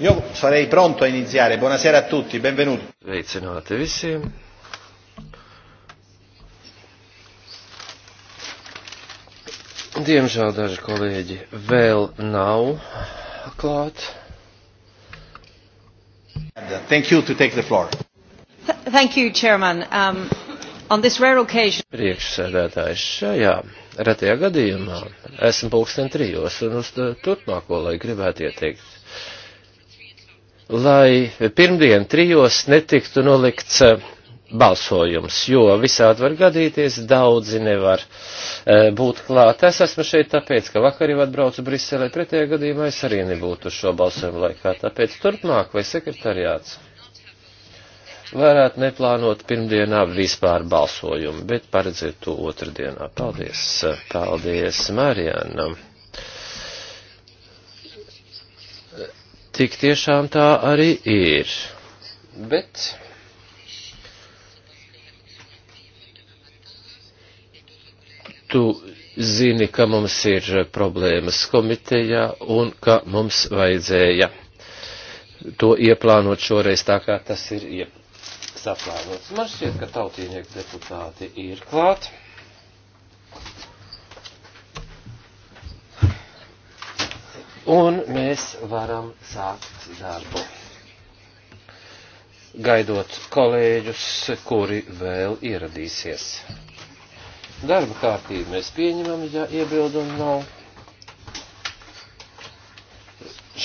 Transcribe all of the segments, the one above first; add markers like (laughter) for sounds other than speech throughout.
Io sarei pronto a iniziare. Buonasera a tutti, benvenuti. Sveicināti visiem. Diemžēl daži kolēģi vēl nav klāt. Thank you to take the floor. Th thank you, Chairman. Um, on this rare occasion. Priekšsēdētājs šajā retajā gadījumā esmu pulksten trijos un uz turpmāko, lai gribētu ieteikt lai pirmdien trijos netiktu nolikts eh, balsojums, jo visādi var gadīties, daudzi nevar e, būt klāt. Es esmu šeit tāpēc, ka vakar jau atbraucu Briselē, pretējā gadījumā es arī nebūtu šo balsojumu laikā, tāpēc turpmāk vai sekretariāts varētu neplānot pirmdienā vispār balsojumu, bet paredzēt to otrdienā. Paldies, paldies Marianam! Tik tiešām tā arī ir. Bet tu zini, ka mums ir problēmas komitejā un ka mums vajadzēja to ieplānot šoreiz tā, kā tas ir saplānots. Man šķiet, ka tautīnieku deputāti ir klāt. un mēs varam sākt darbu. Gaidot kolēģus, kuri vēl ieradīsies. Darba kārtību mēs pieņemam, ja iebildumi nav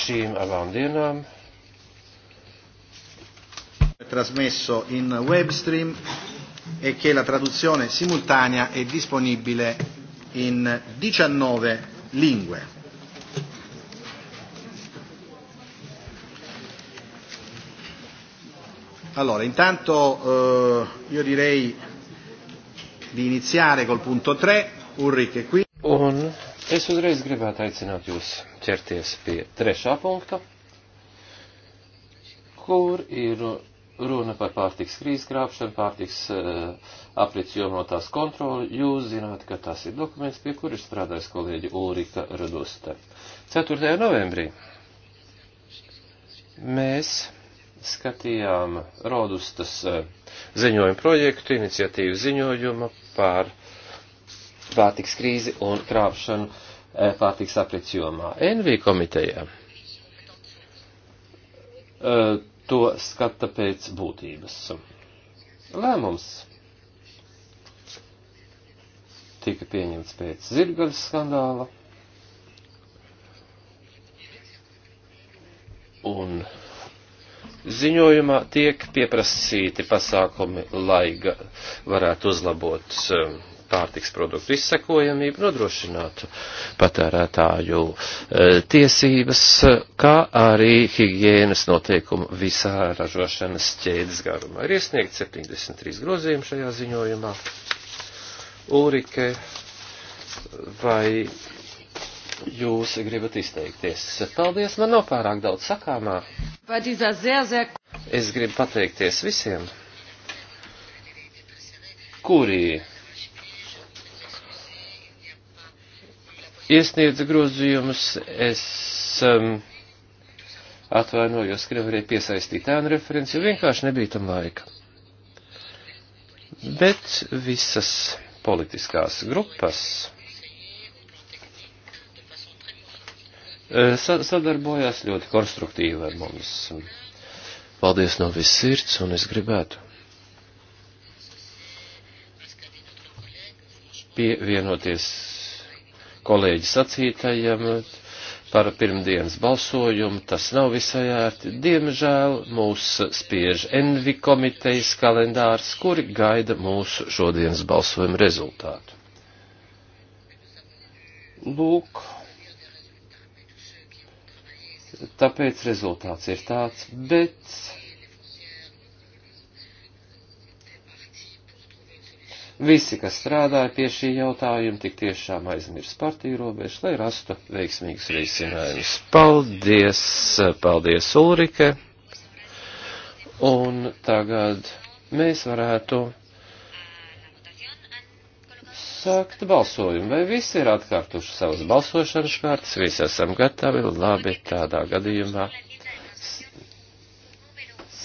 šīm abām dienām. Trasmesso in web stream e che la traduzione simultanea è disponibile in 19 lingue. Allora, intanto eh, io direi di iniziare col punto 3, Ulrich è qui. Un, eh, es uzreiz gribētu aicināt jūs ķerties pie trešā punkta, kur ir runa par pārtiks krīzes krāpšanu, pārtiks uh, aprits jomotās kontroli. Jūs zināt, ka tas ir dokuments, pie kur ir strādājis kolēģi Ulrika Radusta. 4. novembrī mēs skatījām Rodustas e, ziņojuma projektu, iniciatīvu ziņojumu par pārtiks krīzi un krāpšanu e, pārtiks aprits jomā. NV komitejā e, to skata pēc būtības. Lēmums tika pieņemts pēc zirgaļas skandāla. Un Ziņojumā tiek pieprasīti pasākumi, lai varētu uzlabot um, pārtiks produktu izsekojamību, nodrošinātu patērētāju uh, tiesības, kā arī higienas noteikumu visā ražošanas ķēdes garumā. Ir iesniegt 73 grozījumi šajā ziņojumā. Ulrike, vai jūs gribat izteikties. Paldies, man nav pārāk daudz sakāmā. Es gribu pateikties visiem, kuri iesniedz grozījumus. Es um, atvainojos, ka nevarēju piesaistīt ēnu referenci, jo vienkārši nebija tam laika. Bet visas politiskās grupas E, sadarbojās ļoti konstruktīvi ar mums. Paldies no viss sirds, un es gribētu pievienoties kolēģi sacītajam par pirmdienas balsojumu. Tas nav visai ērti. Diemžēl mūs spiež Envi komitejas kalendārs, kuri gaida mūsu šodienas balsojuma rezultātu. Lūk tāpēc rezultāts ir tāds, bet visi, kas strādāja pie šī jautājuma, tik tiešām aizmirst partiju robežu, lai rastu veiksmīgus risinājumus. Paldies, paldies Ulrike! Un tagad mēs varētu sākt balsojumu. Vai visi ir atkārtuši savas balsošanas kārtas, visi esam gatavi, labi, tādā gadījumā.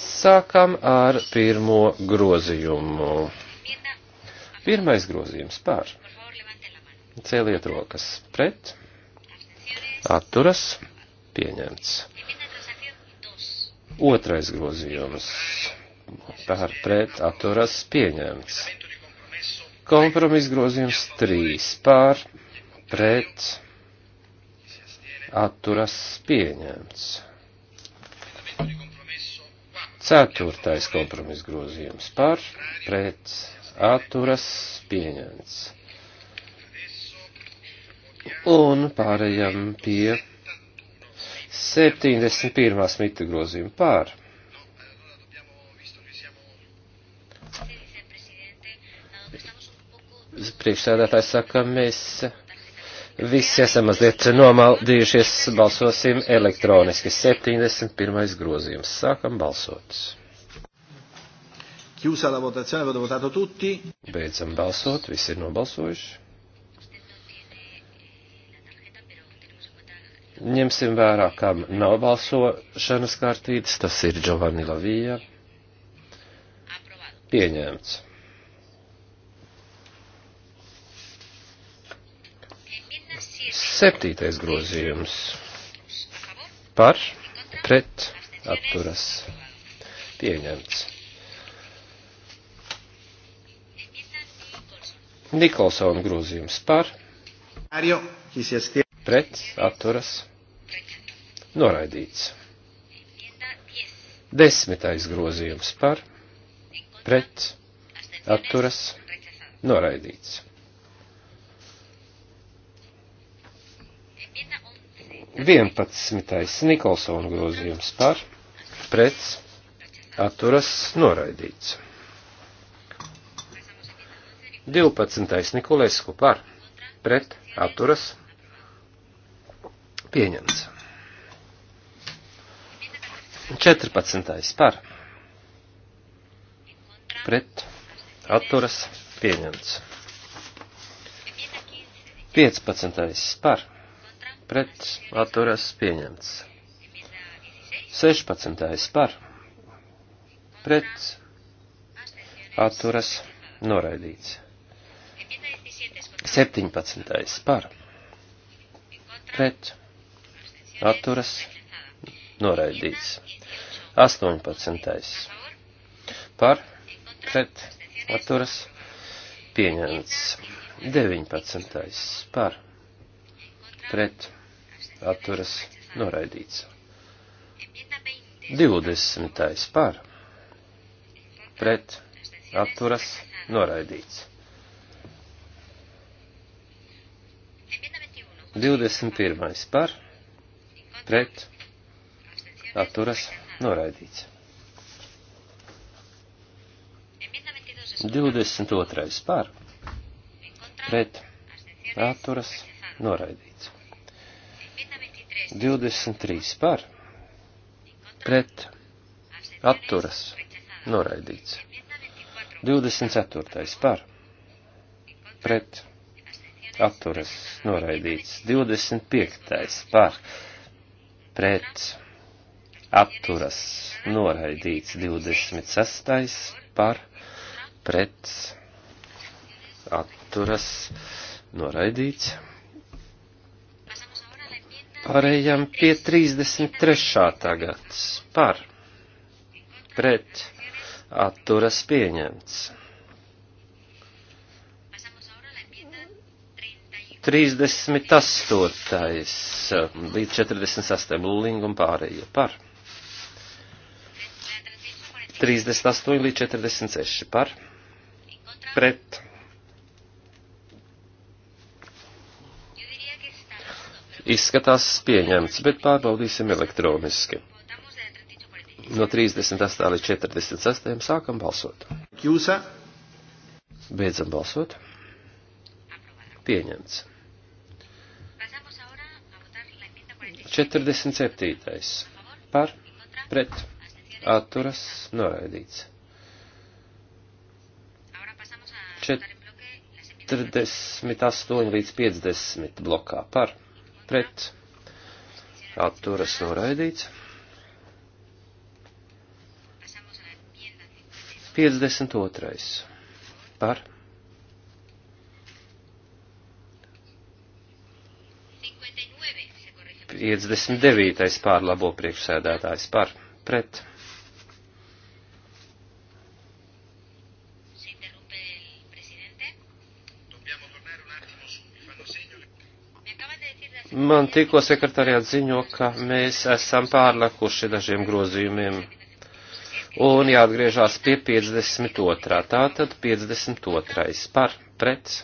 Sākam ar pirmo grozījumu. Pirmais grozījums pār. Cēliet rokas pret. Atturas. Pieņemts. Otrais grozījums. Pār pret atturas pieņemts. Kompromis grozījums 3 pār pret atturas pieņemts. Ceturtais kompromis grozījums par pret atturas pieņemts. Un pārējām pie 71. smita grozījuma pār priekšsēdētājs saka, mēs visi esam mazliet nomaldījušies, balsosim elektroniski. 71. grozījums. Sākam balsot. Chiusa la votazione, avete votato tutti? Beidzam balsot, visi ir nobalsojuši. Ņemsim vērā, kam nav balsošanas kārtītes, tas ir Giovanni Lavija. Pieņemts. Septītais grozījums par pret atturas pieņemts. Nikolsona grozījums par pret atturas noraidīts. Desmitais grozījums par pret atturas noraidīts. 11. Nikolsona grozījums par, pret, atturas, noraidīts. 12. Nikolēsku par, pret, atturas, pieņemts. 14. par, pret, atturas, pieņemts. 15. par, pret atturas pieņemts. 16. par pret atturas noraidīts. 17. par pret atturas noraidīts. 18. par pret atturas pieņemts. 19. par pret atturas atturas noraidīts. 20. par pret atturas noraidīts. 21. par pret atturas noraidīts. 22. par pret atturas noraidīts. 23 par, pret, atturas, noraidīts. 24 par, pret, atturas, noraidīts. 25 par, pret, atturas, noraidīts. 26 par, pret, atturas, noraidīts. Pārējām pie 33. tagads par pret atturas pieņemts. 38. līdz 48. lūling un pārējie par. 38 līdz 46 par. Pret izskatās pieņemts, bet pārbaudīsim elektroniski. No 38 līdz 46 sākam balsot. Jūsā. Beidzam balsot. Pieņemts. 47. Par, pret, atturas, noraidīts. 48 līdz 50 blokā par pret atturas noraidīts. 52. par Piecdesmit devītais pārlabo priekšsēdētājs par pret Man tikko sekretariāts ziņo, ka mēs esam pārlekuši dažiem grozījumiem. Un jāatgriežās pie 52. Tātad 52. par pret.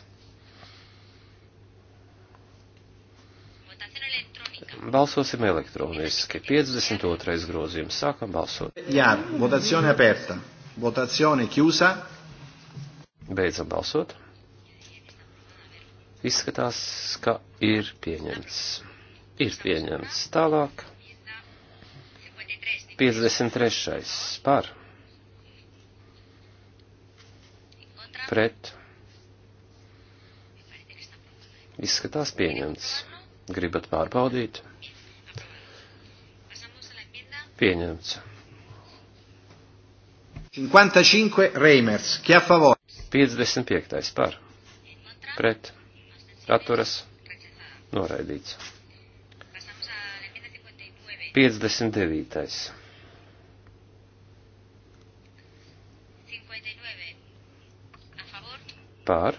Balsosim elektroniski. 52. grozījums. Sākam balsot. Jā, votacione aperta. Votacione chiusa. Beidzam balsot. Izskatās, ka ir pieņemts. Ir pieņemts. Tālāk. 53. par. Pret. Izskatās pieņemts. Gribat pārbaudīt? Pieņemts. 55 Reimers, chi a favore? 55 par. Pret atturas noraidīts. 59. 59. Pār.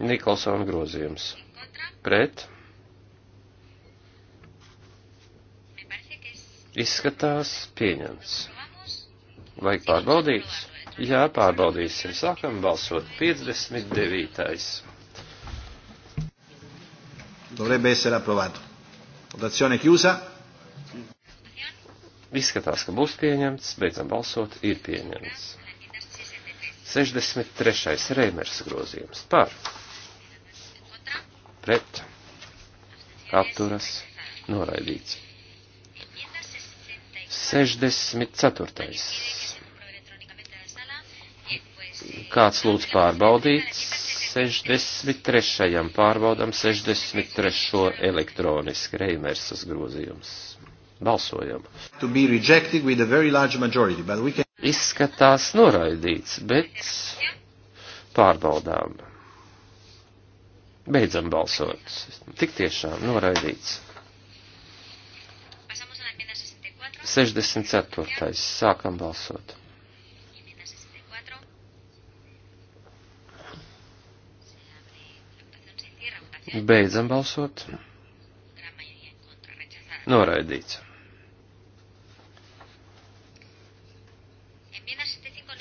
Nikolsona grozījums. Pret. Izskatās pieņemts. Vajag pārbaudīt. Jā, pārbaudīsim. Sākam balsot 59. Dovrebbe essere approvato. Votazione chiusa. Izskatās, ka būs pieņemts, beidzam balsot, ir pieņemts. 63. Reimers grozījums par pret apturas noraidīts. 64. Kāds lūdz pārbaudīt? 63. pārbaudam 63. elektroniski Reimersas grozījums. Balsojam. Majority, can... Izskatās noraidīts, bet pārbaudām. Beidzam balsot. Tik tiešām noraidīts. 64. Sākam balsot. Beidzam balsot. Noraidīts.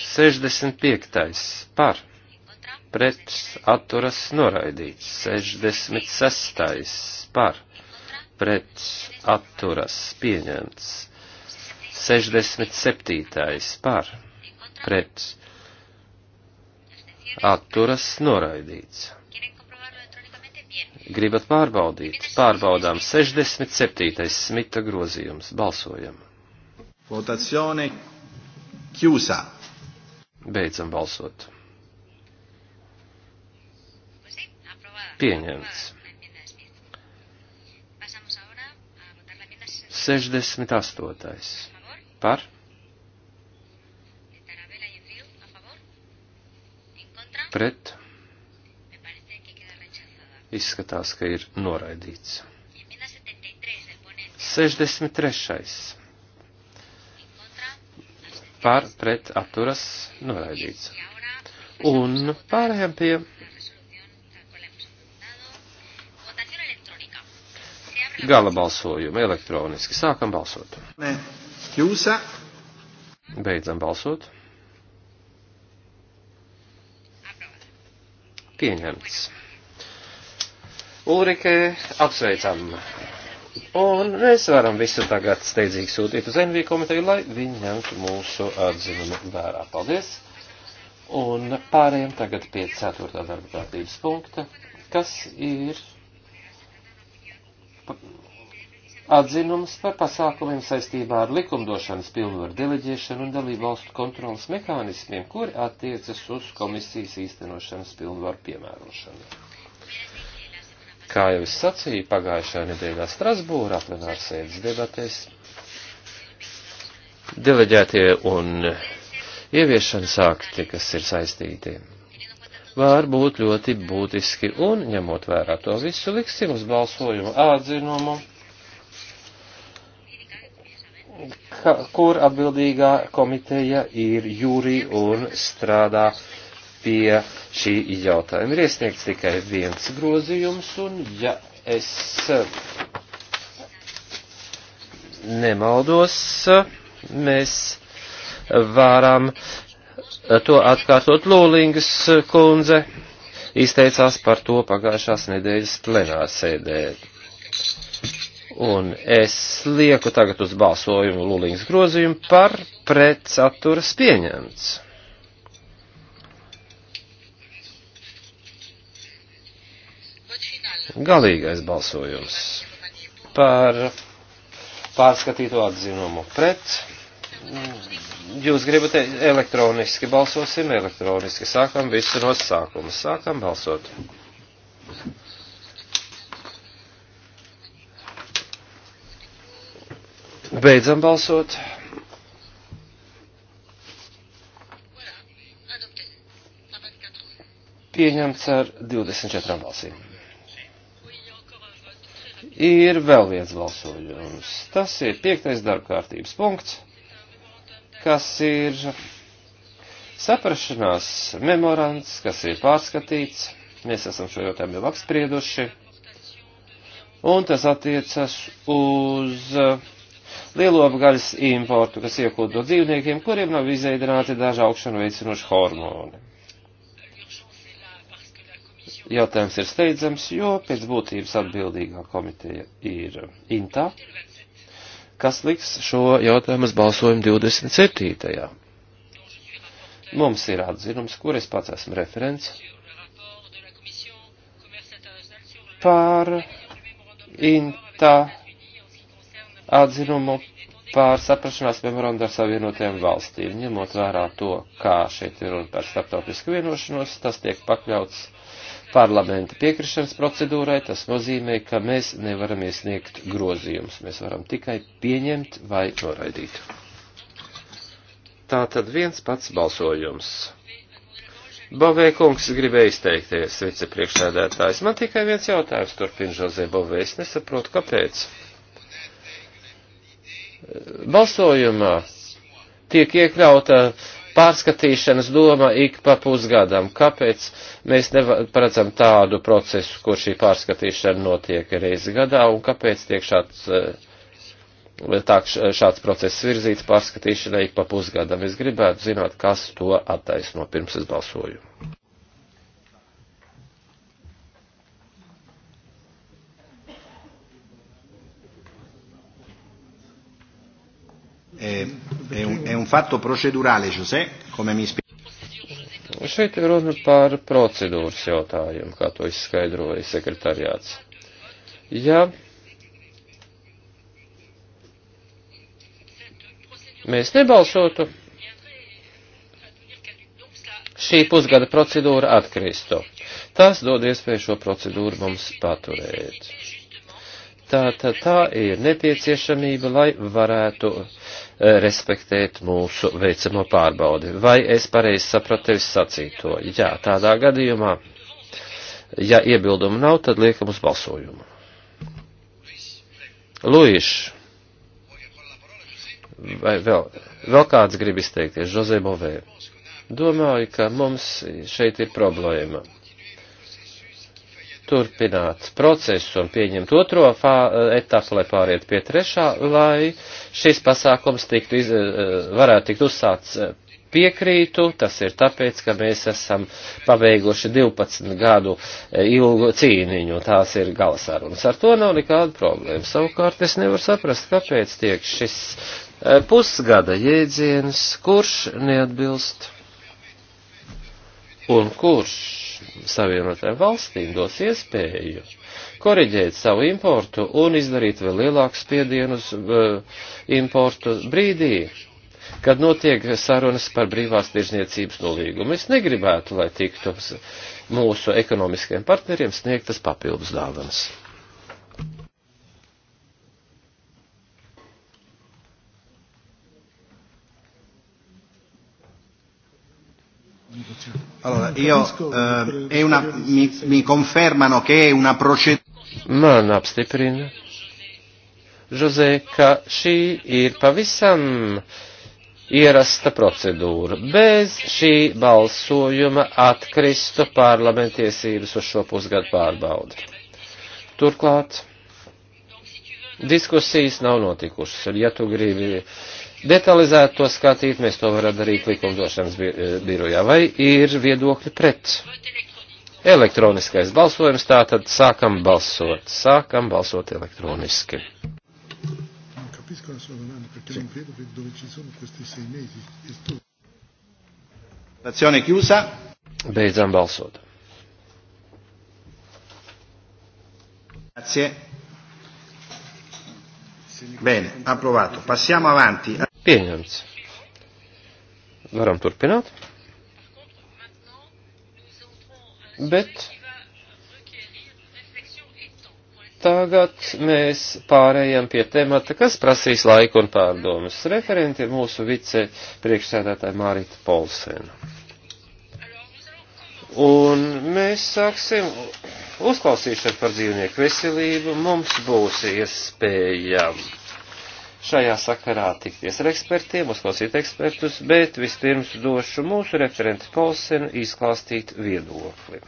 65. par pret atturas noraidīts. 66. par pret atturas pieņemts. 67. par pret atturas noraidīts. Gribat pārbaudīt? Pārbaudām 67. smita grozījums. Balsojam. Votazione chiusa. Beidzam balsot. Pieņemts. 68. Par? Pret? Izskatās, ka ir noraidīts. 63. Par pret atturas noraidīts. Un pārējām pie gala balsojumu elektroniski. Sākam balsot. Nē, jūsā. Beidzam balsot. Pieņemts. Ulrike, apsveicam. Un mēs varam visu tagad steidzīgi sūtīt uz NV komiteju, lai viņi ņemtu mūsu atzinumu vērā. Paldies! Un pārējiem tagad pie 4. darba kārtības punkta, kas ir atzinums par pasākumiem saistībā ar likumdošanas pilnvaru deleģēšanu un dalību valstu kontrolas mehānismiem, kuri attiecas uz komisijas īstenošanas pilnvaru piemērošanu. Kā jau es sacīju, pagājušajā nedēļā Strasbūrā plenārsēdes debatēs deleģētie un ieviešanas akti, kas ir saistīti, var būt ļoti būtiski un, ņemot vērā to visu, liksim uz balsojumu atzinumu, ka, kur atbildīgā komiteja ir jūri un strādā pie šī jautājuma. Ir iesniegts tikai viens grozījums, un ja es eh, nemaldos, eh, mēs varam eh, to atkārtot. Lūlingas kundze izteicās par to pagājušās nedēļas plenārsēdē. Un es lieku tagad uz balsojumu Lūlingas grozījumu par pretsaturas pieņemts. Galīgais balsojums par pārskatīto atzinumu pret. Jūs gribat e, elektroniski balsosim, elektroniski sākam visu no sākuma. Sākam balsot. Beidzam balsot. Pieņemts ar 24 balsīm ir vēl viens balsojums. Tas ir piektais darbkārtības punkts, kas ir saprašanās memorands, kas ir pārskatīts. Mēs esam šo jautājumu jau apsprieduši. Un tas attiecas uz uh, lielopgaļas importu, kas iekūdo dzīvniekiem, kuriem nav izveidināti daži augšanu veicinoši hormoni. Jautājums ir steidzams, jo pēc būtības atbildīgā komiteja ir INTA, kas liks šo jautājumu uz balsojumu 27. Mums ir atzinums, kur es pats esmu referents, par INTA atzinumu pār saprašanās memorandu ar savienotajām valstīm, ņemot vērā to, kā šeit ir runa par starptautisku vienošanos, tas tiek pakļauts parlamenta piekrišanas procedūrai, tas nozīmē, ka mēs nevaram iesniegt grozījumus. Mēs varam tikai pieņemt vai noraidīt. Tā tad viens pats balsojums. Bovē kungs gribēja izteikties, vicepriekšsēdētājs. Man tikai viens jautājums turpina Žozē Bovē. Es nesaprotu, kāpēc. Balsojumā tiek iekļauta uh, pārskatīšanas doma ik pa pusgadam. Kāpēc mēs neparedzam tādu procesu, kur šī pārskatīšana notiek reizi gadā, un kāpēc tiek šāds, eh, tā, šāds process virzīts pārskatīšanai ik pa pusgadam? Es gribētu zināt, kas to attaisno pirms es balsoju. Eh, È un, è un fatto procedurale, José, come mi spieghi. Šeit ir runa par procedūras jautājumu, kā to izskaidroja sekretariāts. Ja mēs nebalsotu, šī pusgada procedūra atkristu. Tas dod iespēju šo procedūru mums paturēt. Tā, tā, tā ir nepieciešamība, lai varētu eh, respektēt mūsu veicamo pārbaudi. Vai es pareizi sapratu tevis sacīto? Jā, tādā gadījumā, ja iebildumu nav, tad liekam uz balsojumu. Luīš, vai vēl, vēl kāds grib izteikties? Žozē Bovē. Domāju, ka mums šeit ir problēma turpināt procesu un pieņemt otro eh, etapu, lai pāriet pie trešā, lai šis pasākums tiktu iz, eh, varētu tikt uzsāts eh, piekrītu, tas ir tāpēc, ka mēs esam pabeiguši 12 gadu ilgu cīniņu, tās ir galasarunas. Ar to nav nekāda problēma. Savukārt es nevaru saprast, kāpēc tiek šis pusgada jēdziens, kurš neatbilst un kurš Savienotām valstīm dos iespēju koriģēt savu importu un izdarīt vēl lielāku spiedienu uz uh, importu brīdī, kad notiek sarunas par brīvās tirzniecības nolīgumu. Es negribētu, lai tiktu mūsu ekonomiskajiem partneriem sniegtas papildus dāvanas. Thank you. Allora, io, eh, è una, mi, mi confermano che è una procedura. Man apstiprina, Žozē, ka šī ir pavisam ierasta procedūra. Bez šī balsojuma atkristu parlamentiesības e uz šo pusgadu pārbaudi. Turklāt diskusijas nav notikušas, un ja tu gribi detalizēt to skatīt, mēs to varam darīt likumdošanas eh, birojā, vai ir viedokļi pret. Elektroniskais balsojums, tātad sākam balsot, sākam balsot elektroniski. Capisco la sua domanda perché non credo che dove ci sono questi sei mesi è tutto. Votazione chiusa. Beidzam balsot. Grazie. Bene, approvato. Passiamo avanti. Pieņemts. Varam turpināt. Bet tagad mēs pārējām pie temata, kas prasīs laiku un pārdomas. Referenti ir mūsu vice priekšsēdētāja Mārita Polsena. Un mēs sāksim uzklausīšanu par dzīvnieku veselību. Mums būs iespējams šajā sakarā tikties ar ekspertiem, uzklausīt ekspertus, bet vispirms došu mūsu referentu Polsenu izklāstīt viedokli.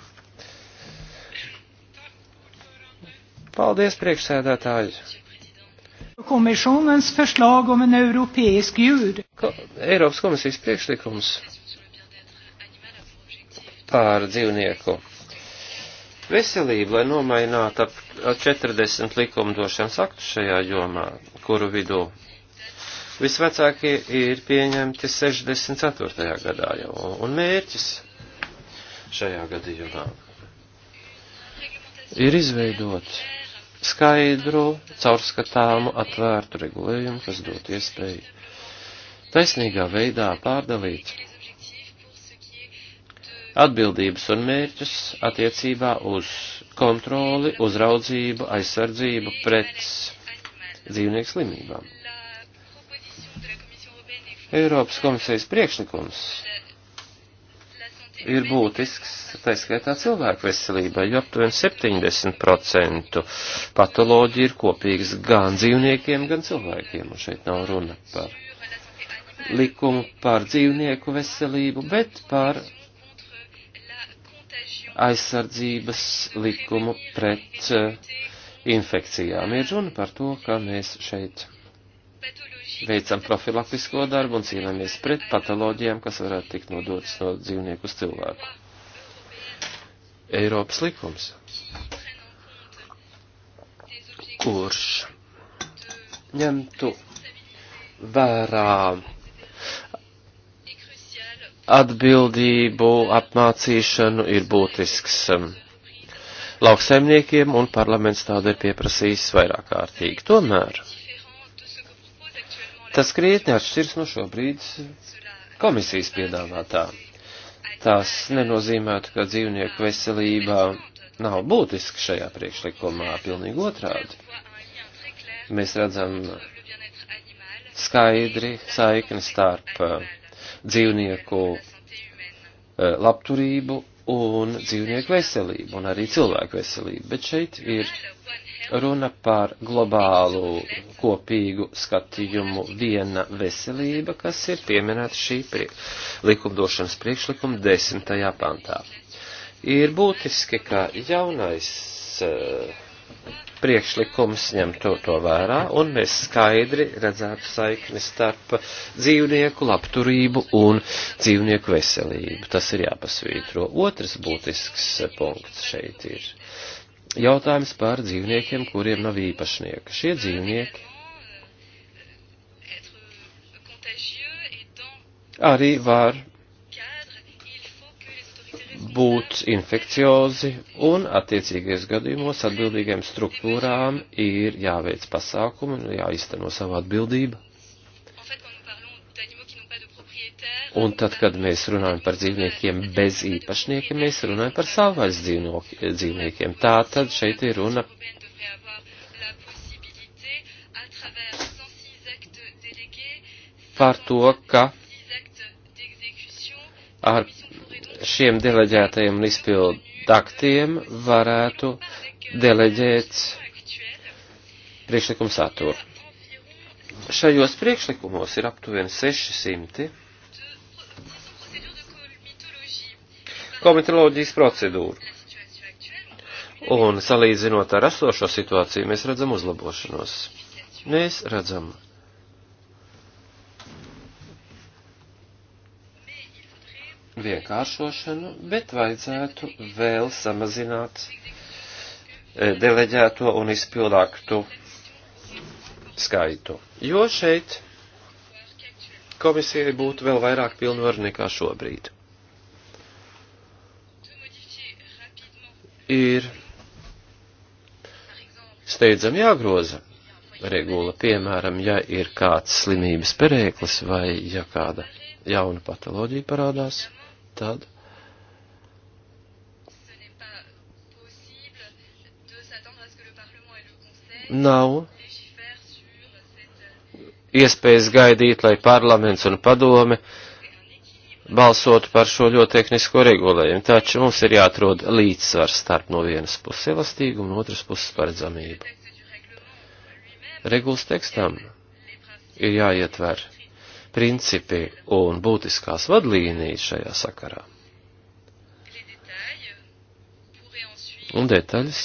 Paldies, priekšsēdētāji! Komisjonens förslag om en europeisk djur. Ko, Eiropas komisijas priekšlikums par dzīvnieku veselību, lai nomainātu ap 40 likumdošanas aktu šajā jomā, kuru vidū visvecākie ir pieņemti 64. gadā jau, un mērķis šajā gadījumā ir izveidot skaidru, caurskatāmu, atvērtu regulējumu, kas dot iespēju taisnīgā veidā pārdalīt atbildības un mērķus attiecībā uz kontroli, uzraudzību, aizsardzību pret dzīvnieku slimībām. Eiropas komisijas priekšlikums ir būtisks, tā skaitā cilvēku veselībai, jo aptuveni 70% patoloģija ir kopīgas gan dzīvniekiem, gan cilvēkiem, un šeit nav runa par likumu par dzīvnieku veselību, bet par aizsardzības likumu pret eh, infekcijām. Ir runa par to, ka mēs šeit veicam profilaktisko darbu un cīnāmies pret patoloģijām, kas varētu tikt nodotas no dzīvnieku uz cilvēku. Eiropas likums, kurš ņemtu vērā atbildību apmācīšanu ir būtisks um, lauksaimniekiem, un parlaments tādu ir pieprasījis vairāk kārtīgi. Tomēr tas krietni atšķirs no šobrīd komisijas piedāvātā. Tas nenozīmētu, ka dzīvnieku veselībā nav būtiski šajā priekšlikumā, pilnīgi otrādi. Mēs redzam skaidri saikni starp uh, dzīvnieku eh, labturību un dzīvnieku veselību un arī cilvēku veselību. Bet šeit ir runa par globālu kopīgu skatījumu viena veselība, kas ir pieminēta šī prie, likumdošanas priekšlikuma desmitajā pantā. Ir būtiski, ka jaunais uh, priekšlikums ņem to, to vērā, un mēs skaidri redzētu saikni starp dzīvnieku labturību un dzīvnieku veselību. Tas ir jāpasvītro. Otrs būtisks punkts šeit ir jautājums par dzīvniekiem, kuriem nav īpašnieka. Šie dzīvnieki arī var būt infekciozi un attiecīgajos gadījumos atbildīgiem struktūrām ir jāveic pasākumi un jāizteno savu atbildību. Un tad, kad mēs runājam par dzīvniekiem bez īpašnieka, mēs runājam par savvaļas dzīvniekiem. Tā tad šeit ir runa par to, ka ar šiem deleģētajiem un izpildu aktiem varētu deleģēt priekšlikumu saturu. Šajos priekšlikumos ir aptuveni 600 komitoloģijas procedūru. Un salīdzinot ar esošo situāciju, mēs redzam uzlabošanos. Mēs redzam vienkāršošanu, bet vajadzētu vēl samazināt e, deleģēto un izpildāktu skaitu. Jo šeit komisijai būtu vēl vairāk pilnvaru nekā šobrīd. Ir steidzam jāgroza regula, piemēram, ja ir kāds slimības perēklis vai ja kāda jauna patoloģija parādās tad nav iespējas gaidīt, lai parlaments un padome balsotu par šo ļoti tehnisko regulējumu. Taču mums ir jāatrod līdzsvars starp no vienas puses elastīgumu un otras puses paredzamību. Regulas tekstam ir jāietver principi un būtiskās vadlīnijas šajā sakarā. Un detaļas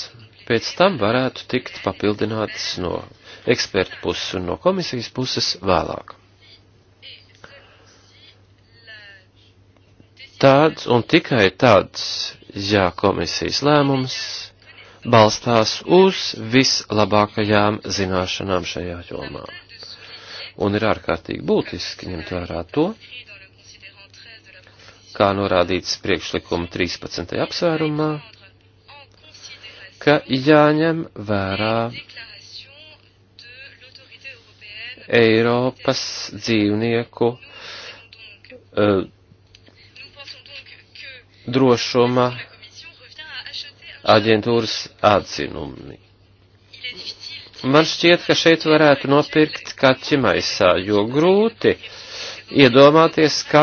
pēc tam varētu tikt papildinātas no ekspertu puses un no komisijas puses vēlāk. Tāds un tikai tāds, ja komisijas lēmums balstās uz vislabākajām zināšanām šajā jomā un ir ārkārtīgi būtiski ņemt vērā to, kā norādīts priekšlikuma 13. apsvērumā, ka jāņem vērā Eiropas dzīvnieku uh, drošuma aģentūras atzinumi. Man šķiet, ka šeit varētu nopirkt kaķi maisā, jo grūti iedomāties, kā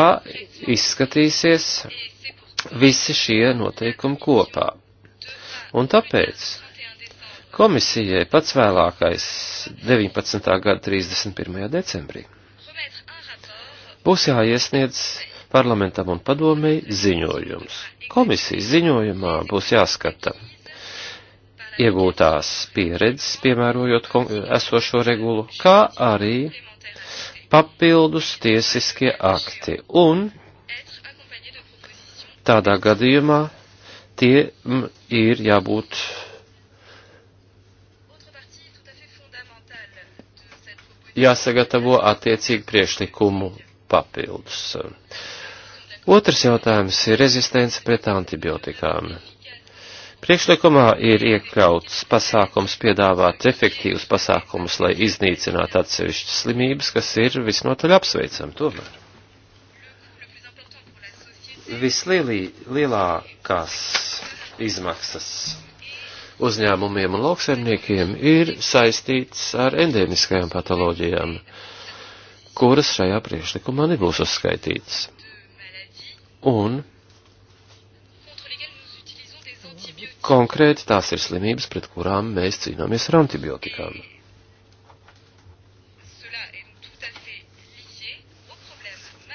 izskatīsies visi šie noteikumi kopā. Un tāpēc komisijai pats vēlākais 19. gada 31. decembrī būs jāiesniedz parlamentam un padomēji ziņojums. Komisijas ziņojumā būs jāskata iegūtās pieredzes, piemērojot esošo regulu, kā arī papildus tiesiskie akti. Un tādā gadījumā tie ir jābūt jāsagatavo attiecīgi priekšlikumu papildus. Otrs jautājums ir rezistence pret antibiotikām. Priekšlikumā ir iekļauts pasākums piedāvāt efektīvus pasākumus, lai iznīcinātu atsevišķas slimības, kas ir visnotaļ apsveicami tomēr. Vislielākās izmaksas uzņēmumiem un lauksaimniekiem ir saistīts ar endēmiskajām patoloģijām, kuras šajā priekšlikumā nebūs uzskaitītas. Un Konkrēti tās ir slimības, pret kurām mēs cīnāmies ar antibiotikām.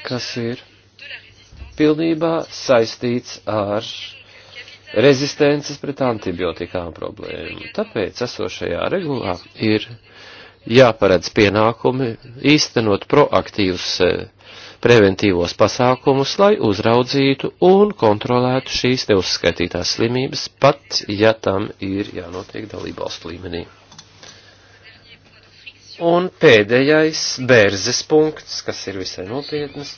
Kas ir pilnībā saistīts ar rezistences pret antibiotikām problēmu. Tāpēc esošajā regulā ir jāparedz pienākumi īstenot proaktīvus eh, preventīvos pasākumus, lai uzraudzītu un kontrolētu šīs te uzskaitītās slimības, pat ja tam ir jānotiek dalībvalstu līmenī. Un pēdējais bērzes punkts, kas ir visai nopietnas.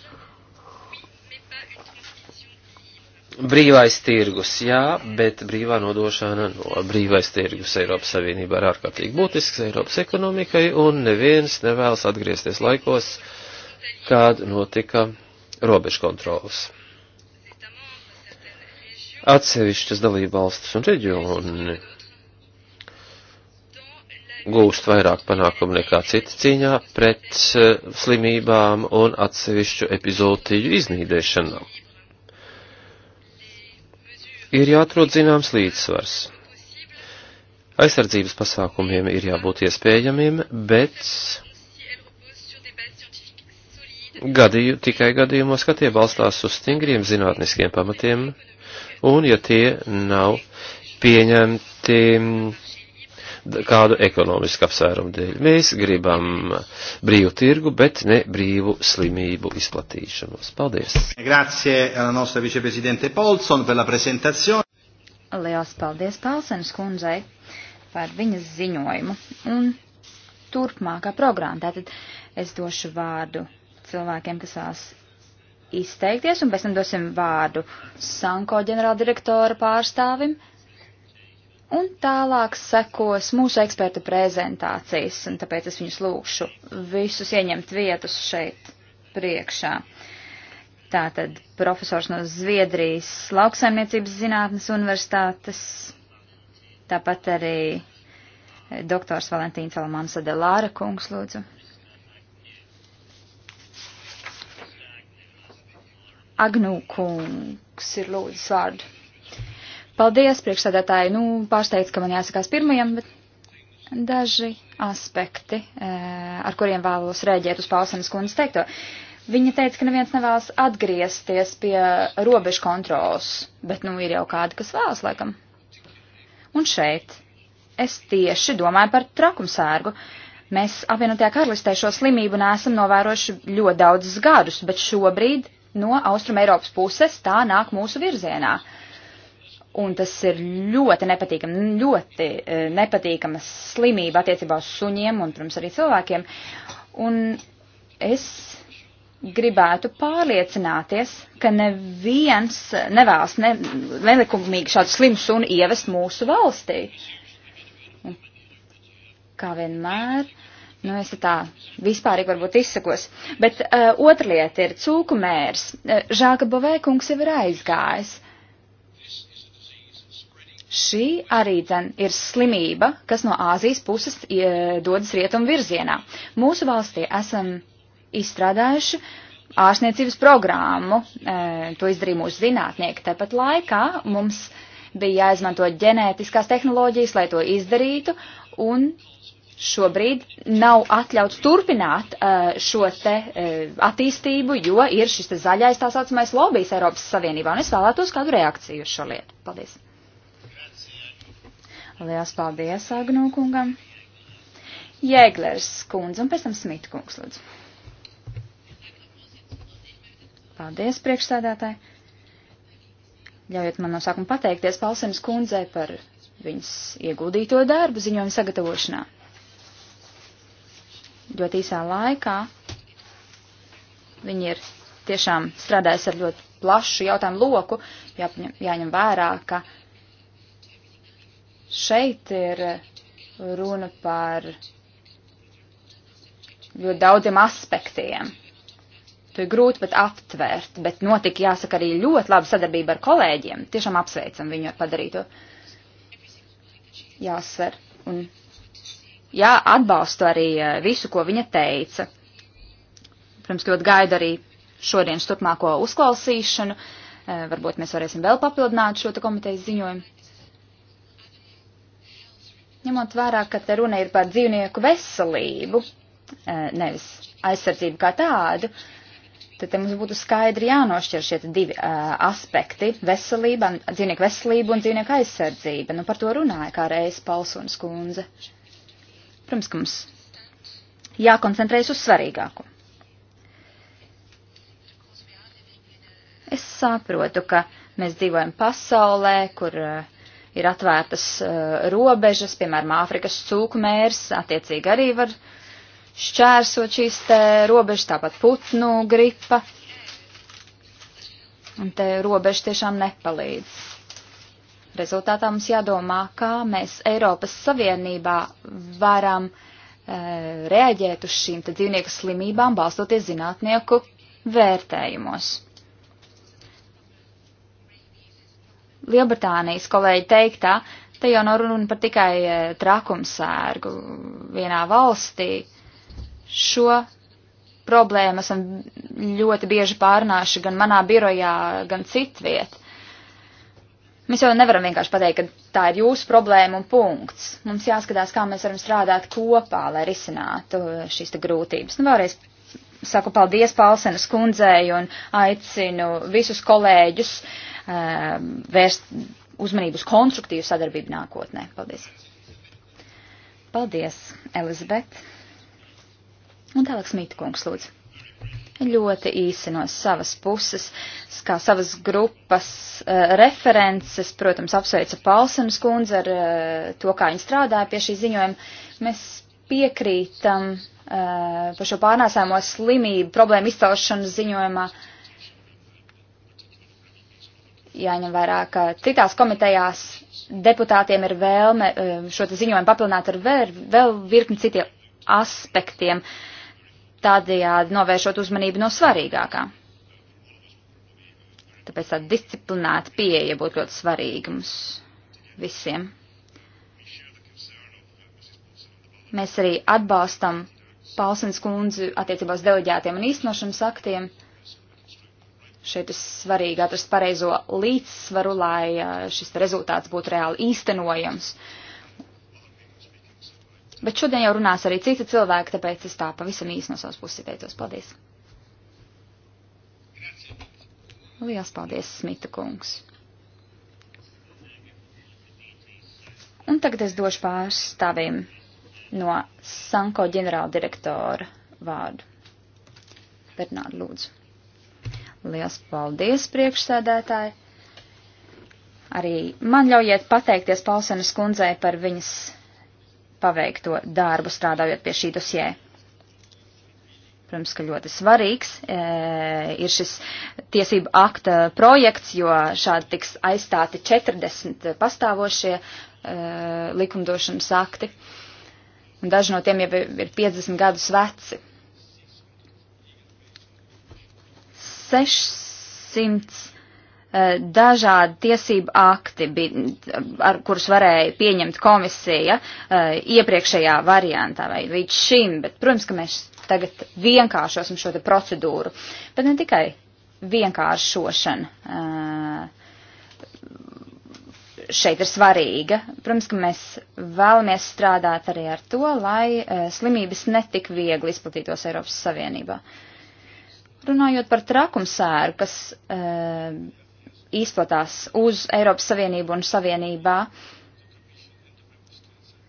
Brīvais tirgus, jā, bet brīvā nodošana no brīvais tirgus Eiropas Savienībā ir ārkārtīgi būtisks Eiropas ekonomikai, un neviens nevēlas atgriezties laikos, uh, kad notika robežkontrolas. Atsevišķas dalībvalstis un reģioni gūst vairāk panākumu nekā cita cīņā pret eh, slimībām un atsevišķu epizotiju iznīdēšanām. Ir jāatrod zināms līdzsvars. Aizsardzības pasākumiem ir jābūt iespējamiem, bet gadīju, tikai gadījumos, ka tie balstās uz stingriem zinātniskiem pamatiem, un ja tie nav pieņemti kādu ekonomisku apsvērumu dēļ. Mēs gribam brīvu tirgu, bet ne brīvu slimību izplatīšanos. Paldies! Grazie alla nostra viceprezidente Polson per la presentazione. Liels paldies Palsenes kundzei par viņas ziņojumu un turpmākā programma. Tātad es došu vārdu cilvēkiem, kas vēlas izteikties, un pēc tam dosim vārdu Sanko ģenerāldirektora pārstāvim. Un tālāk sekos mūsu ekspertu prezentācijas, un tāpēc es viņus lūkšu visus ieņemt vietas šeit priekšā. Tātad profesors no Zviedrijas lauksaimniecības zinātnes universitātes, tāpat arī doktors Valentīns Almansa Delāra kungs, lūdzu. Agnū kungs ir lūdzu vārdu. Paldies, priekšsēdētāji. Nu, pārsteidz, ka man jāsakās pirmajam, bet daži aspekti, eh, ar kuriem vēlos rēģēt uz Pausenes kundas teikto. Viņa teica, ka neviens nevēlas atgriezties pie robežu kontrols, bet nu ir jau kādi, kas vēlas, laikam. Un šeit es tieši domāju par trakumsērgu. Mēs apvienotajā karalistē šo slimību neesam novērojuši ļoti daudzus gadus, bet šobrīd no Austrum Eiropas puses, tā nāk mūsu virzienā. Un tas ir ļoti nepatīkam, ļoti e, nepatīkama slimība attiecībā uz suņiem un, protams, arī cilvēkiem. Un es gribētu pārliecināties, ka neviens nevēlas ne, nelikumīgi šādu slimu sunu ievest mūsu valstī. Un kā vienmēr, uh, Nu, es tā vispārīgi varbūt izsakos. Bet uh, otra lieta ir cūku mērs. Uh, Žāka Bovēkungs jau ir aizgājis. Šī arī dzen ir slimība, kas no Āzijas puses uh, dodas rietumu virzienā. Mūsu valstī esam izstrādājuši ārstniecības programmu, uh, to izdarīja mūsu zinātnieki. Tāpat laikā mums bija jāizmanto ģenētiskās tehnoloģijas, lai to izdarītu, un šobrīd nav atļauts turpināt uh, šo te uh, attīstību, jo ir šis te zaļais tā saucamais lobijs Eiropas Savienībā, un es vēlētos kādu reakciju uz šo lietu. Paldies. Lielas paldies Agnū kungam. Jēglers kundze un pēc tam Smita kungs, lūdzu. Paldies, priekšsēdētāji. Ļaujiet man no sākuma pateikties Palsenes kundzei par viņas ieguldīto darbu ziņojumu sagatavošanā ļoti īsā laikā. Viņi ir tiešām strādājis ar ļoti plašu jautājumu loku, jā, jāņem vērā, ka šeit ir runa par ļoti daudziem aspektiem. To ir grūti pat aptvērt, bet notika, jāsaka, arī ļoti laba sadarbība ar kolēģiem. Tiešām apsveicam viņu ar padarīto. Jāsver. Un jā, atbalstu arī e, visu, ko viņa teica. Protams, ļoti gaidu arī šodienas turpmāko uzklausīšanu. E, varbūt mēs varēsim vēl papildināt šo komitejas ziņojumu. Ņemot vērā, ka te runa ir par dzīvnieku veselību, e, nevis aizsardzību kā tādu, tad mums būtu skaidri jānošķir šie divi uh, aspekti - veselība, dzīvnieku veselība un dzīvnieku aizsardzība. Nu, par to runāja kā reiz Palsons kundze. Uh, Protams, ka mums jākoncentrējas uz svarīgāko. Es saprotu, ka mēs dzīvojam pasaulē, kur eh, ir atvērtas eh, robežas, piemēram, Āfrikas cūkmērs, attiecīgi arī var šķērsot šīs te robežas, tāpat putnu gripa. Un te robeža tiešām nepalīdz. Rezultātā mums jādomā, kā mēs Eiropas Savienībā varam e, reaģēt uz šīm dzīvnieku slimībām, balstoties zinātnieku vērtējumos. Lielbritānijas kolēģi teiktā, te jau nav runa par tikai e, trakumsērgu vienā valstī. Šo problēmu esam ļoti bieži pārnāši gan manā birojā, gan citviet Mēs jau nevaram vienkārši pateikt, ka tā ir jūsu problēma un punkts. Mums jāskatās, kā mēs varam strādāt kopā, lai risinātu uh, šīs te grūtības. Nu, vēlreiz saku paldies Palsenas kundzei un aicinu visus kolēģus uh, vērst uzmanību uz konstruktīvu sadarbību nākotnē. Paldies. Paldies, Elizabet. Un tālāk Smīta kungs, lūdzu ļoti īsi no savas puses, kā savas grupas uh, references, protams, apsveica Palsenas kundze ar uh, to, kā viņa strādāja pie šī ziņojuma. Mēs piekrītam uh, par šo pārnēsāmo slimību problēmu izcelšanas ziņojumā. Jāņem vērā, ka citās komitejās deputātiem ir vēlme uh, šo ziņojumu papilnāt ar vēl, vēl virkni citiem aspektiem. Uh, tādējādi novēršot uzmanību no svarīgākā. Tāpēc tāda disciplinēta pieeja būtu ļoti svarīga mums visiem. Mēs arī atbalstam Palsens kundzi attiecībā uz deleģētiem un īstenošanas aktiem. Šeit ir svarīgi atrast pareizo līdzsvaru, lai uh, šis rezultāts būtu reāli īstenojams. Uh, Bet šodien jau runās arī citi cilvēki, tāpēc es tā pavisam īsi no savas puses teicos. Paldies! Lielas paldies, Smita kungs! Un tagad es došu pārstāvim no Sanko ģenerāla direktora vārdu. Bernārdu lūdzu. Lielas paldies, priekšsēdētāji! Arī man ļaujiet pateikties Pausenas kundzei par viņas paveikto darbu strādājot pie šī dosjē. Protams, ka ļoti svarīgs e, ir šis tiesību akta projekts, jo šādi tiks aizstāti 40 pastāvošie e, likumdošanas akti. Un daži no tiem jau ir 50 gadus veci. 600 dažādi tiesību akti, ar kurus varēja pieņemt komisija eh, iepriekšējā variantā vai līdz šim, bet, protams, ka mēs tagad vienkāršosim šo te procedūru, bet ne tikai vienkāršošana eh, šeit ir svarīga. Protams, ka mēs vēlamies strādāt arī ar to, lai eh, slimības netik viegli izplatītos Eiropas Savienībā. Runājot par trakumsēru, kas uh, izplatās uz Eiropas Savienību un Savienībā.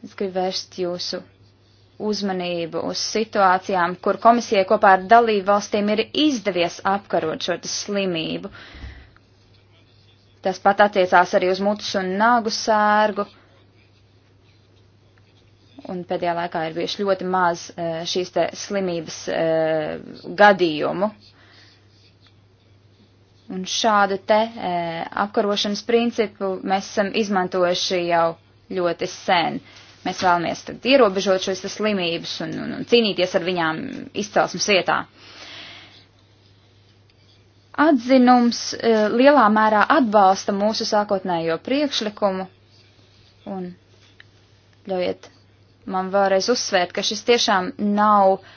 Es gribu vērst jūsu uzmanību uz situācijām, kur komisija kopā ar dalību valstīm ir izdevies apkarot šo slimību. Tas pat attiecās arī uz mutes un nāgu sērgu. Un pēdējā laikā ir bijuši ļoti maz eh, šīs te slimības eh, gadījumu. Uh, Un šādu te e, apkarošanas principu mēs esam izmantojuši jau ļoti sen. Mēs vēlamies tad ierobežot šīs slimības un, un, un cīnīties ar viņām izcelsmes vietā. Atzinums e, lielā mērā atbalsta mūsu sākotnējo priekšlikumu un ļaujiet man vēlreiz uzsvērt, ka šis tiešām nav uh,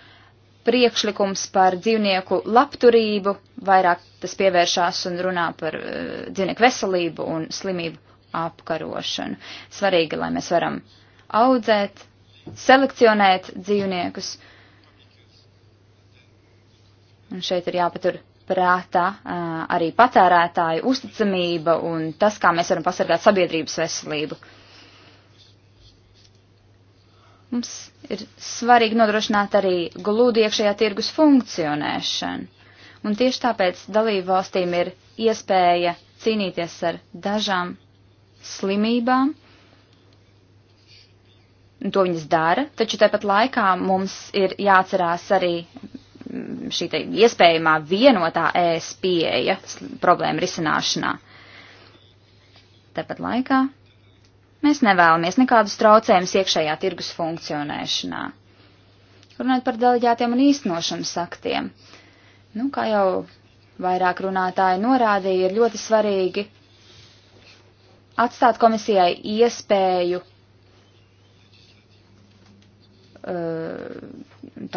priekšlikums par dzīvnieku labturību, vairāk tas pievēršās un runā par uh, dzīvnieku veselību un slimību apkarošanu. Svarīgi, lai mēs varam audzēt, selekcionēt dzīvniekus. Un šeit ir jāpatur prātā uh, arī patērētāju uzticamība un tas, kā mēs varam pasargāt sabiedrības veselību. Uh, Mums ir svarīgi nodrošināt arī glūdi iekšējā tirgus funkcionēšanu. Un tieši tāpēc dalību valstīm ir iespēja cīnīties ar dažām slimībām, un to viņas dara, taču tāpat laikā mums ir jāatcerās arī mm, šī iespējamā vienotā ES pieeja problēma risināšanā. Tāpat laikā Mēs nevēlamies nekādus traucējumus iekšējā tirgus funkcionēšanā. Runājot par deleģētiem un īstenošanas aktiem. Nu, kā jau vairāk runātāji norādīja, ir ļoti svarīgi atstāt komisijai iespēju uh,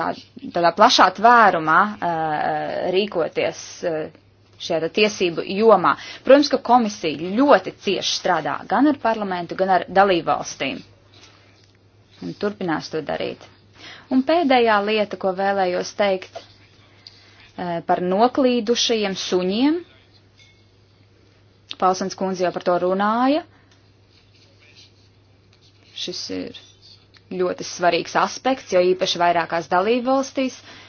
tā, tādā plašā tvērumā uh, uh, rīkoties šajā tiesību jomā. Protams, ka komisija ļoti cieši strādā gan ar parlamentu, gan ar dalībvalstīm. Un turpinās to darīt. Un pēdējā lieta, ko vēlējos teikt e, par noklīdušajiem suņiem. Pausens kundze jau par to runāja. Šis ir ļoti svarīgs aspekts, jo īpaši vairākās dalībvalstīs valstīs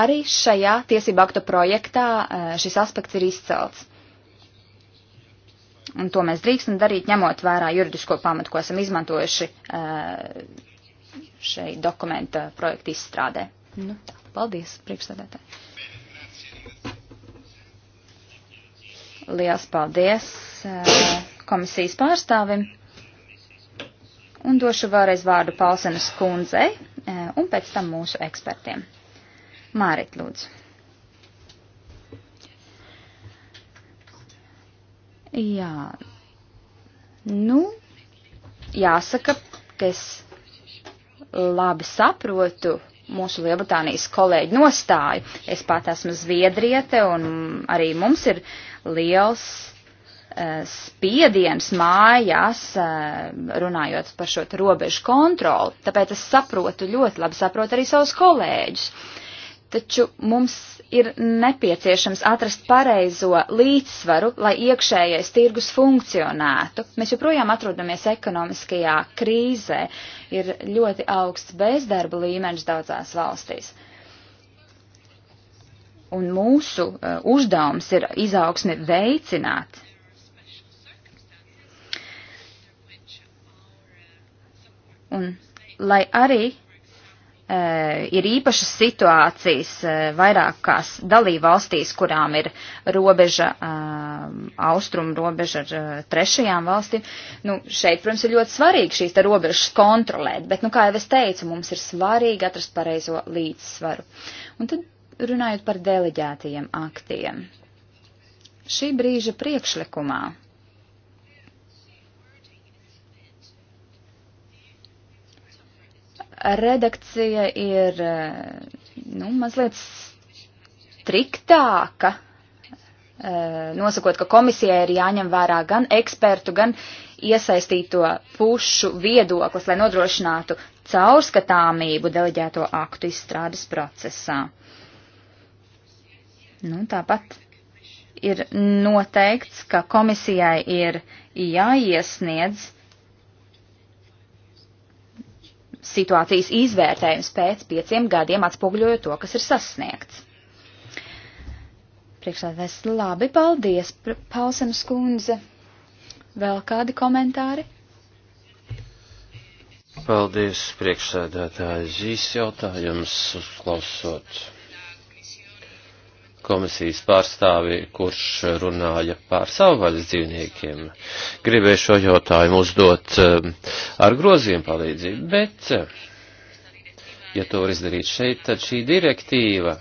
Arī šajā tiesību aktu projektā e, šis aspekts ir izcelts. Un to mēs drīkstam darīt, ņemot vērā juridisko pamatu, ko esam izmantojuši e, šai dokumenta projekta izstrādē. Nu, tā, paldies, priekšsēdētāji. Liels paldies e, komisijas pārstāvim. Un došu vēlreiz vārdu Palsenas kundzei un pēc tam mūsu ekspertiem. Mārit, lūdzu. Jā, nu, jāsaka, ka es labi saprotu mūsu Lielbritānijas kolēģi nostāju. Es pat esmu zviedriete un arī mums ir liels uh, spiediens mājās, uh, runājot par šo robežu kontroli. Tāpēc es saprotu ļoti labi, saprotu arī savus kolēģus. Uh, taču mums ir nepieciešams atrast pareizo līdzsvaru, lai iekšējais tirgus funkcionētu. Mēs joprojām atrodamies ekonomiskajā krīzē, ir ļoti augsts bezdarba līmenis daudzās valstīs. Un mūsu eh, uzdevums ir izaugsmi veicināt. Un lai arī Eh, ir īpašas situācijas eh, vairākās dalībvalstīs, kurām ir robeža, eh, austrumu robeža ar trešajām valstīm. Nu, šeit, protams, ir ļoti svarīgi šīs te robežas kontrolēt, bet, nu, kā jau es teicu, mums ir svarīgi atrast pareizo līdzsvaru. Un tad runājot par deleģētajiem aktiem. Šī brīža priekšlikumā redakcija ir, eh, nu, mazliet striktāka, eh, nosakot, ka komisijai ir jāņem vērā gan ekspertu, gan iesaistīto pušu viedoklis, lai nodrošinātu caurskatāmību deleģēto aktu izstrādes procesā. Nu, tāpat ir noteikts, ka komisijai ir jāiesniedz situācijas izvērtējums pēc pieciem gadiem atspoguļoja to, kas ir sasniegts. Priekšsēdētājs, labi, paldies, Pausens kundze. Vēl kādi komentāri? Paldies, priekšsēdētājs. Īs jautājums uzklausot komisijas pārstāvi, kurš runāja par savvaļas dzīvniekiem. Gribēju šo jautājumu uzdot um, ar groziem palīdzību, bet, uh, ja to var izdarīt šeit, tad šī direktīva,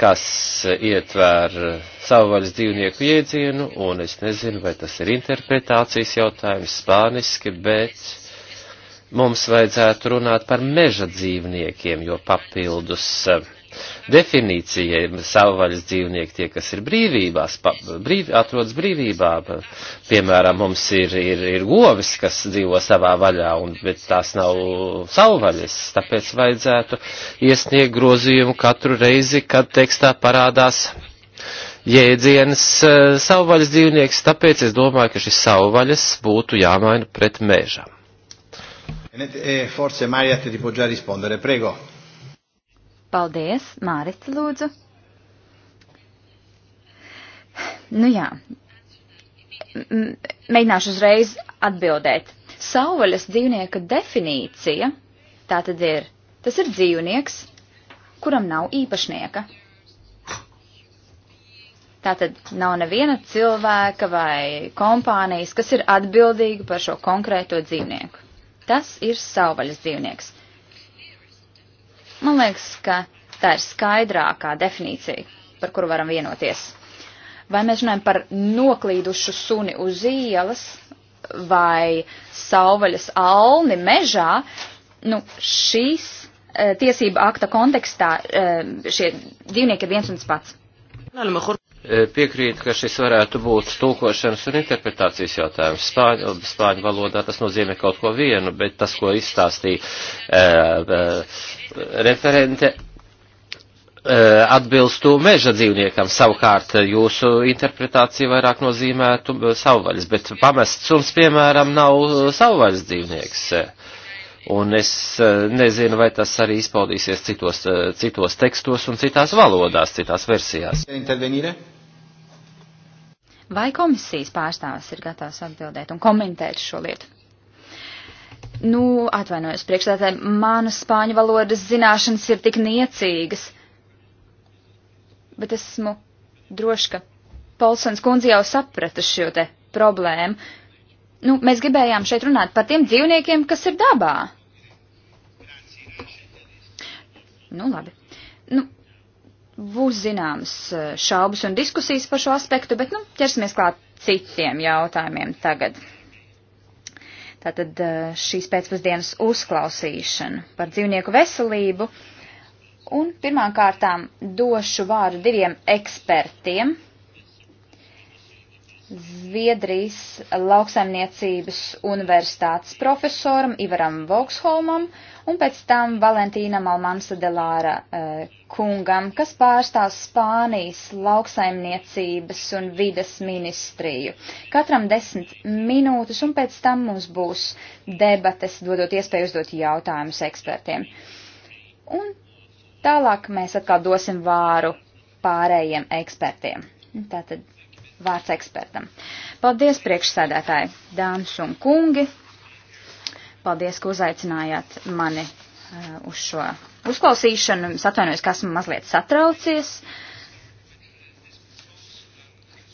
kas ietver savvaļas dzīvnieku iedzienu, un es nezinu, vai tas ir interpretācijas jautājums spāniski, bet mums vajadzētu runāt par meža dzīvniekiem, jo papildus uh, definīcijai. Savvaļas dzīvnieki tie, kas ir brīvībās, pa, brīv, atrodas brīvībā. Piemēram, mums ir, ir, ir govis, kas dzīvo savā vaļā, un, bet tās nav savvaļas. Tāpēc vajadzētu iesniegt grozījumu katru reizi, kad tekstā parādās jēdziens e, savvaļas dzīvnieks, tāpēc es domāju, ka šis savvaļas būtu jāmaina pret mēžam. E, forse Maria ti può già rispondere, prego. Paldies, Māris, lūdzu. Nu jā, mēģināšu uzreiz atbildēt. Sauvaļas dzīvnieka definīcija tā tad ir, tas ir dzīvnieks, kuram nav īpašnieka. Tātad nav neviena cilvēka vai kompānijas, kas ir atbildīga par šo konkrēto dzīvnieku. Tas ir savvaļas dzīvnieks. Man liekas, ka tā ir skaidrākā definīcija, par kuru varam vienoties. Vai mēs runājam par noklīdušu suni uz ielas vai sauvaļas alni mežā, nu, šīs e, tiesība akta kontekstā e, šie dzīvnieki ir viens un tas pats. Nu, piekrītu, ka šis varētu būt tulkošanas un interpretācijas jautājums. Spāņu, spāņu valodā tas nozīmē kaut ko vienu, bet tas, ko izstāstīja uh, uh, referente, uh, eh, atbilstu meža dzīvniekam. Savukārt jūsu interpretācija vairāk nozīmētu savvaļas, bet pamests suns, piemēram, nav savvaļas dzīvnieks. Un es nezinu, vai tas arī izpaudīsies citos, citos tekstos un citās valodās, citās versijās. Intervenīre? Vai komisijas pārstāvis ir gatavs atbildēt un komentēt šo lietu? Nu, atvainojos priekšstādē, manas spāņu valodas zināšanas ir tik niecīgas, bet esmu droši, ka Polsons kundze jau saprata šo te problēmu. Nu, mēs gribējām šeit runāt par tiem dzīvniekiem, kas ir dabā. Nu, labi. Nu, būs zināmas eh, šaubas un diskusijas par šo aspektu, bet nu, ķersimies klāt citiem jautājumiem tagad. Tātad eh, šīs pēcpusdienas uzklausīšana par dzīvnieku veselību. Un pirmām kārtām došu vārdu diviem ekspertiem, Zviedrijas lauksaimniecības universitātes profesoram Ivaram Voksholmam un pēc tam Valentīnam Almansa Delāra eh, kungam, kas pārstāv Spānijas lauksaimniecības un vidas ministriju. Katram desmit minūtes un pēc tam mums būs debates, dodot iespēju uzdot jautājumus ekspertiem. Un tālāk mēs atkal dosim vāru pārējiem ekspertiem. Tātad vārds ekspertam. Paldies, priekšsēdētāji, dāmas un kungi. Paldies, ka uzaicinājāt mani uh, uz šo uzklausīšanu. Es atvainojos, ka esmu mazliet satraucies.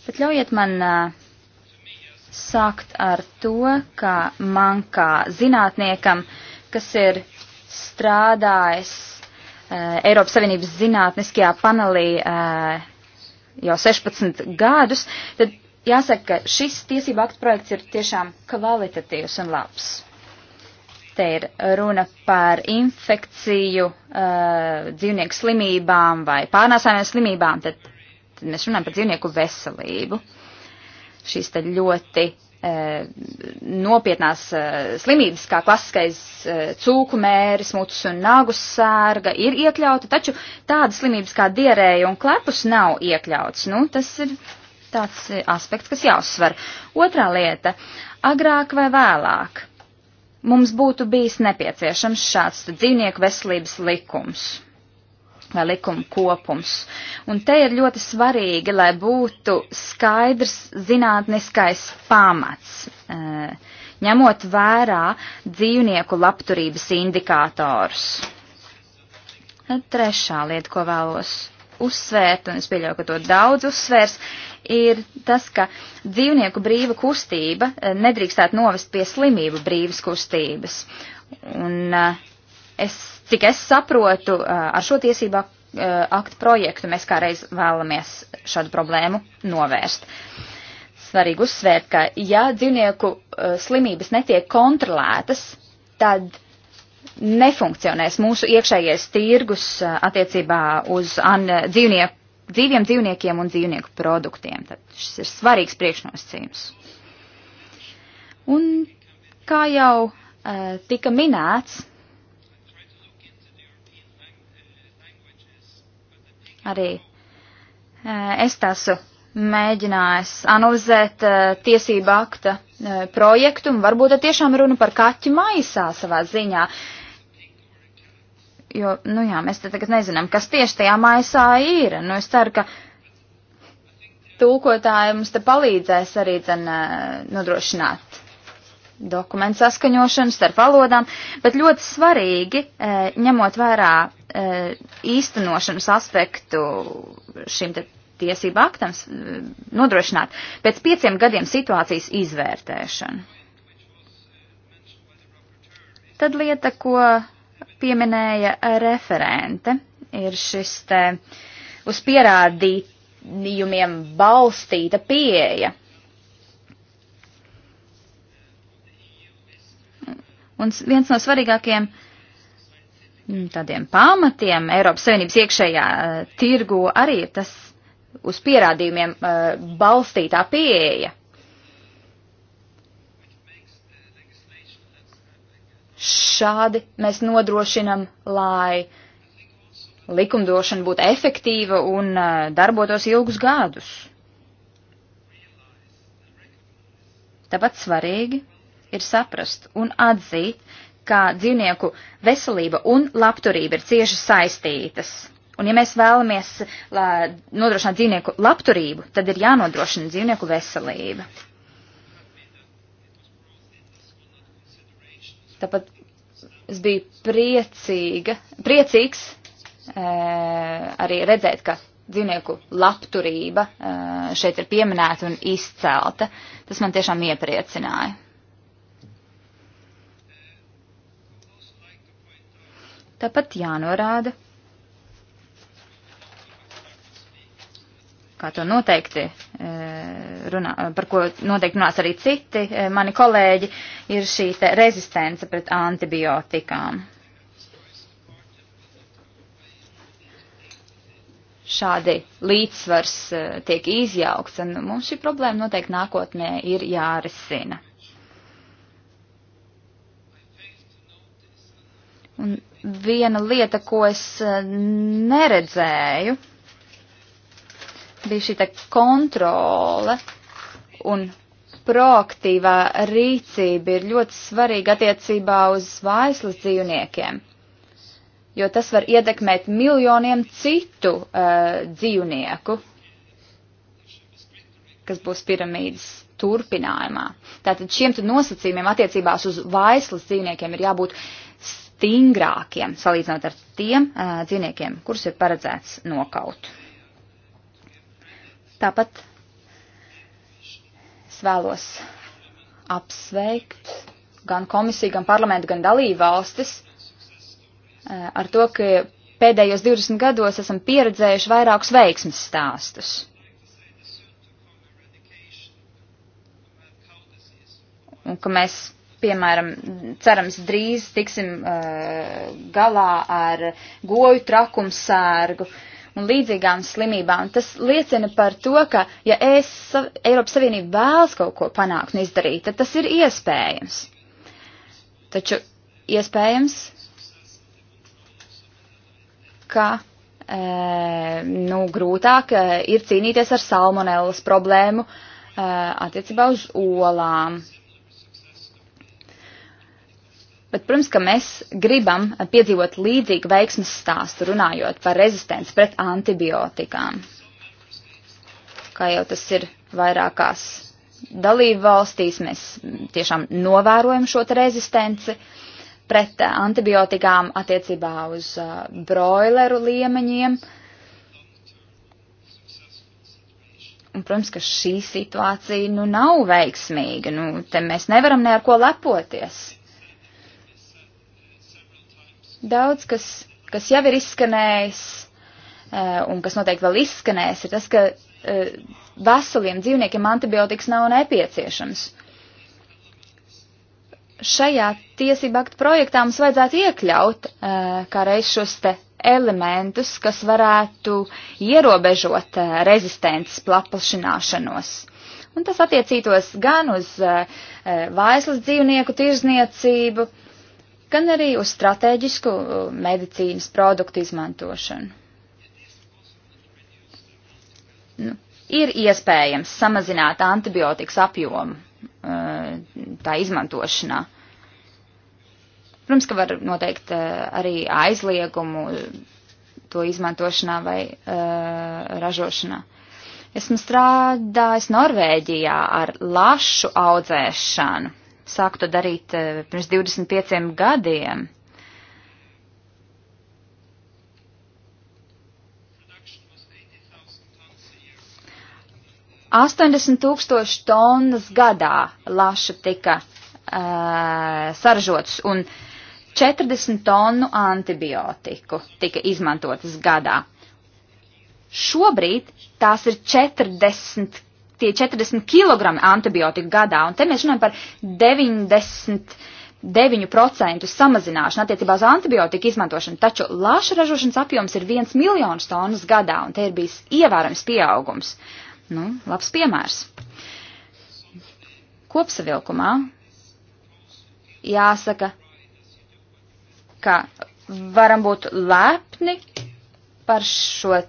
Bet ļaujiet man uh, sākt ar to, ka man kā zinātniekam, kas ir strādājis uh, Eiropas Savienības zinātniskajā panelī uh, jau 16 gadus, tad jāsaka, ka šis tiesību aktu projekts ir tiešām kvalitatīvs un labs. Te ir runa par infekciju, uh, dzīvnieku slimībām vai pārnēsājumiem slimībām, tad, tad mēs runājam par dzīvnieku veselību. Šīs tad ļoti E, nopietnās e, slimības, kā klasiskais e, cūku mēris, mutus un nagus sērga, ir iekļauta, taču tādas slimības kā dierēja un klepus nav iekļauts. Nu, tas ir tāds aspekts, kas jāuzsver. Otrā lieta - agrāk vai vēlāk mums būtu bijis nepieciešams šāds dzīvnieku veselības likums vai likuma kopums. Un te ir ļoti svarīgi, lai būtu skaidrs zinātniskais pamats, e, ņemot vērā dzīvnieku labturības indikātors. Trešā lieta, ko vēlos uzsvērt, un es pieļauju, ka to daudz uzsvērs, ir tas, ka dzīvnieku brīva kustība e, nedrīkstētu novest pie slimību brīvas kustības. Un e, es Cik es saprotu, eh, ar šo tiesību eh, aktu projektu mēs kādreiz vēlamies šādu problēmu novērst. Svarīgi uzsvērt, ka ja dzīvnieku eh, slimības netiek kontrolētas, tad nefunkcionēs mūsu iekšējais tirgus attiecībā uz an, dzīvnieku, dzīviem dzīvniekiem un dzīvnieku produktiem. Tad šis ir svarīgs priekšnosacījums. Un kā jau uh, tika minēts, Arī es esmu mēģinājis analizēt tiesību akta projektu, un varbūt te tiešām runa par kaķu maisā savā ziņā. Jo, nu jā, mēs te tagad nezinām, kas tieši tajā maisā ir. Nu, es ceru, ka tūkotāji mums te palīdzēs arī, dzen, nodrošināt dokumentu saskaņošanu starp valodām, bet ļoti svarīgi, e, ņemot vērā e, īstenošanas aspektu šim te tiesību aktam, e, nodrošināt pēc pieciem gadiem situācijas izvērtēšanu. Tad lieta, ko pieminēja referente, ir šis te uz pierādījumiem balstīta pieeja Un viens no svarīgākajiem mm, tādiem pamatiem Eiropas Savienības iekšējā uh, tirgu arī ir tas uz pierādījumiem uh, balstītā pieeja. Šādi mēs nodrošinam, lai likumdošana būtu efektīva un uh, darbotos ilgus gadus. Tāpat svarīgi ir saprast un atzīt, ka dzīvnieku veselība un labturība ir cieši saistītas. Un ja mēs vēlamies nodrošināt dzīvnieku labturību, tad ir jānodrošina dzīvnieku veselība. Tāpat es biju priecīga, priecīgs e, arī redzēt, ka dzīvnieku labturība e, šeit ir pieminēta un izcelta. Tas man tiešām iepriecināja. Tāpat jānorāda, kā to noteikti e, runā, par ko noteikti runās arī citi e, mani kolēģi, ir šī te rezistence pret antibiotikām. Šādi līdzsvars e, tiek izjaukts, un mums šī problēma noteikti nākotnē ir jārisina. Un viena lieta, ko es e, neredzēju, bija šī kontrole un proaktīvā rīcība ir ļoti svarīga attiecībā uz vaislas dzīvniekiem, jo tas var ietekmēt miljoniem citu uh, dzīvnieku, kas būs piramīdas turpinājumā. Tātad šiem nosacījumiem attiecībās uz vaislas dzīvniekiem ir jābūt uh, stingrākiem, salīdzinot ar tiem uh, dzīvniekiem, kurus ir paredzēts nokaut. Tāpat es vēlos apsveikt gan komisiju, gan parlamentu, gan dalību valstis uh, ar to, ka pēdējos 20 gados esam pieredzējuši vairākus veiksmes stāstus. Un ka mēs piemēram, cerams, drīz tiksim uh, galā ar goju trakumsērgu un līdzīgām slimībām. Tas liecina par to, ka, ja es, Eiropas Savienība vēlas kaut ko panākt un izdarīt, tad tas ir iespējams. Taču iespējams, ka e, nu, grūtāk e, ir cīnīties ar salmonellas problēmu e, attiecībā uz olām. Bet, protams, ka mēs gribam piedzīvot līdzīgu veiksmes stāstu runājot par rezistenci pret antibiotikām. Kā jau tas ir vairākās dalību valstīs, mēs tiešām novērojam šo rezistenci pret eh, antibiotikām attiecībā uz eh, broileru liemeņiem. Un, protams, ka šī situācija nu nav veiksmīga. Nu, te mēs nevaram ne ar ko lepoties. Daudz, kas, kas jau ir izskanējis eh, un kas noteikti vēl izskanēs, ir tas, ka eh, veseliem dzīvniekiem antibiotikas nav nepieciešams. Šajā tiesību aktu projektā mums vajadzētu iekļaut eh, kā reiz šos te elementus, kas varētu ierobežot rezistences paplašināšanos. Un tas attiecītos gan uz vaislas dzīvnieku tirzniecību, uh, gan arī uz strateģisku uh, medicīnas produktu izmantošanu. Nu, ir iespējams samazināt antibiotikas apjomu uh, tā izmantošanā. Protams, ka var noteikt uh, arī aizliegumu to izmantošanā vai ražošanā. Esmu strādājis Norvēģijā ar lašu audzēšanu sāku to darīt eh, pirms 25 gadiem. Astoņdesmit tūkstoši tonnas gadā laša tika uh, eh, saražots un 40 tonu antibiotiku tika izmantotas gadā. Šobrīd tās ir 40 tie 40 kg antibiotika gadā, un te mēs runājam par 99% samazināšanu attiecībā uz antibiotika izmantošanu, taču lāša ražošanas apjoms ir 1 miljonus tonnas gadā, un te ir bijis ievērams pieaugums. Nu, labs piemērs. Kopsavilkumā jāsaka, ka varam būt lepni par šo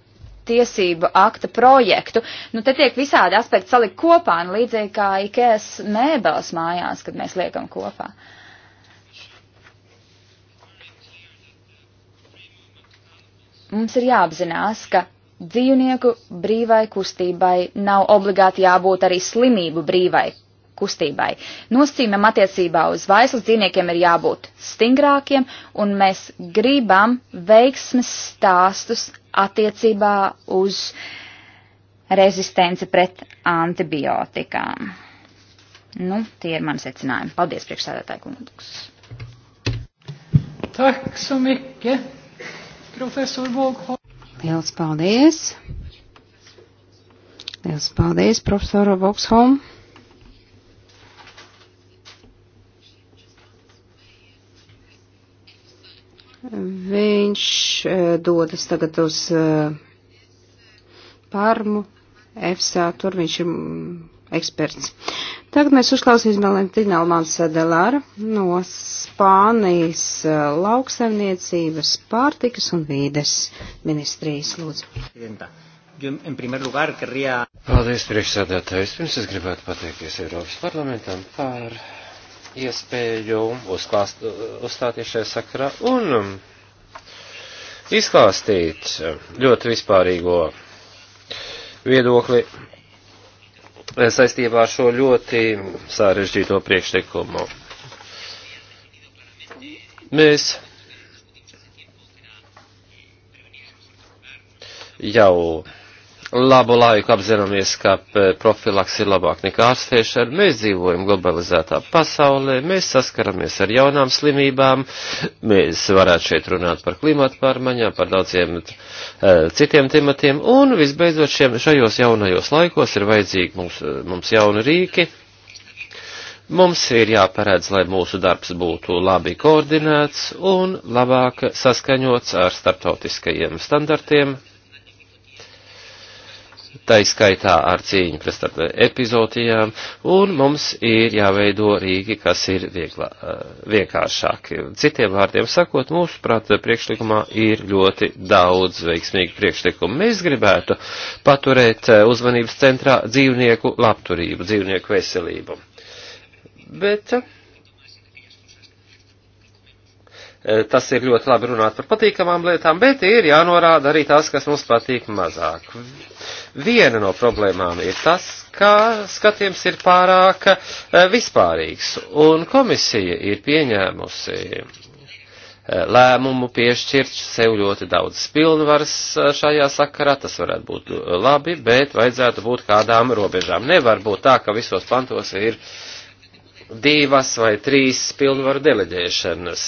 tiesību akta projektu. Nu, te tiek visādi aspekti salikt kopā, un nu, līdzīgi kā IKS mēbeles mājās, kad mēs liekam kopā. Mums ir jāapzinās, ka dzīvnieku brīvai kustībai nav obligāti jābūt arī slimību brīvai kustībai. Nosacījumiem attiecībā uz vaislas dzīvniekiem ir jābūt stingrākiem, un mēs gribam veiksmes stāstus attiecībā uz rezistenci pret antibiotikām. Nu, tie ir mani secinājumi. Paldies, priekšsēdētāji kungs. Tak, so mycket, profesor Vågholm. Liels paldies. Liels paldies, profesoru Vogshom. Viņš eh, dodas tagad uz eh, Parmu, EFSA, tur viņš ir mm, eksperts. Tagad mēs uzklausīsim Valentīnu Almansa Delāru no Spānijas eh, lauksaimniecības pārtikas un vīdes ministrijas lūdzu. Presidenta. Yo, en primer lugar, querría... Paldies, priekšsēdētājs. Pirms es gribētu pateikties Eiropas parlamentam par iespēju uzklāst, uzstāties šajā sakarā un um, izklāstīt um, ļoti vispārīgo viedokli saistībā ar šo ļoti sarežģīto priekšlikumu. Mēs jau labu laiku apzināmies, ka e, profilaks ir labāk nekā ārstēšana. Mēs dzīvojam globalizētā pasaulē, mēs saskaramies ar jaunām slimībām, mēs varētu šeit runāt par klimatu pārmaiņām, par daudziem e, citiem tematiem, un visbeidzot šiem, šajos jaunajos laikos ir vajadzīgi mums, e, mums jauni rīki. Mums ir jāparedz, lai mūsu darbs būtu labi koordinēts un labāk saskaņots ar starptautiskajiem standartiem, tai skaitā ar cīņu pret starp epizodijām, un mums ir jāveido rīki, kas ir vieglā, eh, vienkāršāki. Citiem vārdiem sakot, mūsuprāt, priekšlikumā ir ļoti daudz veiksmīgu priekšlikumu. Mēs gribētu paturēt eh, uzmanības centrā dzīvnieku labturību, dzīvnieku veselību. Bet eh, tas ir ļoti labi runāt par patīkamām lietām, bet ir jānorāda arī tās, kas mums patīk mazāk. Viena no problēmām ir tas, ka skatījums ir pārāk eh, vispārīgs, un komisija ir pieņēmusi eh, lēmumu piešķirt sev ļoti daudz pilnvaras eh, šajā sakarā, tas varētu būt labi, bet vajadzētu būt kādām robežām. Nevar būt tā, ka visos pantos ir uh, divas vai trīs pilnvaru deleģēšanas.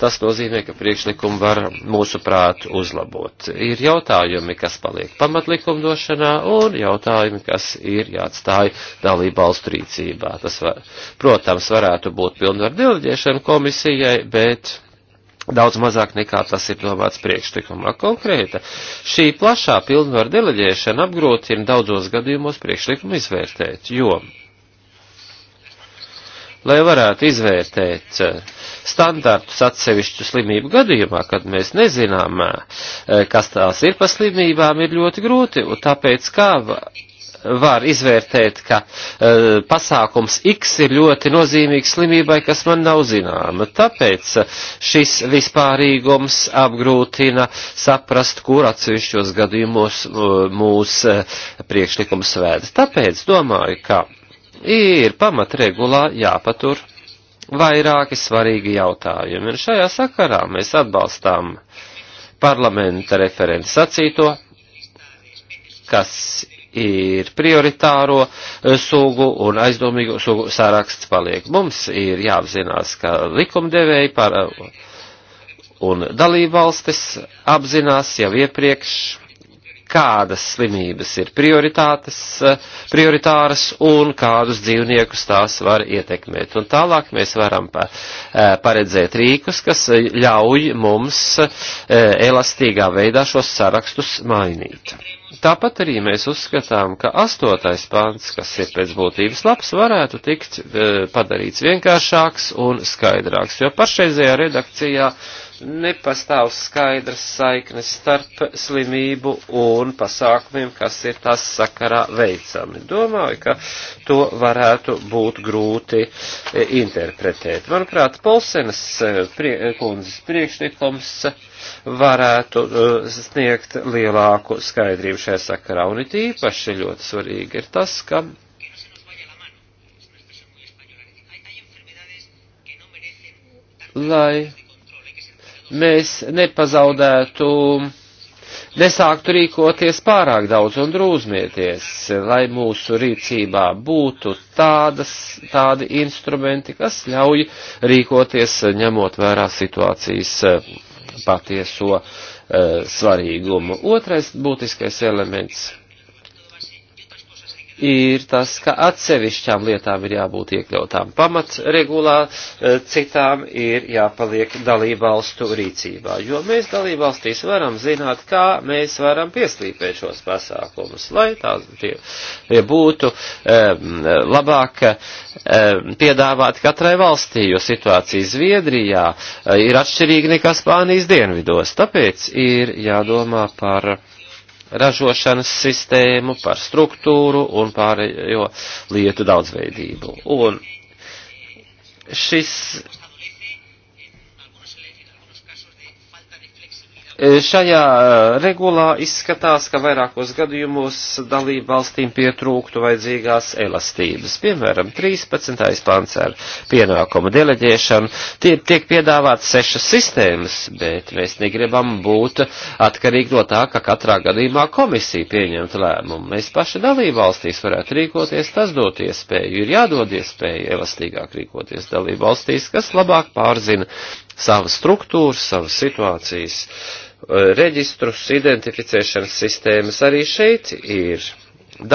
Tas nozīmē, ka priekšlikumu var mūsu prātu uzlabot. Ir jautājumi, kas paliek pamatlikumdošanā, un jautājumi, kas ir jāatstāj dalību valstu rīcībā. Tas, var, protams, varētu būt pilnvaru deleģēšana komisijai, bet daudz mazāk nekā tas ir domāts priekšlikumā konkrēta. Šī plašā pilnvaru deleģēšana apgrūtina daudzos gadījumos priekšlikumu izvērtēt, jo lai varētu izvērtēt eh, standartus atsevišķu slimību gadījumā, kad mēs nezinām, eh, kas tās ir pa slimībām, ir ļoti grūti, un tāpēc kā var izvērtēt, ka uh, pasākums X ir ļoti nozīmīgs slimībai, kas man nav zināma. Tāpēc šis vispārīgums apgrūtina saprast, kur atsevišķos gadījumos uh, mūs uh, priekšlikums vēd. Tāpēc domāju, ka ir pamatregulā jāpatur vairāki svarīgi jautājumi, un šajā sakarā mēs atbalstām parlamenta referenta sacīto, kas ir prioritāro sugu un aizdomīgu sugu saraksts paliek. Mums ir jāapzinās, ka likumdevēji par, un dalībvalstis apzinās jau iepriekš kādas slimības ir eh, prioritāras un kādus dzīvniekus tās var ietekmēt. Un tālāk mēs varam eh, paredzēt rīkus, kas ļauj mums eh, elastīgā veidā šos sarakstus mainīt. Tāpat arī mēs uzskatām, ka astotais pants, kas ir pēc būtības labs, varētu tikt padarīts vienkāršāks un skaidrāks, jo pašreizējā redakcijā nepastāv skaidras saiknes starp slimību un pasākumiem, kas ir tās sakarā veicami. Domāju, ka to varētu būt grūti e, interpretēt. Manuprāt, Polsenas e, prie, kundzes priekšlikums varētu e, sniegt lielāku skaidrību šajā sakarā. Un it īpaši ļoti svarīgi ir tas, ka lai mēs nepazaudētu, nesāktu rīkoties pārāk daudz un drūzmieties, lai mūsu rīcībā būtu tādas, tādi instrumenti, kas ļauj rīkoties ņemot vērā situācijas eh, patieso uh, svarīgumu. Otrais būtiskais elements ir tas, ka atsevišķām lietām ir jābūt iekļautām pamatregulā, e, citām ir jāpaliek dalībvalstu rīcībā, jo mēs dalībvalstīs varam zināt, kā mēs varam pieslīpēt šos pasākumus, lai tās tie, tie būtu um, labāk um, piedāvāti katrai valstī, jo situācija Zviedrijā ir atšķirīga nekā Spānijas dienvidos, tāpēc ir jādomā par ražošanas sistēmu, par struktūru un pārējo lietu daudzveidību. Un šis Šajā eh, regulā izskatās, ka vairākos gadījumos dalību valstīm pietrūktu vajadzīgās elastības. Piemēram, 13. pants ar pienākumu deleģēšanu. Tie, tiek piedāvāts sešas sistēmas, bet mēs negribam būt atkarīgi no tā, ka katrā gadījumā komisija pieņemt lēmumu. Mēs paši dalību valstīs varētu rīkoties, tas dot iespēju, ir jādod iespēju elastīgāk rīkoties dalību valstīs, kas labāk pārzina savas struktūras, savas situācijas, e, reģistrus, identificēšanas sistēmas arī šeit ir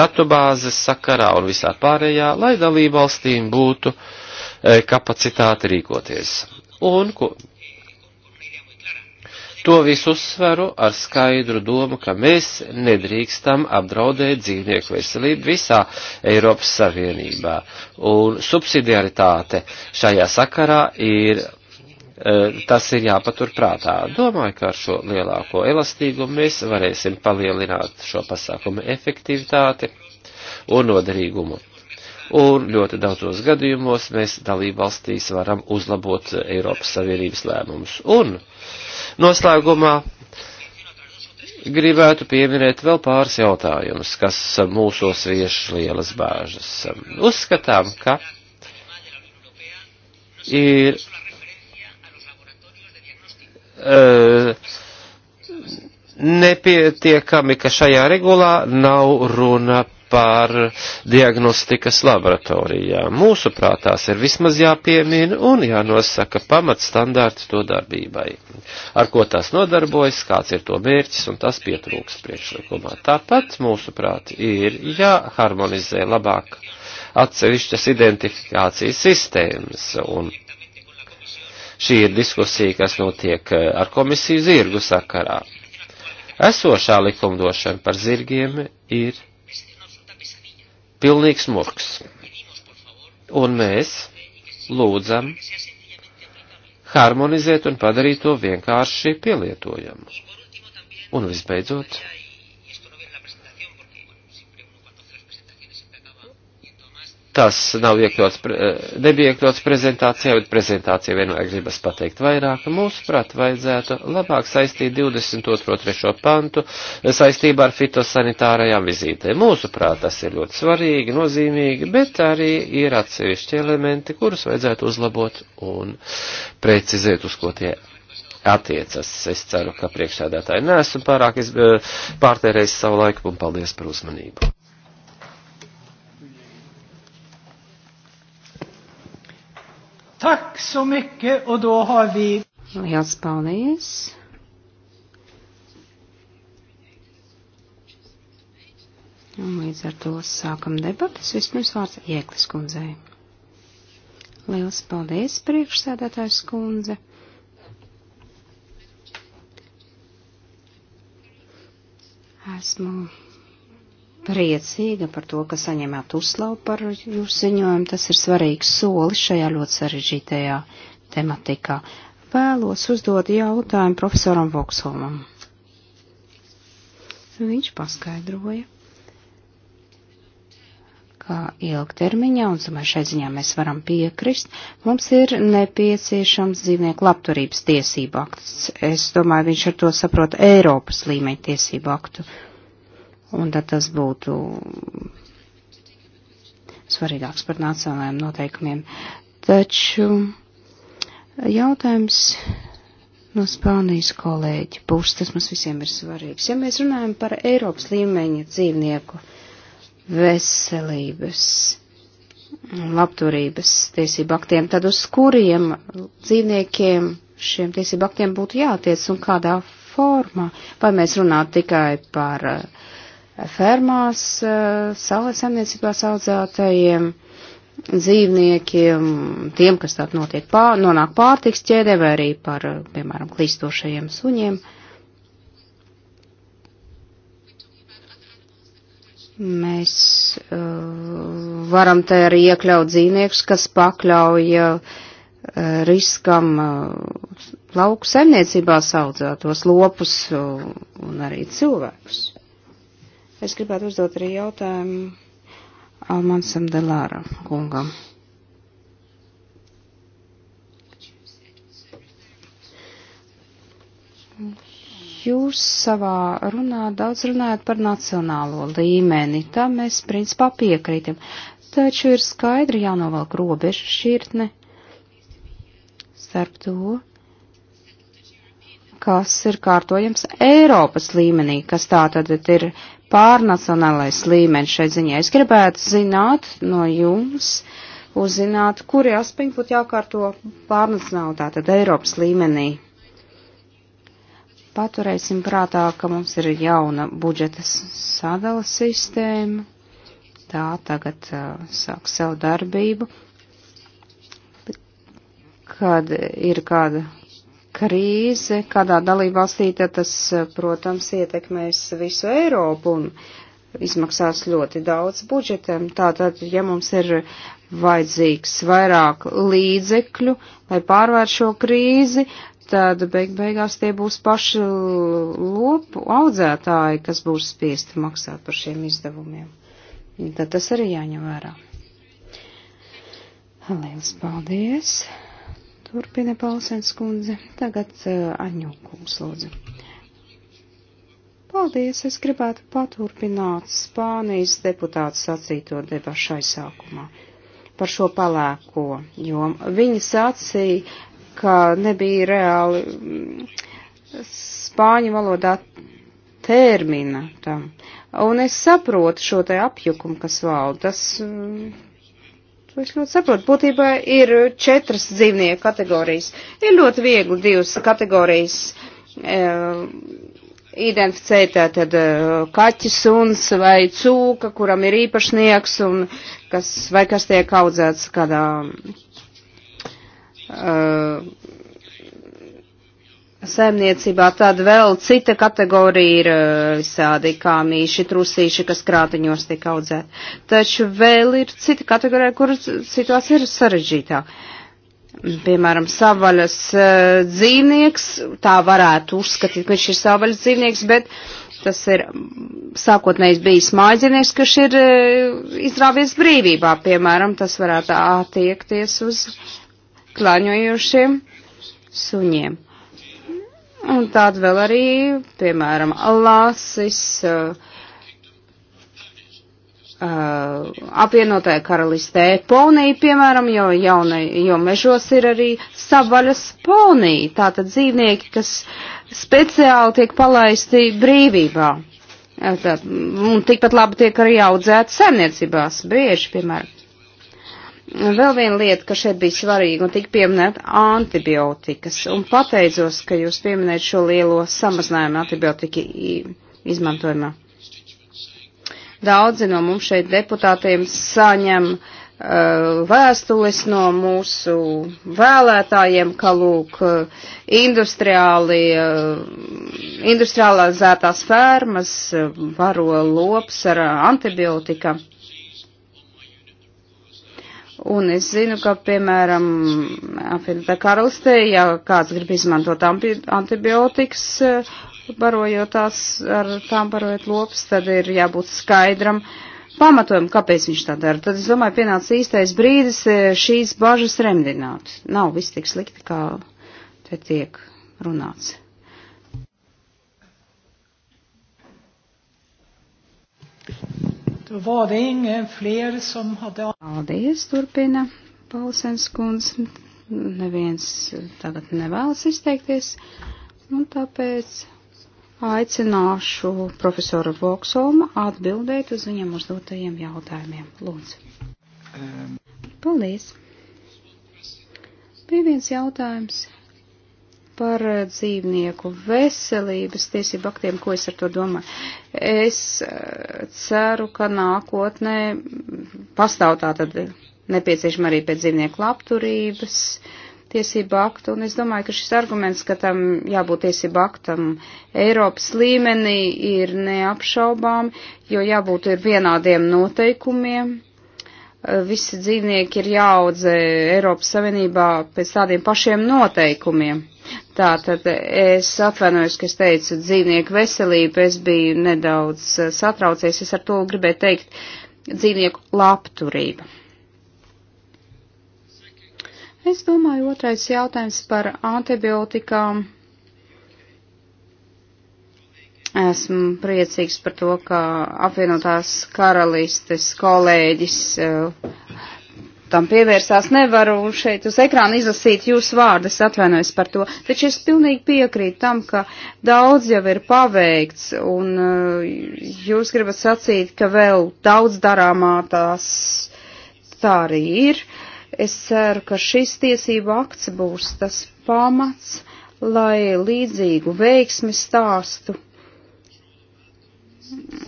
datubāzes sakarā un visā pārējā, lai dalībvalstīm būtu e, kapacitāte rīkoties. Un ko, To visu uzsveru ar skaidru domu, ka mēs nedrīkstam apdraudēt dzīvnieku veselību visā Eiropas Savienībā. Un subsidiaritāte šajā sakarā ir E, tas ir jāpatur prātā. Domāju, ka ar šo lielāko elastīgumu mēs varēsim palielināt šo pasākumu efektivitāti un noderīgumu. Un ļoti daudzos gadījumos mēs dalībvalstīs varam uzlabot Eiropas Savienības lēmumus. Un noslēgumā gribētu pieminēt vēl pāris jautājumus, kas mūsos vieš lielas bāžas. Uzskatām, ka ir Eh, nepietiekami, ka šajā regulā nav runa par diagnostikas laboratorijām. Mūsu prātās ir vismaz jāpiemina un jānosaka pamatstandarti to darbībai. Ar ko tās nodarbojas, kāds ir to mērķis un tas pietrūks priekšlikumā. Tāpat mūsu prāti ir jāharmonizē labāk atsevišķas identifikācijas sistēmas un Šī ir diskusija, kas notiek eh, ar komisiju zirgu sakarā. Esošā likumdošana par zirgiem ir pilnīgs murgs. Un mēs lūdzam harmonizēt un padarīt to vienkārši pielietojamu. Un visbeidzot, tas nav iekļauts, eh, nebija iekļauts prezentācijā, bet prezentācija vienmēr gribas pateikt vairāk. Mūsuprāt, vajadzētu labāk saistīt 22.3. pantu eh, saistībā ar fitosanitārajām vizītēm. Mūsuprāt, tas ir ļoti svarīgi, nozīmīgi, bet arī ir atsevišķi elementi, kurus vajadzētu uzlabot un precizēt, uz ko tie attiecas. Es ceru, ka priekšsēdētāji nesmu pārāk eh, pārtērējis savu laiku un paldies par uzmanību. Tack så mycket och då har vi... Liels paldies! Un līdz ar to sākam debatas. Vispirms vārds Ieklis kundzei. Liels paldies, priekšsēdētājs kundze! Esmu priecīga par to, ka saņemāt uzslavu par jūsu ziņojumu. Tas ir svarīgs solis šajā ļoti sarežģītajā tematikā. Vēlos uzdot jautājumu profesoram Voksholmam. Viņš paskaidroja kā ilgtermiņā, un domāju, šai ziņā mēs varam piekrist, mums ir nepieciešams dzīvnieku labturības tiesību akts. Es domāju, viņš ar to saprot Eiropas līmeņa tiesību aktu. Un tad tas būtu svarīgāks par nacionālajiem noteikumiem. Taču jautājums no Spānijas kolēģi būs, tas mums visiem ir svarīgs. Ja mēs runājam par Eiropas līmeņa dzīvnieku veselības labturības tiesību aktiem, tad uz kuriem dzīvniekiem šiem tiesību aktiem būtu jātiec un kādā formā? Vai mēs runātu tikai par uh, fermās, eh, salas saimniecībās audzētajiem dzīvniekiem, tiem, kas tātad notiek pār, nonāk pārtiks ķēdē vai arī par, eh, piemēram, klīstošajiem suņiem. Mēs uh, varam te arī iekļaut dzīvniekus, kas pakļauj uh, riskam uh, lauku saimniecībā saudzētos lopus uh, un arī cilvēkus. Es gribētu uzdot arī jautājumu Almansam Delāra kungam. Jūs savā runā daudz runājat par nacionālo līmeni, tam mēs principā piekrītam, taču ir skaidri jānovelk robežu šķirtne starp to, kas ir kārtojams Eiropas līmenī, kas tā tad ir pārnacionālais līmenis šai ziņā. Es gribētu zināt no jums, uzzināt, kuri aspekti būtu jākārto pārnacionāli, tātad Eiropas līmenī. Paturēsim prātā, ka mums ir jauna budžeta sadala sistēma. Tā tagad uh, sāk savu darbību. Kad ir kāda krīze kādā dalībvalstī, tad tas, eh, protams, ietekmēs visu Eiropu un izmaksās ļoti daudz budžetam. Tātad, ja mums ir vajadzīgs vairāk līdzekļu, lai pārvar šo krīzi, tad beig beigās tie būs paši lopu audzētāji, kas būs spiesti maksāt par šiem izdevumiem. Tad tas arī jāņem vērā. Liels paldies! Turpina Paulsens kundze. Tagad uh, eh, Aņokums lūdzu. Paldies, es gribētu paturpināt Spānijas deputātu sacīto debašu aizsākumā par šo palēko, jo viņi sacīja, ka nebija reāli mm, spāņu valodā termina tam. Un es saprotu šo te apjukumu, kas valda. Tas mm, Es ļoti saprotu, būtībā ir četras dzīvnieku kategorijas. Ir ļoti viegli divas kategorijas e, identificēt, tad eh, kaķis, suns vai cūka, kuram ir īpašnieks un kas, vai kas tiek audzēts kādā. E, saimniecībā tad vēl cita kategorija ir eh, visādi kā mīši, trusīši, kas krātiņos tiek audzēt. Taču vēl ir cita kategorija, kur situācija ir sarežģītāka. Piemēram, savaļas eh, dzīvnieks, tā varētu uzskatīt, ka viņš ir savaļas dzīvnieks, bet tas ir sākotnējs bijis mājdzīvnieks, kurš ir eh, izrāvies brīvībā, piemēram, tas varētu attiekties uz klāņojušiem suņiem Un tāda vēl arī, piemēram, Lāsis, uh, eh, uh, eh, apvienotāja karalistē ponija, piemēram, jo, jaunai, jo mežos ir arī savaļas ponija, tātad dzīvnieki, kas speciāli tiek palaisti brīvībā. Eh, Tā, mm, un tikpat labi tiek arī audzēt saimniecībās, bieži, piemēram. Vēl viena lieta, kas šeit bija svarīga, un tika pieminēta antibiotikas. Un pateicos, ka jūs pieminējat šo lielo samazinājumu antibiotika izmantojumā. Daudzi no mums šeit deputātiem saņem uh, vēstules no mūsu vēlētājiem, ka lūk, uh, industriāli, uh, industriālās zētās fermas uh, varo lops ar antibiotikam. Un es zinu, ka, piemēram, apvienotā karalistē, ja kāds grib izmantot antibiotikas, eh, barojot tās, ar tām barojot lopas, tad ir jābūt skaidram pamatojumam, kāpēc viņš tā dara. Tad, es domāju, pienāca īstais brīdis eh, šīs bažas remdināt. Nav viss tik slikti, kā te tiek runāts. Då var det ingen fler som hade... Paldies, turpina Paulsens kundz. Neviens tagad nevēlas izteikties. Un tāpēc aicināšu profesoru Voksomu atbildēt uz viņam uzdotajiem jautājumiem. Lūdzu. Paldies. Bija viens jautājums par eh, dzīvnieku veselības tiesību aktiem, ko es ar to domāju. Es eh, ceru, ka nākotnē pastāv tātad nepieciešama arī pēc dzīvnieku labturības tiesību aktu, un es domāju, ka šis arguments, ka tam jābūt tiesību aktam Eiropas līmenī, ir neapšaubām, jo jābūt ir vienādiem noteikumiem eh, visi dzīvnieki ir jāaudzē Eiropas Savienībā pēc tādiem pašiem noteikumiem. Tā tad es atvainojos, ka es teicu dzīvnieku veselību, es biju nedaudz eh, satraucies, es ar to gribēju teikt dzīvnieku labturību. Es domāju, otrais jautājums par antibiotikām. Esmu priecīgs par to, ka apvienotās karalistes kolēģis uh, tam pievērsās, nevaru šeit uz ekrāna izlasīt jūsu vārdas, atvainojos par to, taču es pilnīgi piekrītu tam, ka daudz jau ir paveikts, un uh, jūs gribat sacīt, ka vēl daudz darāmā tās tā arī ir. Es ceru, ka šis tiesība akts būs tas pamats, lai līdzīgu veiksmi stāstu,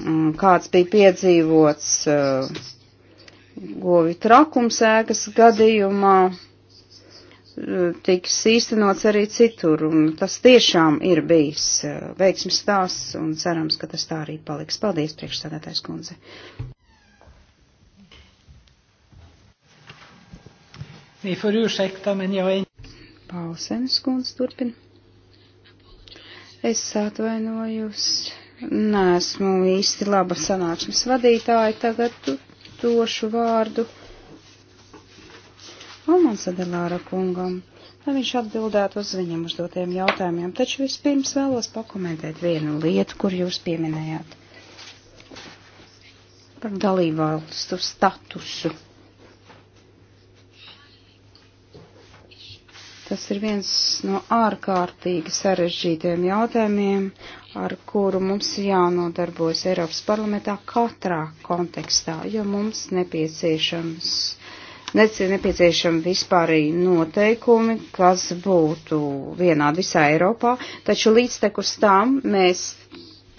mm, kāds bija piedzīvots uh, govju trakumsēgas gadījumā eh, tiks īstenots arī citur, un tas tiešām ir bijis eh, veiksmes stāsts, un cerams, ka tas tā arī paliks. Paldies, priekšstādātais kundze. Pausenes kundze turpina. Es atvainojos, neesmu īsti laba sanāksmes vadītāja tagad došu vārdu Almansadelāra kungam, lai viņš atbildētu uz viņam uzdotiem jautājumiem, taču vispirms vēlos pakomentēt vienu lietu, kur jūs pieminējāt par dalībvalstu statusu. Tas ir viens no ārkārtīgi sarežģītiem jautājumiem, ar kuru mums jānodarbojas Eiropas parlamentā katrā kontekstā, jo mums nepieciešams, nepieciešami vispārīgi noteikumi, kas būtu vienādi visā Eiropā, taču līdztekus tam mēs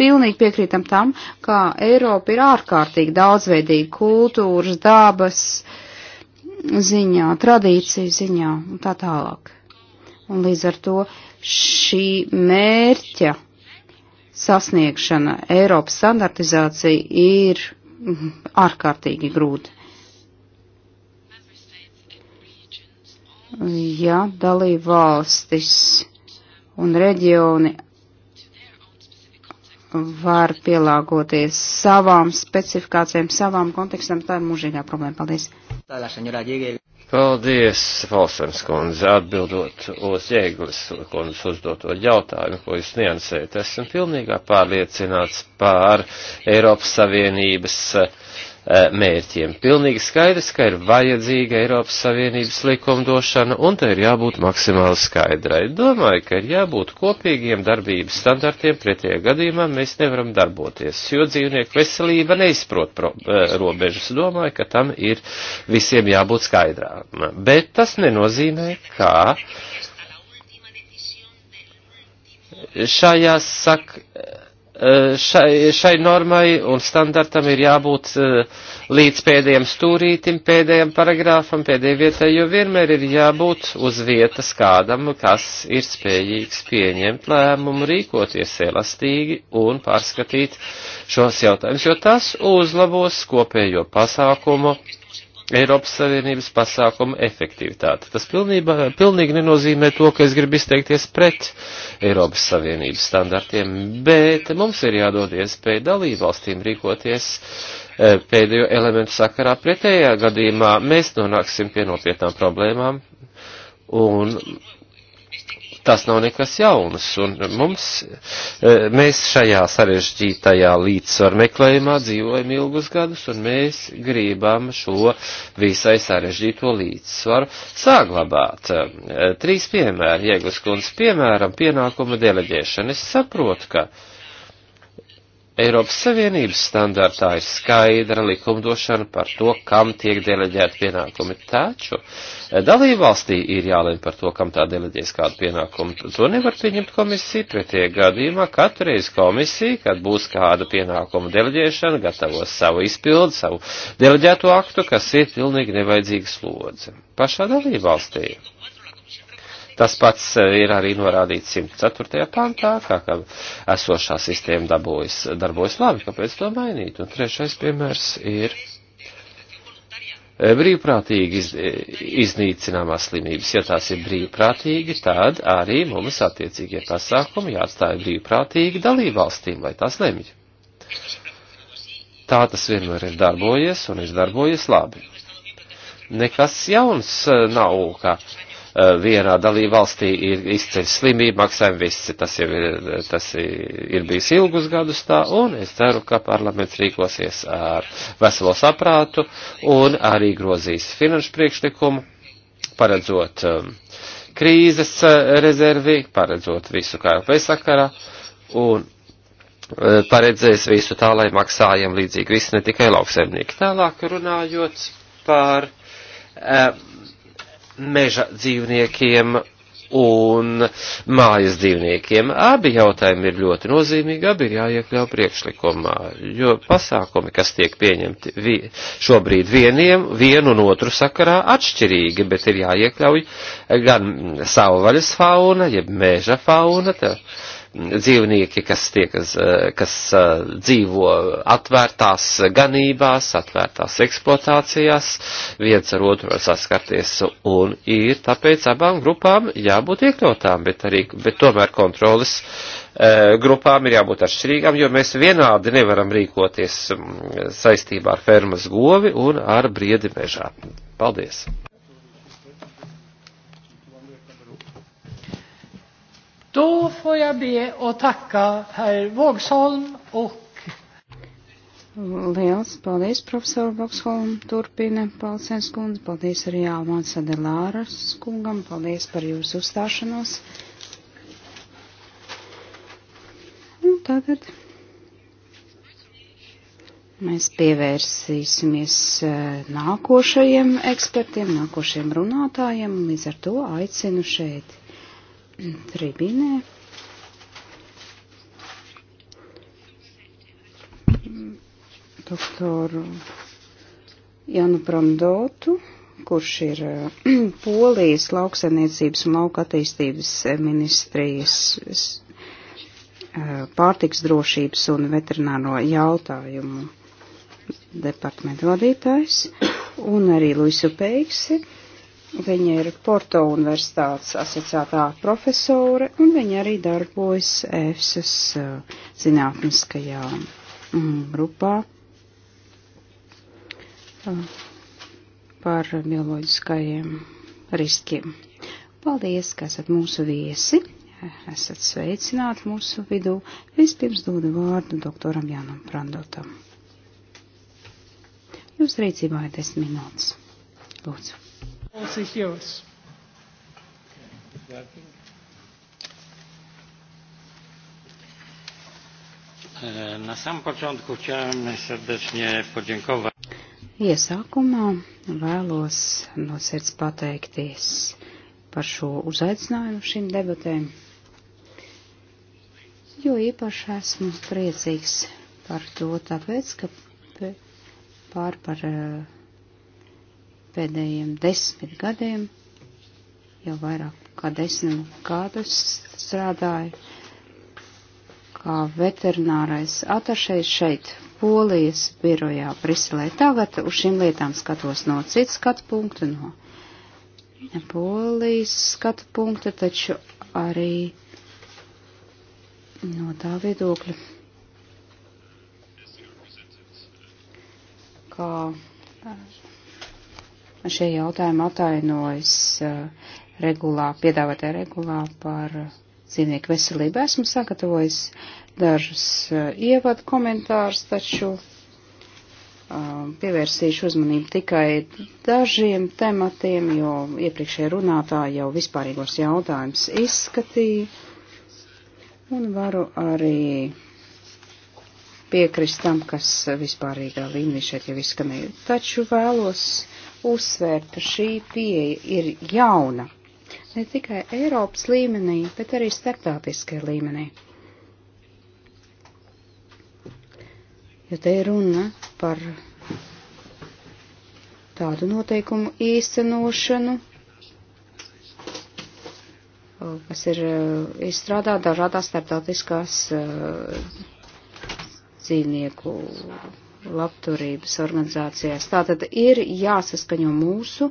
pilnīgi piekrītam tam, ka Eiropa ir ārkārtīgi daudzveidīga kultūras, dabas ziņā, tradīciju ziņā un tā tālāk. Un līdz ar to šī mērķa sasniegšana, Eiropas standartizācija ir mhm, ārkārtīgi grūta. Ja dalība valstis un reģioni var pielāgoties savām specifikācijām, savām kontekstam, tā ir mūžīgā problēma. Paldies! Paldies, Falsens kundze, atbildot uz Jēglis kundzes uzdoto jautājumu, ko jūs niansējat. Esmu pilnīgā pārliecināts pār Eiropas Savienības uh, Eh, mērķiem. Pilnīgi skaidrs, ka ir vajadzīga Eiropas Savienības likumdošana, un tai ir jābūt maksimāli skaidrai. Domāju, ka ir jābūt kopīgiem darbības standartiem, pretie gadījumā mēs nevaram darboties, jo dzīvnieku veselība neizprot pro, eh, robežas. Domāju, ka tam ir visiem jābūt skaidrām. Bet tas nenozīmē, ka šajā sak Eh, šai, šai normai un standartam ir jābūt eh, līdz pēdējiem stūrītim, pēdējiem paragrāfam, pēdējai vietai, jo vienmēr ir jābūt uz vietas kādam, kas ir spējīgs pieņemt lēmumu, rīkoties elastīgi un pārskatīt šos jautājumus, jo tas uzlabos kopējo pasākumu Eiropas Savienības pasākumu efektivitāti. Tas pilnībā, pilnīgi nenozīmē to, ka es gribu izteikties pret Eiropas Savienības standartiem, bet mums ir jādod iespēja dalībvalstīm rīkoties e, pēdējo elementu sakarā. Pretējā gadījumā mēs nonāksim pie nopietnām problēmām un tas nav nekas jaunas, un mums, e, mēs šajā sarežģītajā līdzsvar meklējumā dzīvojam ilgus gadus, un mēs gribam šo visai sarežģīto līdzsvaru saglabāt. E, trīs piemēri, Jēglas kundze, piemēram, pienākuma deleģēšana. Es saprotu, ka Eiropas Savienības standartā ir skaidra likumdošana par to, kam tiek deleģēta pienākumi, taču eh, dalībvalstī ir jālem par to, kam tā deleģēs kādu pienākumu. To nevar pieņemt komisija pretie gadījumā. Katru reizi komisija, kad būs kāda pienākuma deleģēšana, gatavos savu izpildu, savu deleģēto aktu, kas ir pilnīgi nevajadzīga slodze pašā dalībvalstī. Tas pats eh, ir arī norādīts 104. pantā, kā, ka esošā sistēma dabūjas, darbojas labi, kāpēc to mainīt. Un trešais piemērs ir eh, brīvprātīgi iz, eh, iznīcināmās slimības. Ja tās ir brīvprātīgi, tad arī mums attiecīgie pasākumi jāatstāja brīvprātīgi dalībvalstīm, lai tās lemj. Tā tas vienmēr ir darbojies un ir darbojies labi. Nekas jauns nav, ka uh, Eh, vienā dalībvalstī ir izceļ slimība, maksājumi visi, tas jau ir, tas ir bijis ilgus gadus tā, un es ceru, ka parlaments rīkosies ar veselo saprātu un arī grozīs finanšu priekšlikumu, paredzot eh, krīzes eh, rezervi, paredzot visu KLP sakarā, un paredzēs visu tā, lai maksājam līdzīgi visi ne tikai lauksaimnieki. Tālāk runājot par um, meža dzīvniekiem un mājas dzīvniekiem. Abi jautājumi ir ļoti nozīmīgi, abi ir jāiekļau priekšlikumā, jo pasākumi, kas tiek pieņemti vi, šobrīd vieniem, vienu un otru sakarā atšķirīgi, bet ir jāiekļauj gan savvaļas fauna, jeb mēža fauna, tā, dzīvnieki, kas, tiek, kas eh, dzīvo atvērtās ganībās, atvērtās eksploatācijās, viens ar otru var saskarties un ir, tāpēc abām grupām jābūt iekļautām, bet, arī, bet tomēr kontrolas eh, grupām ir jābūt atšķirīgām, jo mēs vienādi nevaram rīkoties mm, saistībā ar fermas govi un ar briedi mežā. Paldies! Då får jag be och tacka herr Vågsholm och Liels paldies, profesor Vauxholm, turpina Palsens kundze, paldies arī Almāns Adelāras kungam, paldies par jūsu uzstāšanos. Un nu, tagad mēs pievērsīsimies eh, nākošajiem ekspertiem, nākošajiem runātājiem, līdz ar to aicinu šeit tribīnē. Doktoru Janu Bramdotu, kurš ir eh, (clears throat) Polijas lauksainiecības un lauka attīstības eh, ministrijas eh, pārtiks drošības un veterināro jautājumu departamentu vadītājs, un arī Luisu Peiksi Viņa ir Porto Universitātes asociētā profesore, un viņa arī darbojas EFSAS eh, zinātniskajā mm, grupā eh, par bioloģiskajiem riskiem. Paldies, ka esat mūsu viesi, esat sveicināti mūsu vidū. Vispirms dodu vārdu doktoram Jānam Prandotam. Jūs rīcībā ir desmit minūtes. Lūdzu. 40 euros. Na sam początku chciałem serdecznie podziękować. Iesākumā vēlos no sirds pateikties par šo uzaicinājumu šīm debatēm, jo īpaši esmu priecīgs par to, tāpēc, ka pār par uh, pēdējiem desmit gadiem, jau vairāk kā desmit gadus strādāju kā veterinārais atašais šeit, Polijas birojā Briselē. Tagad uz šīm lietām skatos no citas skatu punktu, no Polijas skatu punkta, taču arī no tā viedokļa. Kā šie jautājumi atainojas uh, regulā, piedāvātē regulā par dzīvnieku veselību. Esmu sagatavojis dažus uh, ievadu komentārus, taču eh, pievērsīšu uzmanību tikai dažiem tematiem, jo iepriekšēji runātāji jau vispārīgos jautājumus izskatīja. Un varu arī piekrist tam, kas vispārīgā līmenī šeit jau izskanēja. Taču vēlos uzsvērt, ka šī pieeja ir jauna ne tikai Eiropas līmenī, bet arī starptautiskajā līmenī. Jo te ir runa par tādu noteikumu īstenošanu, kas ir izstrādāta dažādās starptautiskās eh, dzīvnieku labturības organizācijās. Tātad ir jāsaskaņo mūsu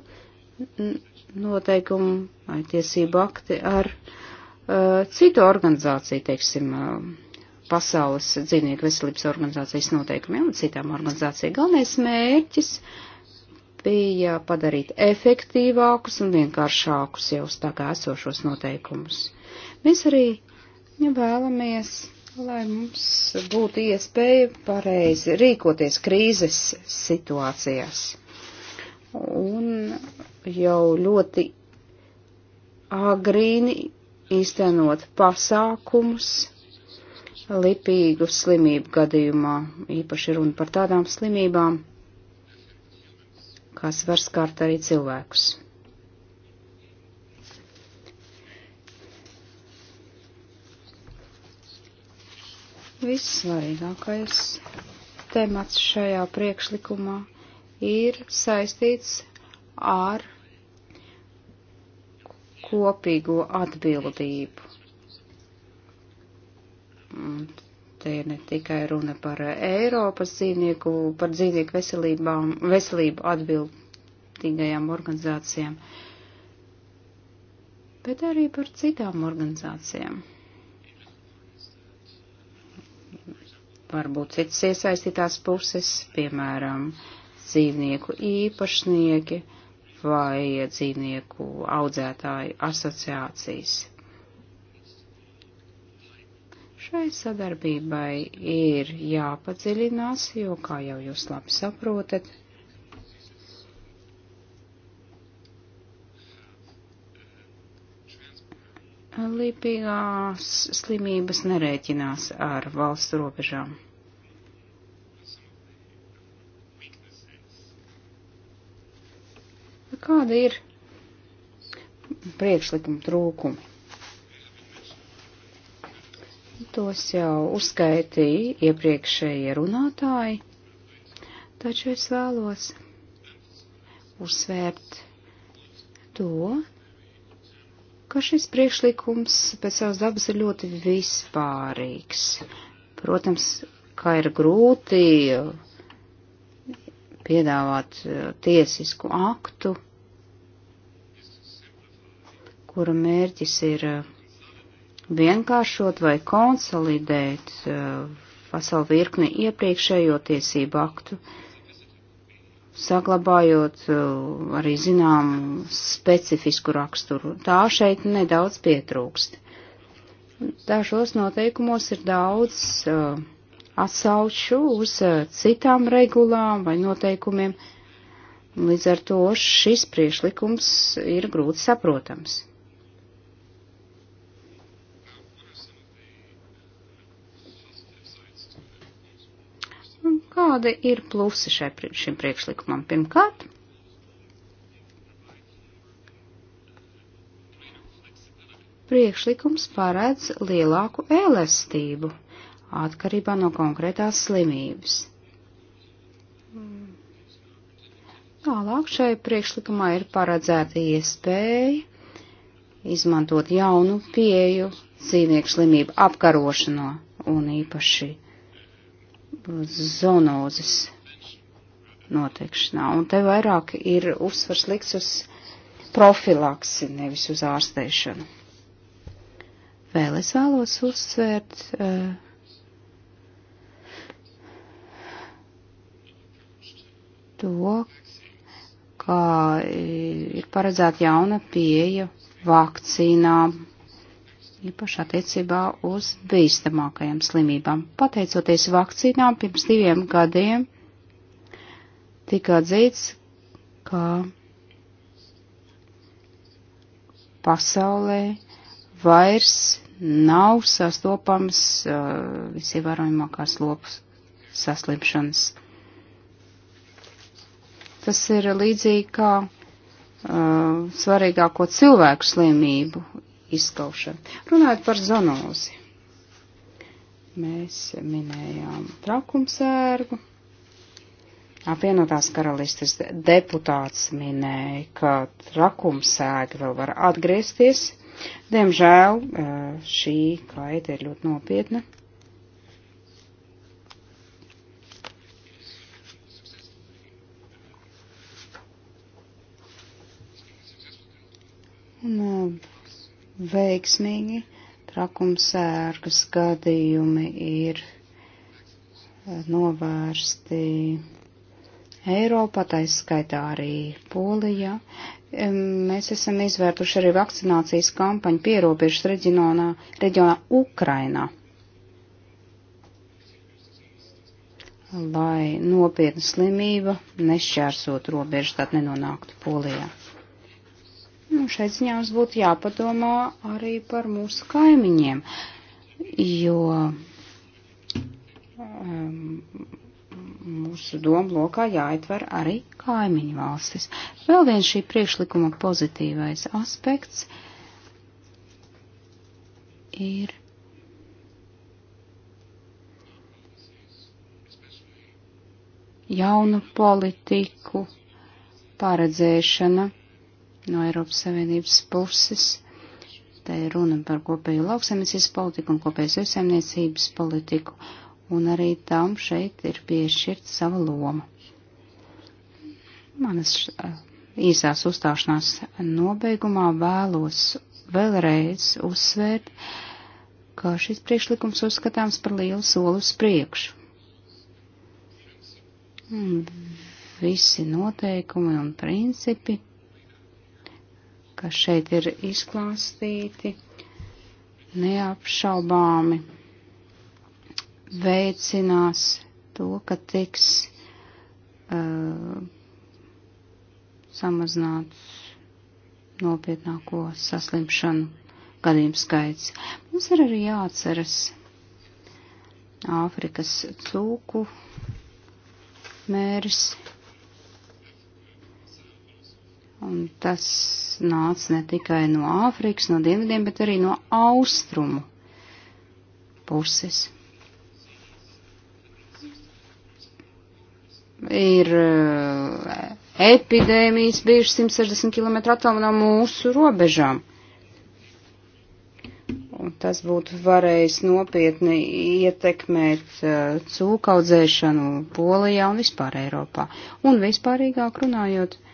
noteikumu vai tiesību akti ar uh, citu organizāciju, teiksim, uh, Pasaules dzīvnieku veselības organizācijas noteikumiem un citām organizācijām. Galvenais mērķis bija padarīt efektīvākus un vienkāršākus jau spēkā esošos noteikumus. Mēs arī vēlamies lai mums būtu iespēja pareizi rīkoties krīzes situācijās. Un jau ļoti agrīni īstenot pasākumus lipīgu slimību gadījumā, īpaši runa par tādām slimībām, kas var skart arī cilvēkus. Vissvarīgākais temats šajā priekšlikumā ir saistīts ar kopīgo atbildību. Un te ir ne tikai runa par Eiropas dzīvnieku, par dzīvnieku veselībām, veselību atbildīgajām organizācijām, bet arī par citām organizācijām. varbūt citas iesaistītās puses, piemēram, dzīvnieku īpašnieki vai dzīvnieku audzētāju asociācijas. Šai sadarbībai ir jāpadziļinās, jo, kā jau jūs labi saprotat, Lipīgās slimības nerēķinās ar valsts robežām. Kāda ir priekšlikuma trūkumi? Tos jau uzskaitīja iepriekšējie runātāji, taču es vēlos uzsvērt to, ka šis priekšlikums pēc savas dabas ir ļoti vispārīgs. Protams, kā ir grūti piedāvāt eh, tiesisku aktu, kura mērķis ir eh, vienkāršot vai konsolidēt eh, veselu virkni iepriekšējo tiesību aktu. Uh, saglabājot eh, arī zinām specifisku raksturu. Tā šeit nedaudz pietrūkst. Dažos noteikumos ir daudz uh, atsauču uz uh, citām regulām vai noteikumiem, līdz ar to šis priešlikums ir grūti saprotams. Kādi ir plusi šai, šim priekšlikumam? Pirmkārt, priekšlikums paredz lielāku elastību atkarībā no konkrētās slimības. Tālāk šai priekšlikumā ir paredzēta iespēja izmantot jaunu pieju dzīvnieku slimību apkarošanā un īpaši zonozes noteikšanā. Un te vairāk ir uzsvars liks uz profilaksi, nevis uz ārsteišanu. Vēl es vēlos uzsvērt. Uh, to, ka eh, ir paredzēta jauna pieeja vakcīnām īpaši attiecībā uz bīstamākajām slimībām. Pateicoties vakcīnām, pirms diviem gadiem tika atzīts, ka pasaulē vairs nav sastopams uh, visievērojamākās lopas saslimšanas. Tas ir līdzīgi kā uh, svarīgāko cilvēku slimību izskaušanu. Runājot par zanozi, mēs minējām trakumsērgu. Apvienotās karalistes deputāts minēja, ka trakumsēga vēl var atgriezties. Diemžēl eh, šī kaita ir ļoti nopietna. Un, eh, veiksmīgi. Trakumsērgas gadījumi ir eh, novērsti Eiropā, tā izskaitā arī Polijā. Mēs esam izvērtuši arī vakcinācijas kampaņu pierobežas reģionā, reģionā Ukrainā, lai nopietna slimība nešķērsot robežas, tad nenonāktu Polijā. Nu, šeit ziņā mums būtu jāpadomā arī par mūsu kaimiņiem, jo um, mūsu domu lokā jāietver arī kaimiņu valstis. Vēl viens šī priekšlikuma pozitīvais aspekts ir. jaunu politiku paredzēšana no Eiropas Savienības puses. Te ir runa par kopēju lauksaimniecības politiku un kopēju zivsaimniecības politiku, un arī tam šeit ir piešķirta sava loma. Manas eh, īsās uzstāšanās nobeigumā vēlos vēlreiz uzsvērt, ka šis priekšlikums uzskatāms par lielu soli uz priekšu. Visi noteikumi un principi kas šeit ir izklāstīti, neapšaubāmi veicinās to, ka tiks uh, samazināts nopietnāko saslimšanu gadījumu skaits. Mums ir arī jāatceras Āfrikas cūku mērs, un tas nāca ne tikai no Āfrikas, no dienvidiem, bet arī no austrumu puses. Ir uh, epidēmijas bijušas 160 km attālumā no mūsu robežām. Un tas būtu varējis nopietni ietekmēt uh, cūkaudzēšanu Polijā un vispār Eiropā. Un vispārīgāk runājot, uh,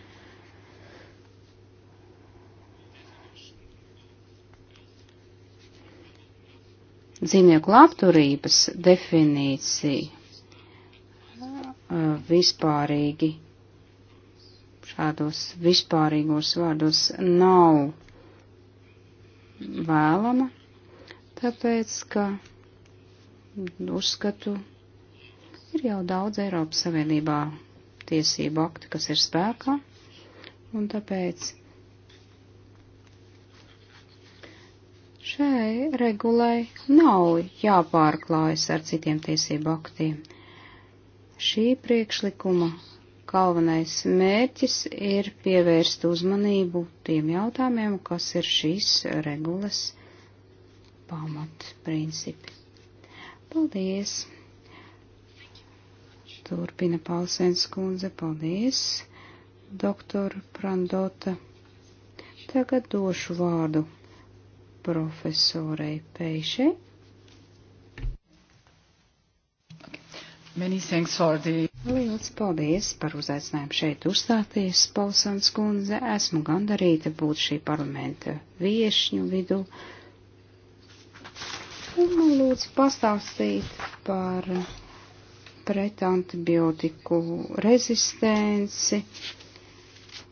dzīvnieku labturības definīcija uh, vispārīgi šādos vispārīgos vārdos nav vēlama, tāpēc, ka uzskatu ir jau daudz Eiropas Savienībā tiesību akti, kas ir spēkā, un tāpēc Šai regulai nav jāpārklājas ar citiem tiesību aktiem. Šī priekšlikuma galvenais mērķis ir pievērst uzmanību tiem jautājumiem, kas ir šīs regulas pamatprincipi. Paldies! Turpina Palsēns kundze, paldies, doktor Prandota. Tagad došu vārdu profesorei Peišei. Many thanks for the... Liels paldies par uzaicinājumu šeit uzstāties, Polsons kundze. Esmu gandarīta būt šī parlamenta viešņu vidu. Un man lūdzu pastāstīt par pretantibiotiku rezistenci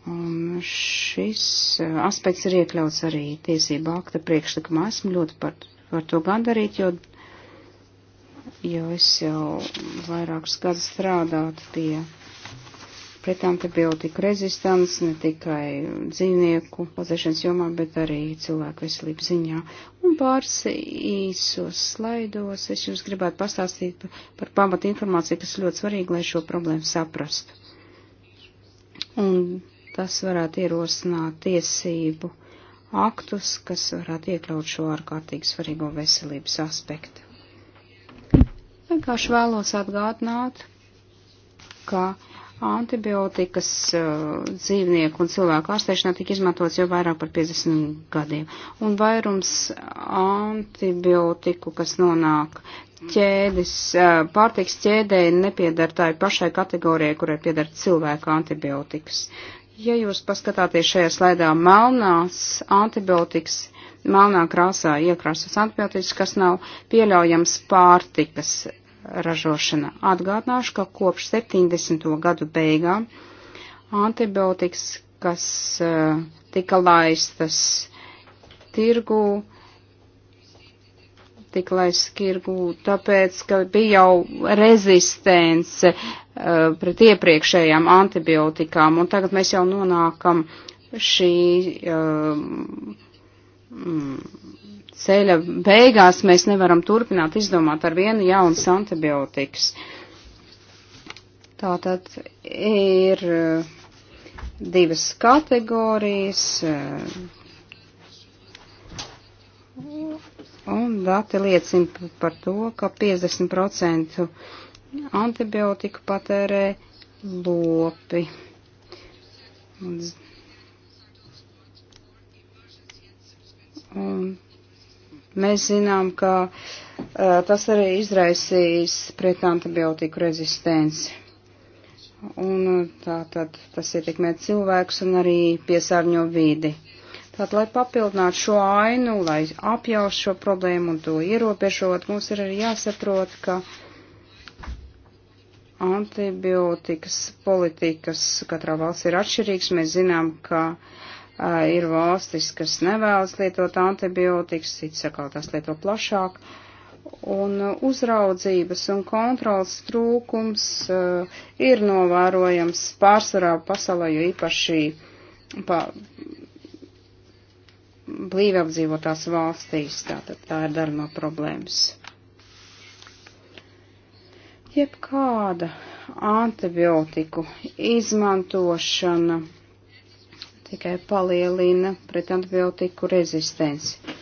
Un šis eh, aspekts ir iekļauts arī tiesība akta priekšlikumā. Esmu ļoti par, par to gandarīt, jo, jo es jau vairākus gadus strādātu pie pretantibiotiku rezistants, ne tikai dzīvnieku pozēšanas jomā, bet arī cilvēku veselības ziņā. Un pāris īsos slaidos es jums gribētu pastāstīt par pamatu informāciju, kas ļoti svarīga, lai šo problēmu saprastu. Un tas varētu ierosināt tiesību aktus, kas varētu iekļaut šo ārkārtīgi svarīgo veselības aspektu. Vienkārši vēlos atgādināt, ka antibiotikas uh, dzīvnieku un cilvēku ārstēšanā tika izmantots jau vairāk par 50 gadiem. Un vairums antibiotiku, kas nonāk ķēdes, uh, pārtiks ķēdē, nepiedara tai pašai kategorijai, kurai piedara cilvēku antibiotikas. Ja jūs paskatāties šajā slaidā melnās antibiotikas, melnā krāsā iekrāsas antibiotikas, kas nav pieļaujams pārtikas ražošana. Atgādināšu, ka kopš 70. gadu beigām antibiotikas, kas uh, tika laistas tirgū, tika laistas tirgū, tāpēc, ka bija jau rezistence Eh, pret iepriekšējām antibiotikām, un tagad mēs jau nonākam šī eh, mm, ceļa beigās, mēs nevaram turpināt izdomāt ar vienu jaunas antibiotikas. Tātad ir eh, divas kategorijas. Un dati liecina par to, ka 50% antibiotiku patērē lopi. Un, un mēs zinām, ka uh, tas arī izraisīs pret antibiotiku rezistenci. Un tā tad tas ietekmē cilvēkus un arī piesārņo vīdi. Tātad, lai papildinātu šo ainu, lai apjauš šo problēmu un to ierobežot, mums ir arī jāsaprot, ka uh, Antibiotikas politikas katrā valsts ir atšķirīgs. Mēs zinām, ka uh, ir valstis, kas nevēlas lietot antibiotikas, cits sakal tās lieto plašāk. Un uzraudzības un kontrols trūkums uh, ir novērojams pārsvarā pasaulē, jo īpaši pa, blīvi apdzīvotās valstīs. Tātad tā ir daļa no problēmas. Jebkāda antibiotiku izmantošana tikai palielina pret antibiotiku rezistenci.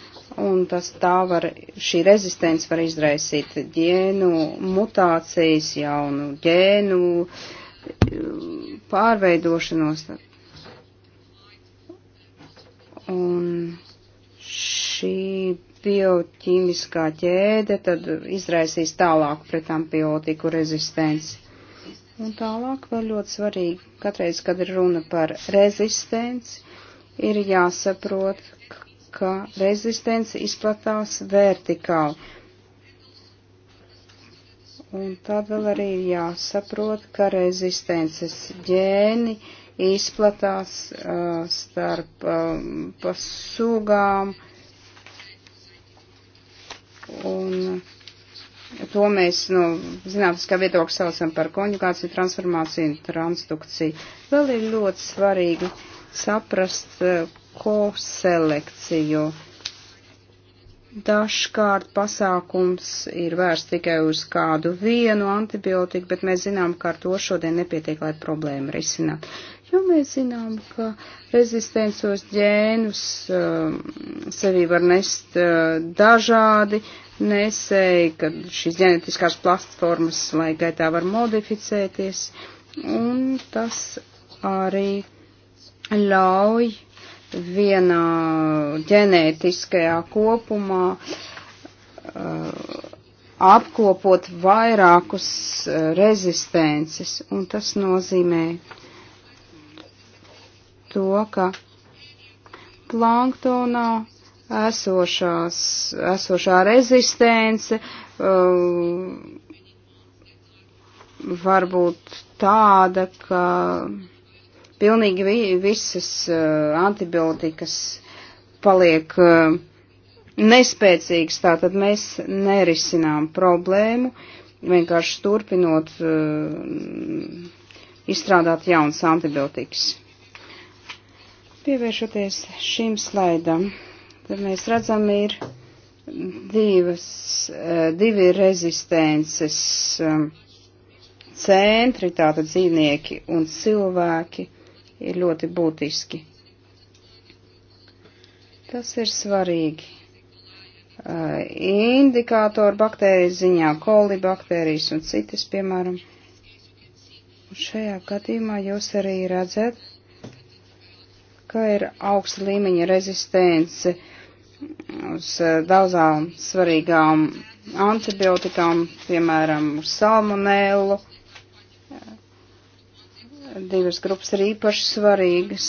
Un tas tā var, šī rezistence var izraisīt ģēnu mutācijas, jaunu ģēnu pārveidošanos. Un šī bioķīmiskā ķēde tad izraisīs tālāk pret antibiotiku rezistenci. Un tālāk vēl ļoti svarīgi, katreiz, kad ir runa par rezistenci, ir jāsaprot, ka rezistence izplatās vertikāli. Un tad vēl arī ir jāsaprot, ka rezistences ģēni izplatās uh, starp um, pa sugām, uh, Un to mēs no nu, zinātniskā viedokļa saucam par konjugāciju, transformāciju un transdukciju. Vēl ir ļoti svarīgi saprast eh, koselekciju. Dažkārt pasākums ir vērsts tikai uz kādu vienu antibiotiku, bet mēs zinām, ka ar to šodien nepietiek, lai problēmu risinātu jo nu, mēs zinām, ka rezistentos ģēnus um, sevī var nest uh, dažādi nesēji, ka šīs ģenetiskās platformas laikai tā var modificēties, un tas arī ļauj vienā ģenētiskajā kopumā uh, apkopot vairākus uh, rezistences, un tas nozīmē, to, ka planktonā esošās, esošā rezistence uh, var būt tāda, ka pilnīgi vi visas uh, antibiotikas paliek uh, nespēcīgas, tātad mēs nerisinām problēmu, vienkārši turpinot uh, izstrādāt jaunas antibiotikas. Pievēršoties šīm slaidam, tad mēs redzam, ir divas, eh, divi rezistences um, centri, tātad dzīvnieki un cilvēki ir ļoti būtiski. Tas ir svarīgi. Eh, Indikātori baktērijas ziņā, kolibaktērijas un citas, piemēram. Un šajā gadījumā jūs arī redzat, ka ir augsta līmeņa rezistence uz eh, daudzām svarīgām antibiotikām, piemēram, uz salmonēlu. Divas grupas ir īpaši svarīgas.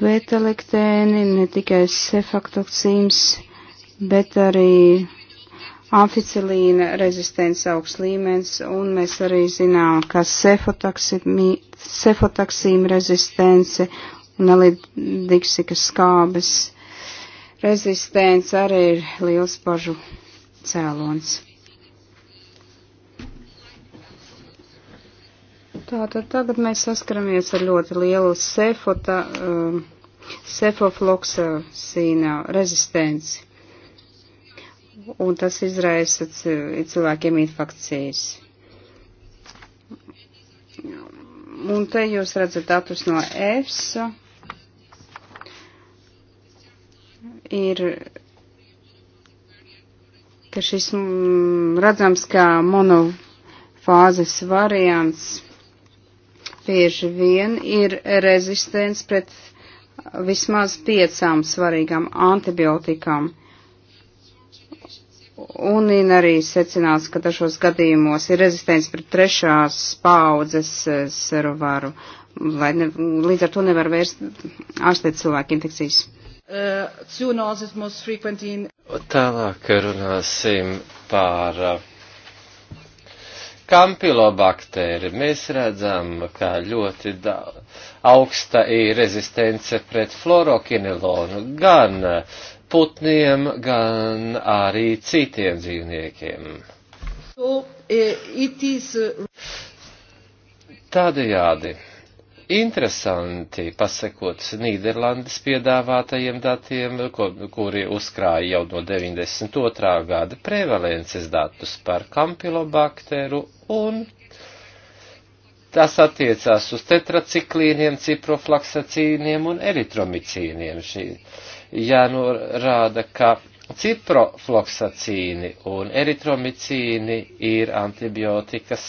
Beta-lektēni, ne tikai sefaktokcīns, bet arī amficilīna rezistents augsts līmenis, un mēs arī zinām, ka cefotaksīma rezistence un alidiksikas skābes rezistence arī ir liels pažu cēlons. Tātad tagad mēs saskaramies ar ļoti lielu sefota, um, sefofloksasīna rezistenci un tas izraisa cilvēkiem infekcijas. Un te jūs redzat datus no EFSA. Ir, ka šis mm, redzams kā monofāzes variants bieži vien ir rezistents pret vismaz piecām svarīgām antibiotikām. Uh, Un ir arī secināts, ka dažos gadījumos ir rezistents pret trešās paudzes eh, serovaru, lai ne, līdz ar to nevar vērst ārstēt cilvēku infekcijas. Uh, Tālāk runāsim par eh, kampilobakteri. Mēs redzam, ka ļoti augsta ir rezistence pret fluorokinilonu gan uh, putniem, gan arī citiem dzīvniekiem. So, eh, is... Eh, Tādējādi interesanti pasekot Nīderlandes piedāvātajiem datiem, ko, kuri uzkrāja jau no 92. gada prevalences datus par kampilobakteru un tas attiecās uz tetraciklīniem, ciproflaksacīniem un eritromicīniem. Šī jānorāda, ka ciprofloksacīni un eritromicīni ir antibiotikas,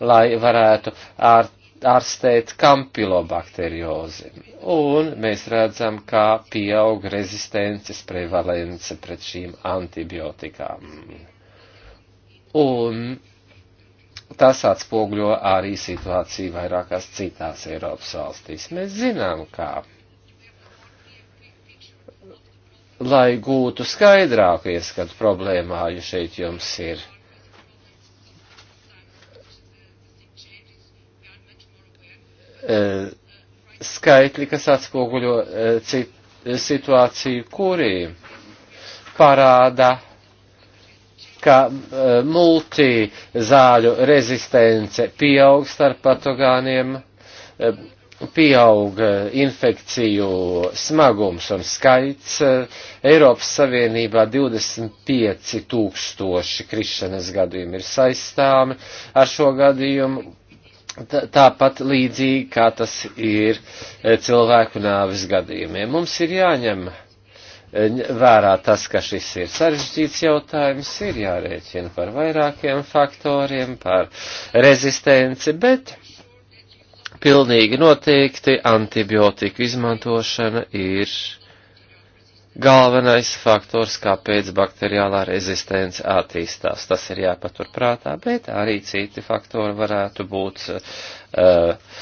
lai varētu ār, ārstēt kampilobakteriozi. Un mēs redzam, kā pieaug rezistences prevalence pret šīm antibiotikām. Un tas atspogļo arī situāciju vairākās citās Eiropas valstīs. Mēs zinām, kā lai gūtu skaidrāku ieskatu problēmā, ja šeit jums ir. E, skaitļi, kas atspoguļo e, e, situāciju, kuri parāda, ka multizāļu rezistence pieaug starp patogāniem pieaug infekciju smagums un skaits. Eiropas Savienībā 25 tūkstoši krišanas gadījumi ir saistāmi ar šo gadījumu. Tāpat līdzīgi, kā tas ir e, cilvēku nāvis gadījumiem. Mums ir jāņem e, vērā tas, ka šis ir sarežģīts jautājums, ir jārēķina par vairākiem faktoriem, par rezistenci, bet pilnīgi noteikti antibiotiku izmantošana ir galvenais faktors, kāpēc bakteriālā rezistence attīstās. Tas ir jāpatur prātā, bet arī citi faktori varētu būt uh,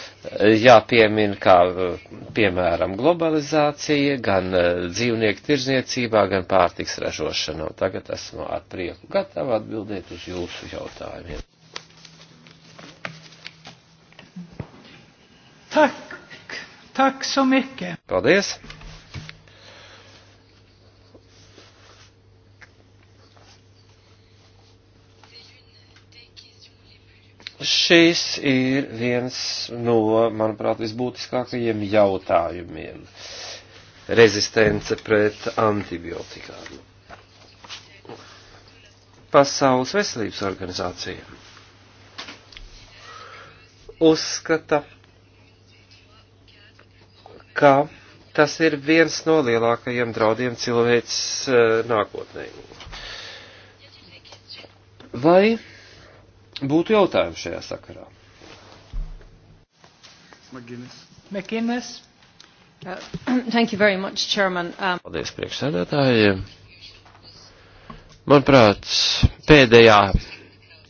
jāpiemina, kā piemēram globalizācija, gan uh, dzīvnieku tirzniecībā, gan pārtiks ražošanā. Tagad esmu ar prieku gatava atbildēt uz jūsu jautājumiem. Tack, tack så mycket. Paldies. Šis ir viens no, manuprāt, visbūtiskākajiem jautājumiem - rezistence pret antibiotikām. Pasaules veselības organizācija uzskata, ka tas ir viens no lielākajiem draudiem cilvēks eh, nākotnē. Vai būtu jautājumi šajā sakarā? McGuinness. Uh, (clears throat) thank you very much, Chairman. Um... Paldies, priekšsēdētāji. Manuprāt, pēdējā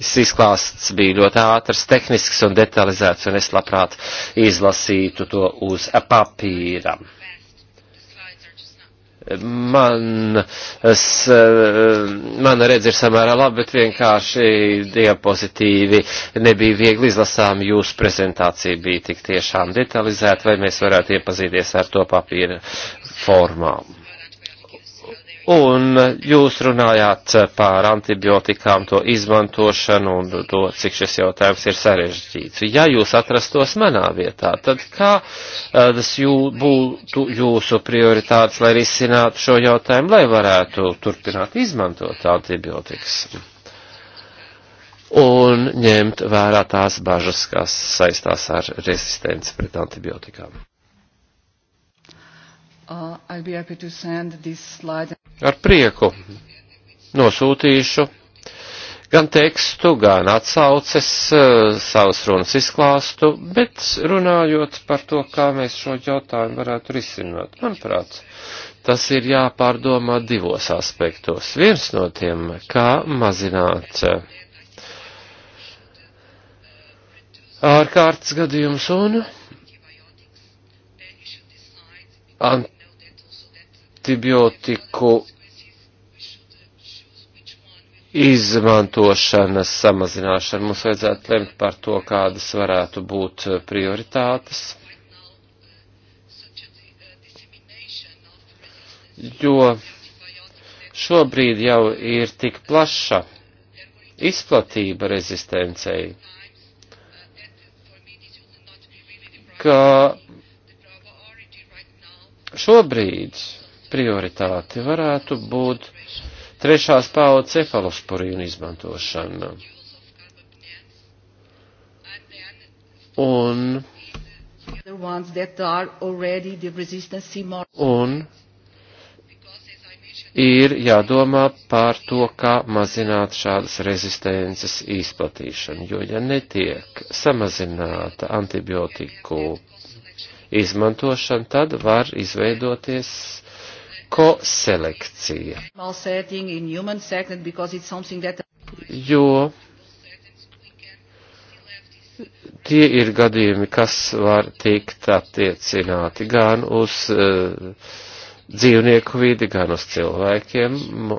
Šis izklāsts bija ļoti ātrs, tehnisks un detalizēts, un es labprāt izlasītu to uz papīra man, es, mana redz ir samērā laba, bet vienkārši diapozitīvi nebija viegli izlasām. Jūsu prezentācija bija tik tiešām detalizēta, vai mēs varētu iepazīties ar to papīra formām. Un jūs runājāt par antibiotikām, to izmantošanu un to, cik šis jautājums ir sarežģīts. Ja jūs atrastos manā vietā, tad kā eh, tas jū, būtu jūsu prioritātes, lai risinātu šo jautājumu, lai varētu turpināt izmantot antibiotikas? Un ņemt vērā tās bažas, kas saistās ar rezistenci pret antibiotikām. Uh, I'll be happy to send this slide ar prieku nosūtīšu gan tekstu, gan atsauces, eh, savas runas izklāstu, bet runājot par to, kā mēs šo jautājumu varētu risināt, manuprāt, tas ir jāpārdomā divos aspektos. Viens no tiem, kā mazināt eh, ārkārtas gadījumus un ant antibiotiku izmantošanas samazināšanu. Mums vajadzētu lemt par to, kādas varētu būt prioritātes. Jo šobrīd jau ir tik plaša izplatība rezistencei, ka šobrīd prioritāte varētu būt trešās paudzes cefalosporīnu izmantošana. Un, un ir jādomā par to, kā mazināt šādas rezistences izplatīšanu, jo ja netiek samazināta antibiotiku izmantošana, tad var izveidoties koselekcija. Jo tie ir gadījumi, kas var tikt attiecināti gan uz uh, dzīvnieku vidi, gan uz cilvēkiem. M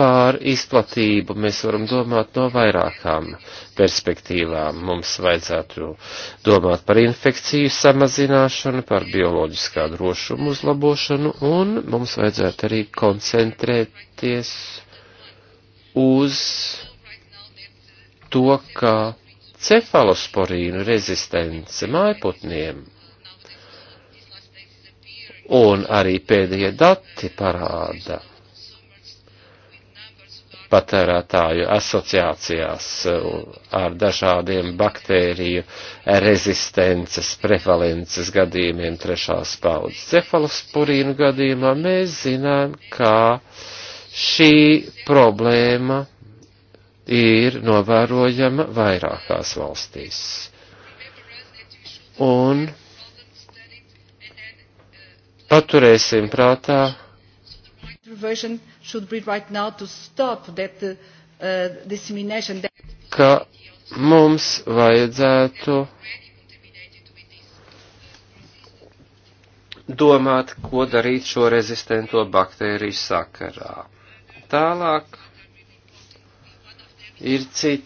par izplatību mēs varam domāt no vairākām perspektīvām. Mums vajadzētu domāt par infekciju samazināšanu, par bioloģiskā drošumu uzlabošanu, un mums vajadzētu arī koncentrēties uz to, kā cefalosporīnu rezistence mājputniem Un arī pēdējie dati parāda, patērētāju asociācijās eh, ar dažādiem baktēriju rezistences, prevalences gadījumiem trešās paudzes cefalospurīnu gadījumā, mēs zinām, kā šī problēma ir novērojama vairākās valstīs. Un paturēsim prātā, should be right now to stop that uh, dissemination. That ka mums vajadzētu domāt, ko darīt šo rezistento baktēriju sakarā. Tālāk ir citi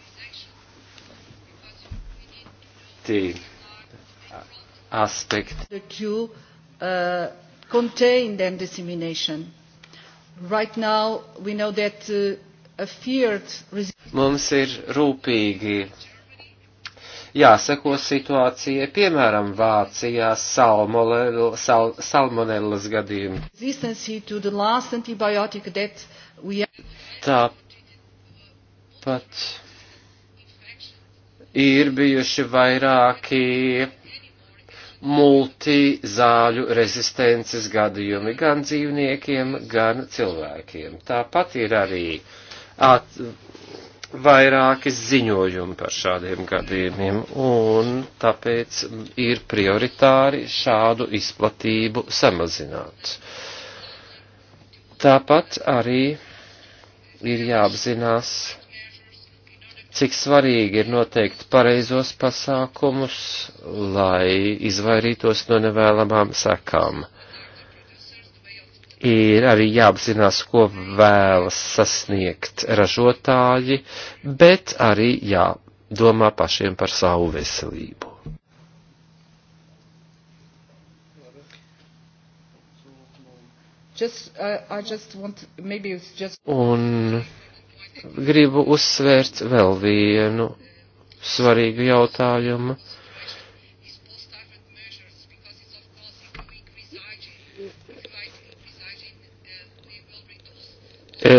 aspekti. The two, uh, contained and dissemination. Right now we know that uh, a feared Mums ir rūpīgi jāseko situācijai, piemēram, Vācijā salmonellas sal, salmonellas gadījumi. Tāpat ir bijuši vairāki multizāļu rezistences gadījumi gan dzīvniekiem, gan cilvēkiem. Tāpat ir arī at, vairāki ziņojumi par šādiem gadījumiem, un tāpēc ir prioritāri šādu izplatību samazināt. Tāpat arī ir jāapzinās, cik svarīgi ir noteikt pareizos pasākumus, lai izvairītos no nevēlamām sekām. Ir arī jāapzinās, ko vēlas sasniegt ražotāji, bet arī jādomā pašiem par savu veselību. Just, uh, I just want, maybe it's just... Un gribu uzsvērt vēl vienu svarīgu jautājumu. E,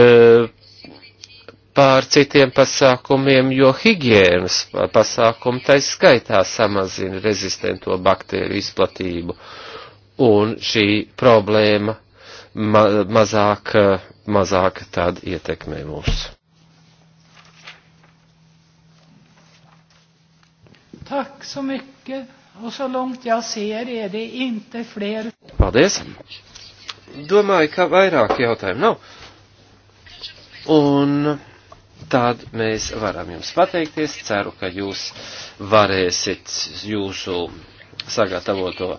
pār citiem pasākumiem, jo higienas pasākumi tai skaitā samazina rezistento baktēriju izplatību, un šī problēma ma mazāk, mazāk tad ietekmē mūsu. Tack så mycket. Och så långt jag ser är det inte fler. Paldies. Domāju, ka vairāk jautājumu nav. Un tad mēs varam jums pateikties. Ceru, ka jūs varēsit jūsu sagatavoto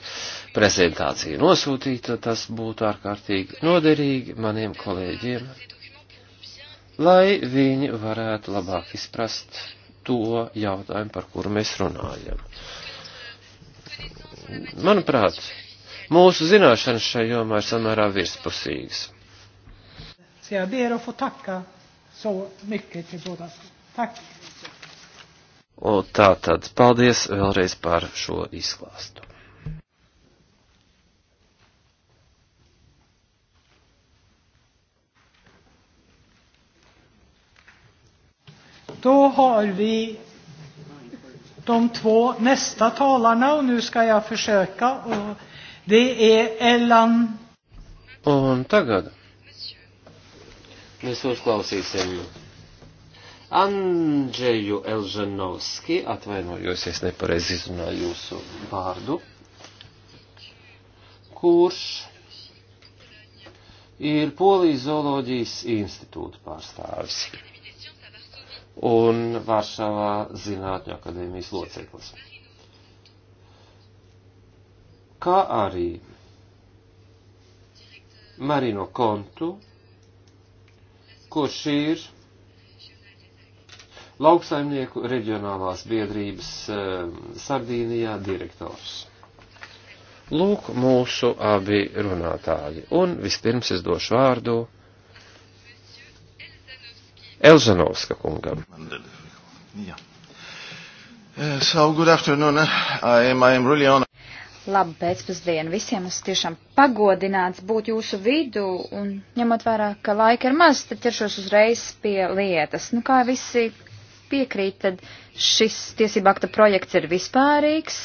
prezentāciju nosūtīt. Tas būtu ārkārtīgi noderīgi maniem kolēģiem, lai viņi varētu labāk izprast to jautājumu, par kuru mēs runājam. Manuprāt, mūsu zināšanas šajā jomā ir samērā virspusīgas. Er Un tā tad paldies vēlreiz par šo izklāstu. Då har vi de två nästa talarna och nu ska jag försöka. Och det är Ellen. Un tagad mēs uzklausīsim Andrzeju Elžanovski, atvainojos, es nepareizi izrunāju jūsu vārdu, kurš ir Polijas zooloģijas institūta pārstāvis un Varšavā Zinātņu akadēmijas loceklis. Kā arī Marino Kontu, kurš ir lauksaimnieku reģionālās biedrības ehm, Sardīnijā direktors. Lūk mūsu abi runātāji, un vispirms es došu vārdu Elžanovska kungam. Eh, so, good afternoon. Eh, I am, I am really honored. Labu pēcpusdienu visiem. Es tiešām pagodināts būt jūsu vidū un ņemot vērā, ka laika ir maz, tad ķeršos uzreiz pie lietas. Nu, kā visi piekrīt, tad šis tiesība akta projekts ir vispārīgs.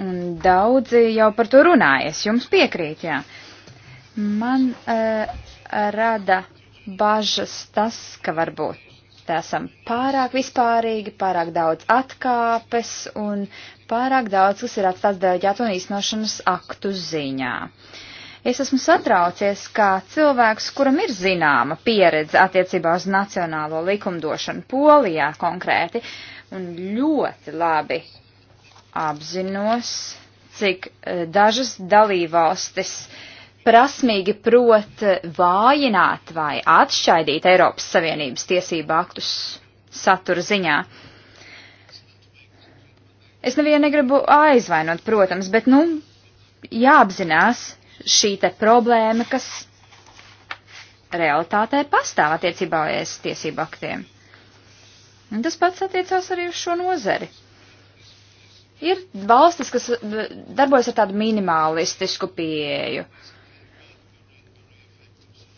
Un daudzi jau par to runājas. Jums piekrīt, jā. Man uh, rada bažas tas, ka varbūt esam pārāk vispārīgi, pārāk daudz atkāpes un pārāk daudz, kas ir atstāts deleģēto un īstenošanas aktu ziņā. Es esmu satraucies, kā cilvēks, kuram ir zināma pieredze attiecībā uz nacionālo likumdošanu Polijā konkrēti, un ļoti labi apzinos, cik eh, dažas dalībvalstis uh, prasmīgi prot vājināt vai atšķaidīt Eiropas Savienības tiesību aktus satura ziņā. Es nevienu negribu aizvainot, protams, bet, nu, jāapzinās šī te problēma, kas realitātē pastāv attiecībā uz tiesību aktiem. Un tas pats attiecās arī uz šo nozari. Ir valstis, kas darbojas ar tādu minimalistisku pieeju. Uh,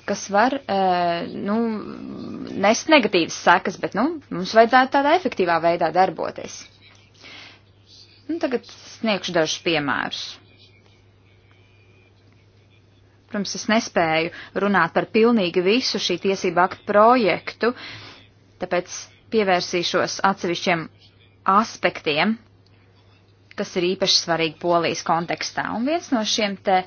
kas var, e, nu, nest negatīvas sekas, bet, nu, mums vajadzētu tādā efektīvā veidā darboties. Nu, tagad sniegšu dažus piemērus. Protams, es nespēju runāt par pilnīgi visu šī tiesība aktu projektu, tāpēc pievērsīšos atsevišķiem aspektiem, kas ir īpaši svarīgi polijas kontekstā. Un viens no šiem te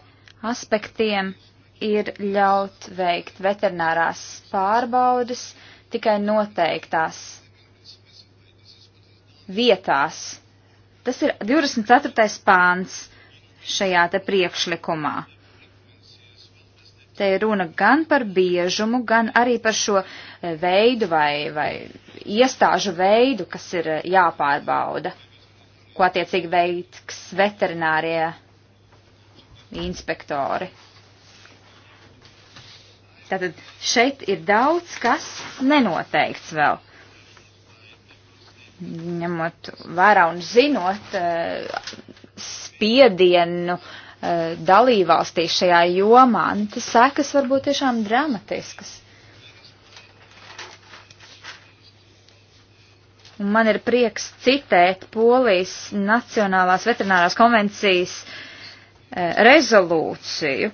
aspektiem ir ļaut veikt veterinārās pārbaudes tikai noteiktās vietās. Tas ir 24. pāns šajā te priekšlikumā. Te ir runa gan par biežumu, gan arī par šo eh, veidu vai, vai iestāžu veidu, kas ir eh, jāpārbauda, ko attiecīgi veiks veterinārie inspektori. Tātad šeit ir daudz, kas nenoteikts vēl. Ņemot vērā un zinot eh, spiedienu eh, dalībvalstīs šajā jomā, nu, tas sekas var būt tiešām dramatiskas. Un man ir prieks citēt Polijas Nacionālās veterinārās konvencijas eh, rezolūciju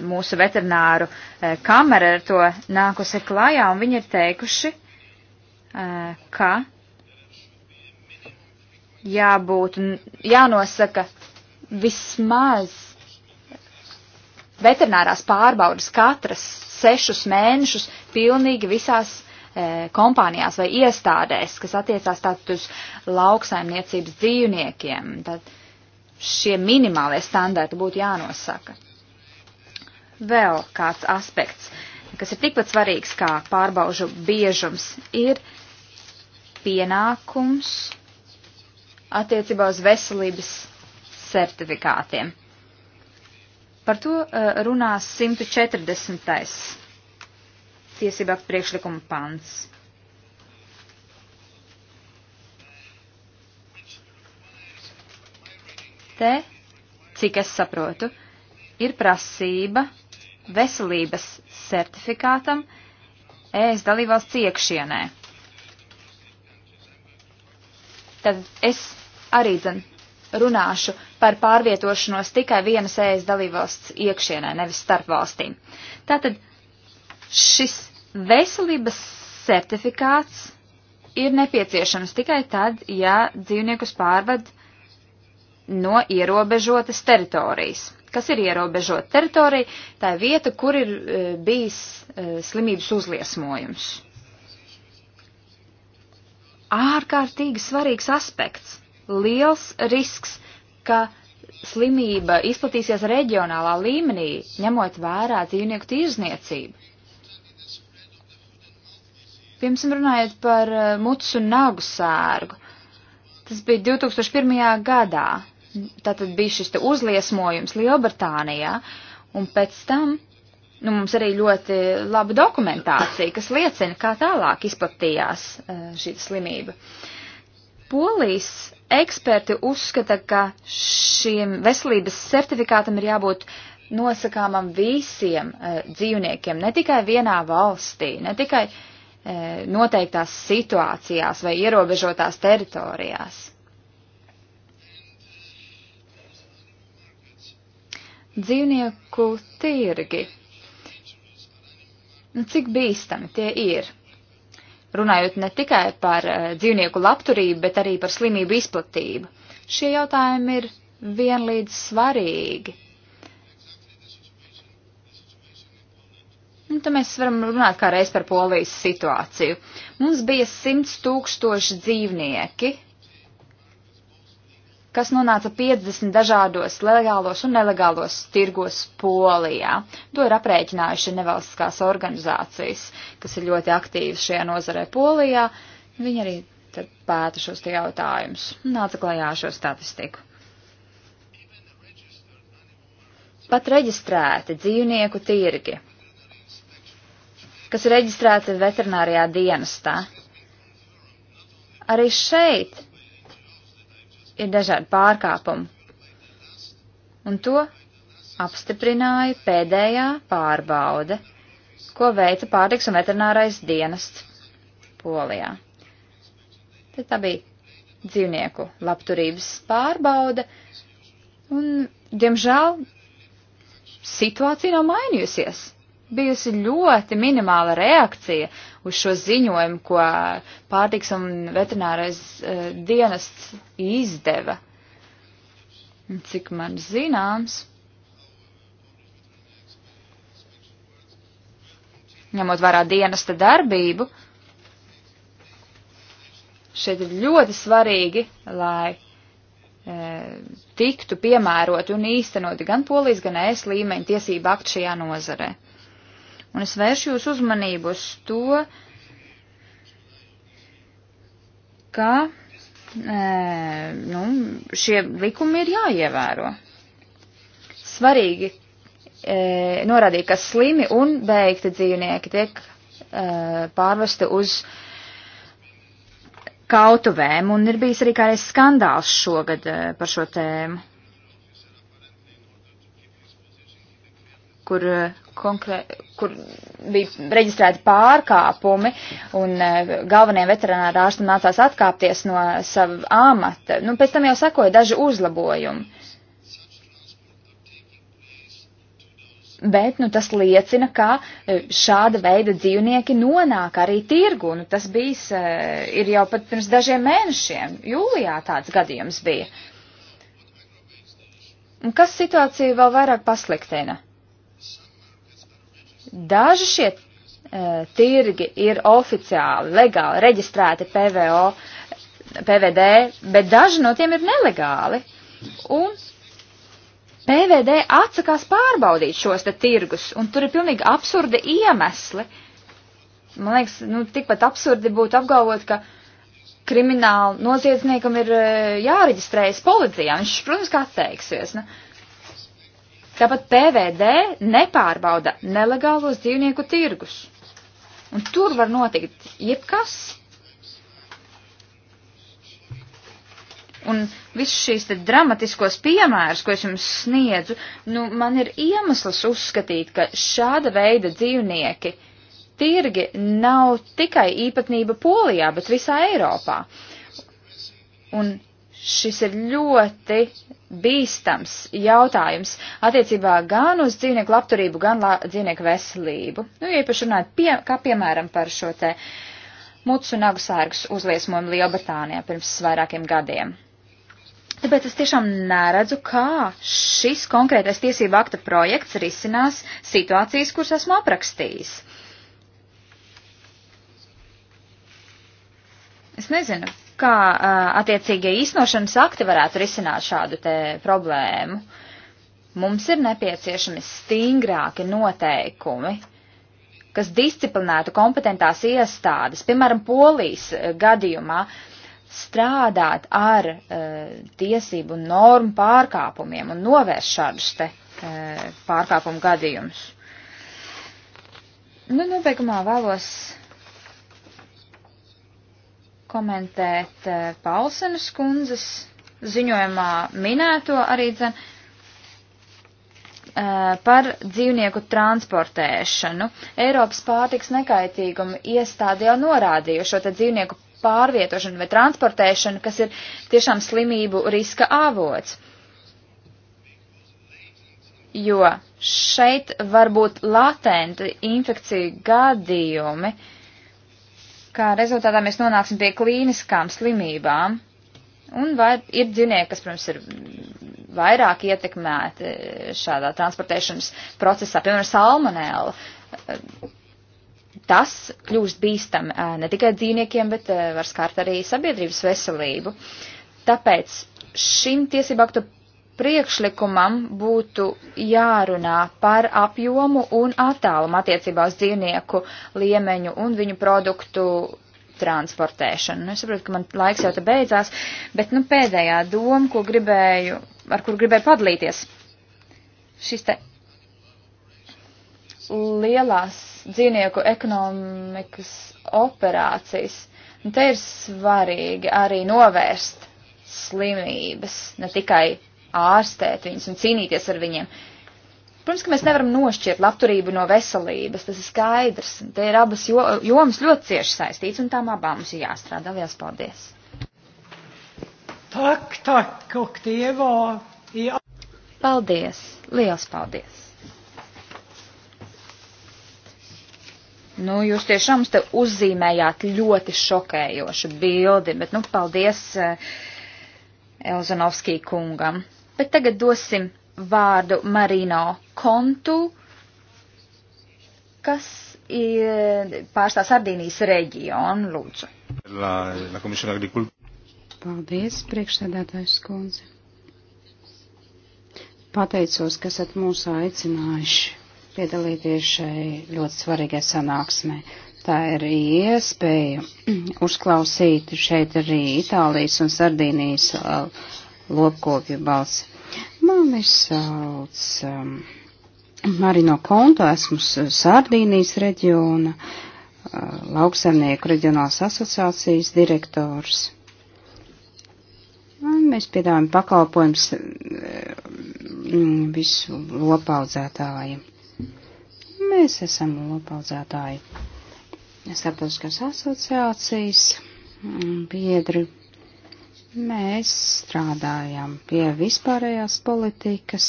mūsu veterināru e, kamera ar to nākusi klajā, un viņi ir teikuši, e, ka jābūt, jānosaka vismaz veterinārās pārbaudas katras sešus mēnešus pilnīgi visās e, kompānijās vai iestādēs, kas attiecās tātad uz lauksaimniecības dzīvniekiem. Tad šie minimālie standarti būtu jānosaka vēl kāds aspekts, kas ir tikpat svarīgs kā pārbaužu biežums, ir pienākums attiecībā uz veselības certifikātiem. Par to runās 140. tiesībā priekšlikuma pants. Te, cik es saprotu, ir prasība veselības certifikātam ES dalībvalsts iekšienē. Tad es arī dzen runāšu par pārvietošanos tikai vienas ES dalībvalsts iekšienē, nevis starp valstīm. Tātad šis veselības certifikāts ir nepieciešams tikai tad, ja dzīvniekus pārvada no ierobežotas teritorijas. Kas ir ierobežota teritorija? Tā ir vieta, kur ir e, bijis e, slimības uzliesmojums. Ārkārtīgi svarīgs aspekts. Liels risks, ka slimība izplatīsies reģionālā līmenī, ņemot vērā dzīvnieku tirzniecību. Piemēram, runājot par e, mucu nagu sērgu. Tas bija 2001. gadā tātad bija šis uzliesmojums Lielbritānijā, un pēc tam nu, mums arī ļoti laba dokumentācija, kas liecina, kā tālāk izplatījās eh, šī slimība. Polijas eksperti uzskata, ka šiem veselības certifikātam ir jābūt nosakāmam visiem uh, dzīvniekiem, ne tikai vienā valstī, ne tikai uh, noteiktās situācijās vai ierobežotās teritorijās. dzīvnieku tirgi. Nu, cik bīstami tie ir? Runājot ne tikai par uh, dzīvnieku labturību, bet arī par slimību izplatību. Šie jautājumi ir vienlīdz svarīgi. Un nu, tad mēs varam runāt kā reiz par polijas situāciju. Mums bija simts tūkstoši dzīvnieki, kas nonāca 50 dažādos legālos un nelegālos tirgos Polijā. To ir aprēķinājuši nevalstiskās organizācijas, kas ir ļoti aktīvas šajā nozarē Polijā. Viņi arī pēta šos jautājumus un nāca klajā šo statistiku. Pat reģistrēti dzīvnieku tirgi, kas ir reģistrēti veterinārijā dienestā. Arī šeit ir dažādi pārkāpumi. Un to apstiprināja pēdējā pārbaude, ko veica pārtiks un veterinārais dienests Polijā. Tad tā bija dzīvnieku labturības pārbaude, un, diemžēl, situācija nav mainījusies. Bijusi ļoti minimāla reakcija uz šo ziņojumu, ko pārtiks un veterinārais uh, dienests izdeva. Cik man zināms. Ņemot vērā dienesta darbību, šeit ir ļoti svarīgi, lai eh, tiktu piemēroti un īstenoti gan polijas, gan ēs līmeņa tiesība aktu šajā nozarē. Un es vēršu jūs uzmanību uz to, ka e, nu, šie likumi ir jāievēro. Svarīgi e, norādīt, ka slimi un beigti dzīvnieki tiek e, pārvesti uz kautuvēm, un ir bijis arī kādreiz skandāls šogad e, par šo tēmu. kur, eh, konkrē, kur bija reģistrēti pārkāpumi un eh, galvenajam veterinārā ārstam nācās atkāpties no sava amata. Nu, pēc tam jau sakoja daži uzlabojumi. Bet nu, tas liecina, ka eh, šāda veida dzīvnieki nonāk arī tirgu. Nu, tas bijis, ir jau pat pirms dažiem mēnešiem. Jūlijā tāds gadījums bija. Un kas situāciju vēl vairāk pasliktina? Daži šie e, tirgi ir oficiāli, legāli reģistrēti PVO, PVD, bet daži no tiem ir nelegāli. Un PVD atsakās pārbaudīt šos te tirgus, un tur ir pilnīgi absurdi iemesli. Man liekas, nu, tikpat absurdi būtu apgalvot, ka krimināli noziedzniekam ir e, jāreģistrējas policijā. Viņš, protams, kā atteiksies. Nu. Tāpat PVD nepārbauda nelegālos dzīvnieku tirgus. Un tur var notikt jebkas. Un visus šīs te dramatiskos piemērus, ko es jums sniedzu, nu, man ir iemesls uzskatīt, ka šāda veida dzīvnieki tirgi nav tikai īpatnība Polijā, bet visā Eiropā. Un šis ir ļoti bīstams jautājums attiecībā gan uz dzīvnieku labturību, gan la, dzīvnieku veselību. Nu, īpaši runājot, pie, kā piemēram par šo te mucu nagu sērgas uzliesmojumu Lielbritānijā pirms vairākiem gadiem. Tāpēc es tiešām neredzu, kā šis konkrētais tiesību akta projekts risinās situācijas, kuras esmu aprakstījis. Es nezinu, kā attiecīgie īstenošanas akti varētu risināt šādu te problēmu. Mums ir nepieciešami stingrāki noteikumi, kas disciplinētu kompetentās iestādes, piemēram, polijas gadījumā, strādāt ar uh, tiesību normu pārkāpumiem un novērst šādus te uh, pārkāpumu gadījumus. Nu, nobeigumā vēlos komentēt eh, Paulsenas kundzes ziņojumā minēto arī dzen, eh, par dzīvnieku transportēšanu. Eiropas pārtiks nekaitīguma iestāde jau norādīja šo te dzīvnieku pārvietošanu vai transportēšanu, kas ir tiešām slimību riska avots. Jo šeit var būt latenti infekciju gadījumi, uh, kā rezultātā mēs nonāksim pie klīniskām slimībām. Un vai ir dzīvnieki, kas, protams, ir vairāk ietekmēti šādā transportēšanas procesā, piemēram, salmonēla. Tas kļūst bīstam eh, ne tikai dzīvniekiem, bet eh, var skārt arī sabiedrības veselību. Tāpēc šim tiesību aktu priekšlikumam būtu jārunā par apjomu un attālumu attiecībā uz dzīvnieku liemeņu un viņu produktu transportēšanu. Nu, es saprotu, ka man laiks jau te beidzās, bet nu pēdējā doma, ko gribēju, ar kur gribēju padalīties. Šis te lielās dzīvnieku ekonomikas operācijas. Un nu, te ir svarīgi arī novērst slimības, ne tikai ārstēt viņus un cīnīties ar viņiem. Protams, ka mēs nevaram nošķirt labturību no veselības, tas ir skaidrs. Te ir abas jo, jomas ļoti cieši saistīts, un tām abām mums ir jāstrādā. Lielas paldies! Tak, tak, och det var... Ja. Paldies! Liels paldies! Nu, jūs tiešām mums te uzzīmējāt ļoti šokējošu bildi, bet, nu, paldies uh, eh, Elzanovskī kungam. Bet tagad dosim vārdu Marino Kontu, kas ir pārstāv Sardīnijas reģionu, lūdzu. La, la Paldies, priekšsēdētājs kundze. Pateicos, ka esat mūs aicinājuši piedalīties šai ļoti svarīgai sanāksmē. Tā ir iespēja (clears throat) uzklausīt šeit arī Itālijas un Sardīnijas uh, lopkopju balsi. Mani sauc um, Marino Konto, esmu Sārdīnijas reģiona, uh, lauksaimnieku reģionālās asociācijas direktors. Un mēs piedāvājam pakalpojums uh, mm, visu lopaudzētāju. Mēs esam lopaudzētāji. Starptautiskās asociācijas mm, biedri Mēs strādājam pie vispārējās politikas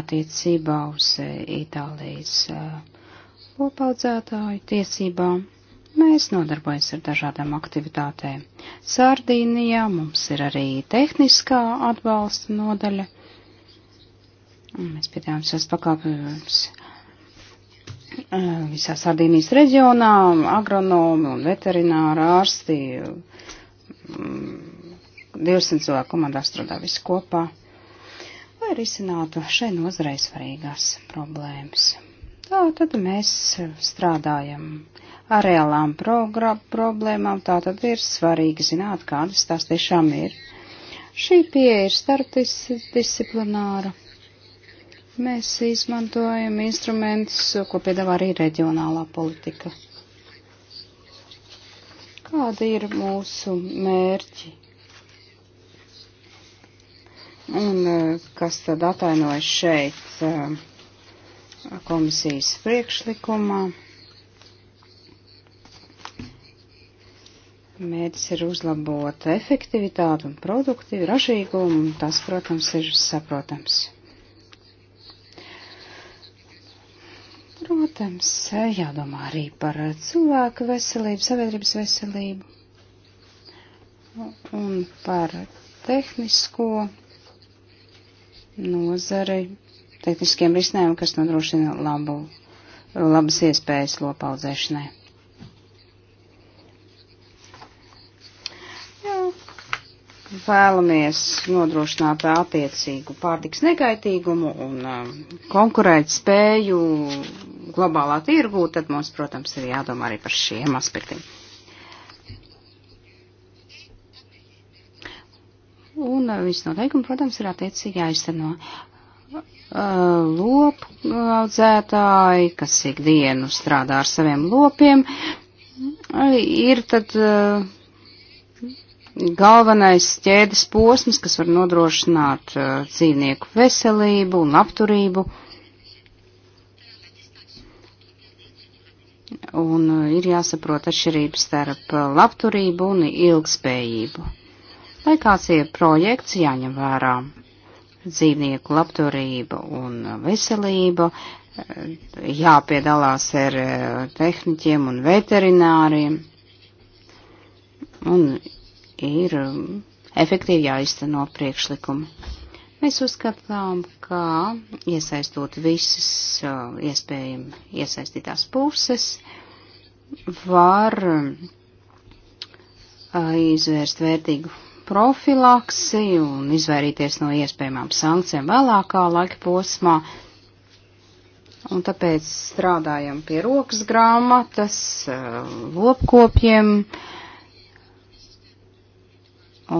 attiecībā uz eh, Itālijas eh, lopaudzētāju tiesībām. Mēs nodarbojamies ar dažādām aktivitātēm. Sardīnijā mums ir arī tehniskā atbalsta nodaļa. Mēs piedāvājam šos pakāpojumus eh, visā Sardīnijas reģionā, agronomi un veterināri ārsti mm, 200 cilvēku komandā strādā visi kopā, lai risinātu šai nozarei svarīgās problēmas. Tā tad mēs strādājam ar reālām problēmām, tā tad ir svarīgi zināt, kādas tās tiešām ir. Šī pieeja ir starpdisciplināra. Mēs izmantojam instrumentus, ko piedāvā arī reģionālā politika. Kādi ir mūsu mērķi? un eh, kas tad atainojas šeit eh, komisijas priekšlikumā. Mērķis ir uzlabot efektivitāti un produktīvu ražīgumu, un tas, protams, ir saprotams. Protams, jādomā arī par cilvēku veselību, sabiedrības veselību un par tehnisko nozari, tehniskiem risinājumiem, kas nodrošina labu, labas iespējas lopaudzēšanai. Jā. Vēlamies nodrošināt attiecīgu pārtiks negaitīgumu un um, konkurēt spēju globālā tirgū, tad mums, protams, ir jādomā arī par šiem aspektiem. viss noteikumi, protams, ir attiecīgi jāizteno. Uh, Lopaudzētāji, uh, kas ikdienu strādā ar saviem lopiem, ir tad uh, galvenais ķēdes posms, kas var nodrošināt dzīvnieku veselību un labturību. Un ir jāsaprot atšķirības starp labturību un ilgspējību. Vai kāds ir projekts jāņem vērā dzīvnieku labturība un veselība, eh, jāpiedalās ar eh, tehniķiem un veterināriem, un ir eh, efektīvi jāizteno priekšlikumi. Mēs uzskatām, ka iesaistot visas iespējami iesaistītās puses, var izvērst vērtīgu profilaksi un izvairīties no iespējamām sankcijām vēlākā laika posmā. Un tāpēc strādājam pie rokas grāmatas, eh, lopkopjiem.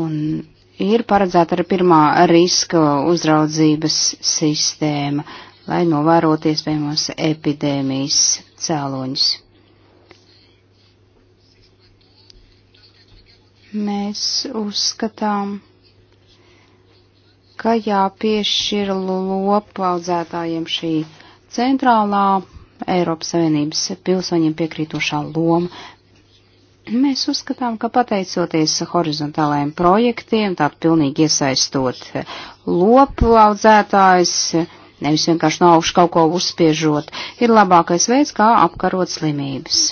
Un ir paredzēta arī pirmā riska uzraudzības sistēma, lai novēroties, piemēram, epidēmijas cēloņus. Mēs uzskatām, ka jāpiešķir lopu audzētājiem šī centrālā Eiropas Savienības pilsoņiem piekrītošā loma. Mēs uzskatām, ka pateicoties horizontālajiem projektiem, tātad pilnīgi iesaistot lopu audzētājs, nevis vienkārši no augšu kaut ko uzspiežot, ir labākais veids, kā apkarot slimības.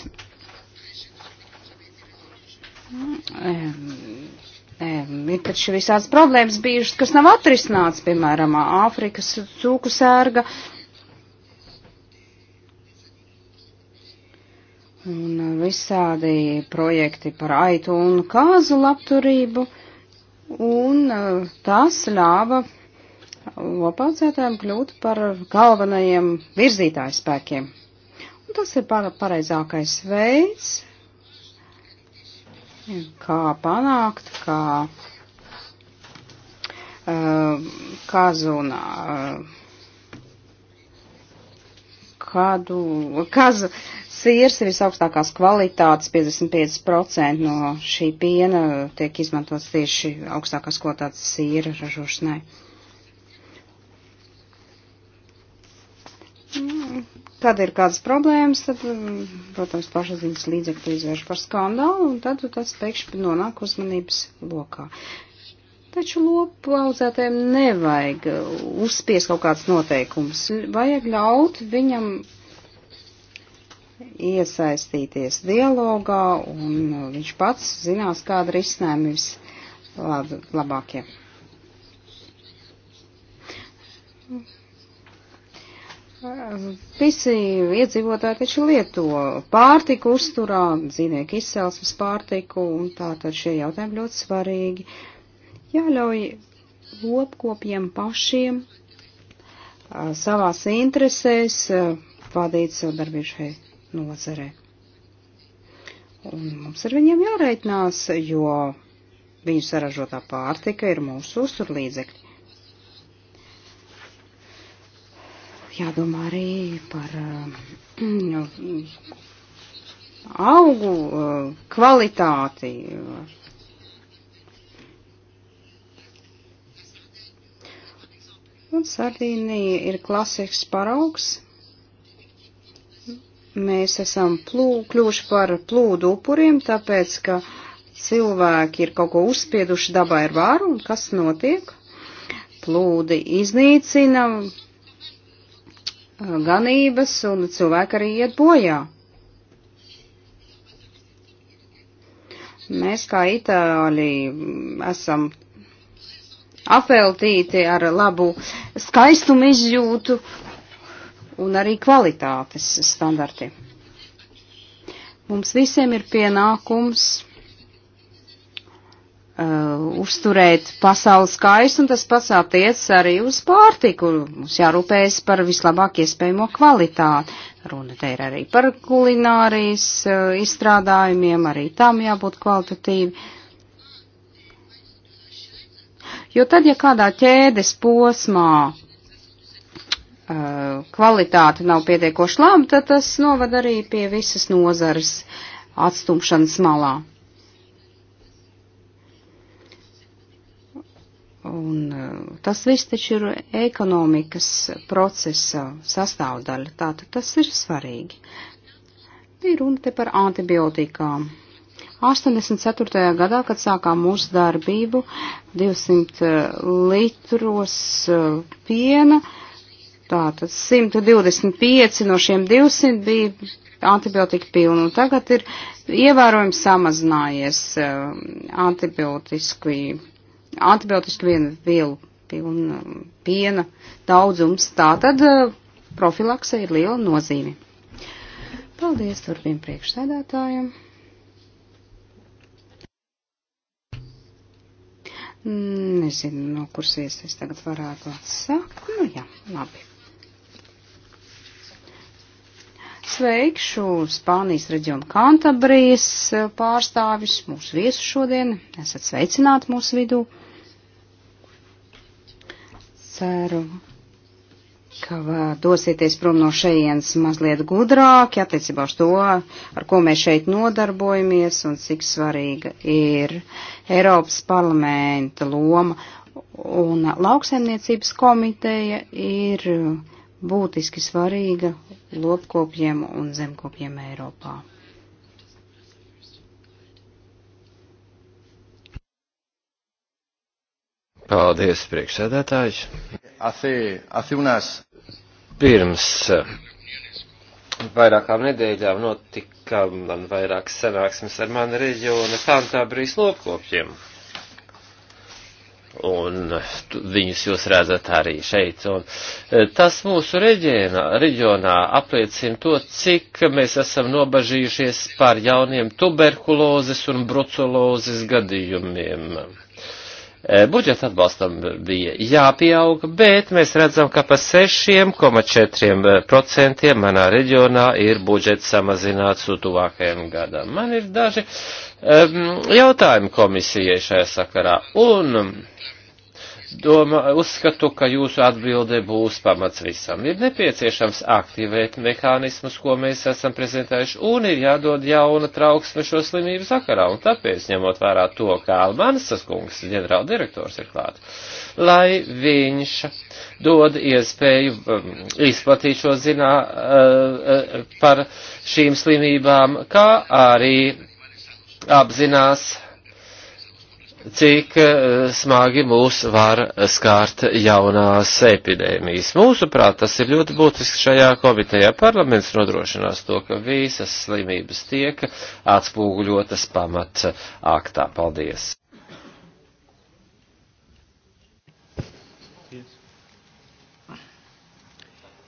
Ir taču visādas problēmas bijušas, kas nav atrisināts, piemēram, Āfrikas cūku sērga. Un visādi projekti par aitu un kāzu labturību. Un eh, tas ļāva lopaudzētājiem kļūt par galvenajiem virzītājspēkiem. Un tas ir pareizākais veids, kā panākt, kā uh, kazuna. Uh, eh, kādu, kaz, sirs ir visaugstākās kvalitātes, 55% no šī piena tiek izmantots tieši augstākās kvalitātes sīra ražošanai. Mm. Tad ir kādas problēmas, tad, um, protams, pašaziņas līdzekļi izvērš par skandālu, un tad tas pēkšņi nonāk uzmanības lokā. Taču lopaudzētājiem nevajag uzspies kaut kāds noteikums, vajag ļaut viņam iesaistīties dialogā, un viņš pats zinās, kāda ir izsnēma vislabākie. Lab, Visi iedzīvotāji taču lieto pārtiku uzturā, dzīvnieku izcelsmes pārtiku, un tātad šie jautājumi ļoti svarīgi. Jāļauj lopkopiem pašiem savās interesēs vadīt savu darbību šai nozarē. Un mums ar viņiem jāreitinās, jo viņu saražotā pārtika ir mūsu uzturlīdzekļi. jādomā arī par nu, (clears throat) augu uh, kvalitāti. Un Sardīnija ir klasisks paraugs. Mēs esam plū, kļuvuši par plūdu upuriem, tāpēc, ka cilvēki ir kaut ko uzspieduši dabai ar vāru, un kas notiek? Plūdi iznīcina ganības un cilvēki arī iet bojā. Mēs kā itāļi esam apveltīti ar labu skaistumu izjūtu un arī kvalitātes standarti. Mums visiem ir pienākums uh, uzturēt pasaules skaistu, un tas pats attiec arī uz pārtiku. Mums jārūpējas par vislabāk iespējamo kvalitāti. Runa te ir arī par kulinārijas uh, izstrādājumiem, arī tam jābūt kvalitatīvi. Jo tad, ja kādā ķēdes posmā uh, kvalitāte nav pietiekoši laba, tad tas novad arī pie visas nozares atstumšanas malā. Un e, tas viss taču ir ekonomikas procesa sastāvdaļa, tātad tas ir svarīgi. Ir runa te par antibiotikām. 84. gadā, kad sākām mūsu darbību, 200 e, litros e, piena, tātad 125 no šiem 200 bija antibiotika pilna, un tagad ir ievērojami samazinājies antibiotiski antibiotiku vienu vielu pilna um, piena daudzums. Tātad uh, profilakse ir liela nozīme. Paldies turpiem priekšsēdētājiem. Nezinu, no kuras viesis es tagad varētu atsākt. Nu jā, labi. Sveikšu Spānijas reģionu Kantabrijas uh, pārstāvis, mūsu viesu šodien. Esat sveicināti mūsu vidū. Ceru, ka dosieties prom no šejienes mazliet gudrāki attiecībā uz to, ar ko mēs šeit nodarbojamies un cik svarīga ir Eiropas parlamenta loma. Un lauksaimniecības komiteja ir būtiski svarīga lopkopiem un zemkopiem Eiropā. Paldies, priekšsēdētājs. Pirms eh, vairākām nedēļām notika man vairākas sanāksmes ar mani reģiona Kantābrijas lopkopiem. Un viņus jūs redzat arī šeit. Un eh, tas mūsu reģiona, reģionā apliecina to, cik mēs esam nobažījušies par jauniem tuberkulozes un brucelozes gadījumiem Eh, budžeta atbalstam bija jāpieaug, bet mēs redzam, ka pa 6,4% manā reģionā ir budžets samazināts tuvākajam gadam. Man ir daži um, jautājumi komisijai šajā sakarā. Un, um, Domā, uzskatu, ka jūsu atbilde būs pamats visam. Ir nepieciešams aktivēt mehānismus, ko mēs esam prezentējuši, un ir jādod jauna trauksme šo slimību sakarā, un tāpēc, ņemot vērā to, kā Almansas kungs, ģenerāla direktors, ir klāt, lai viņš dod iespēju um, izplatīt šo zinā uh, uh, par šīm slimībām, kā arī apzinās cik eh, smagi mūs var skārt jaunās epidēmijas. Mūsuprāt, tas ir ļoti būtisks šajā komitejā. Parlaments nodrošinās to, ka visas slimības tiek atspūguļotas pamat aktā. Paldies!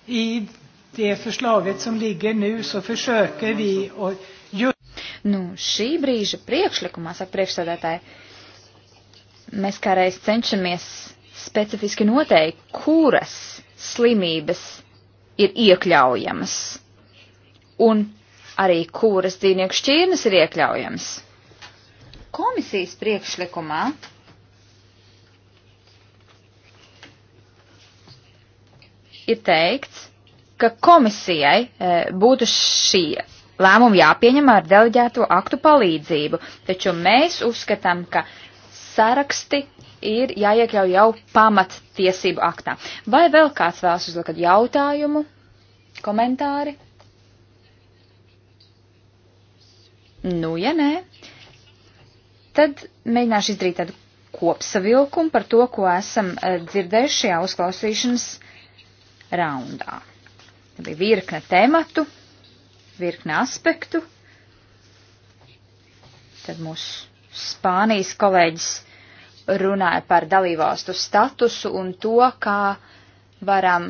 I det förslaget som ligger nu så försöker vi och Nu, šī brīža priekšlikumā, saka priekšsēdētāji, Mēs kādreiz cenšamies specifiski noteikt, kuras slimības ir iekļaujamas un arī kuras dzīvnieku šķirnes ir iekļaujamas. Komisijas priekšlikumā ir teikts, ka komisijai e, būtu šī lēmuma jāpieņem ar deleģēto aktu palīdzību, taču mēs uzskatām, ka saraksti ir jāiekļauj jau pamattiesību aktā. Vai vēl kāds vēlas uzlikt jautājumu, komentāri? Nu, ja nē, tad mēģināšu izdarīt tādu kopsavilkumu par to, ko esam eh, dzirdējuši šajā uzklausīšanas raundā. Tā bija virkne tematu, virkne aspektu. Tad mūsu Spānijas kolēģis runāja par dalībvalstu statusu un to, kā varam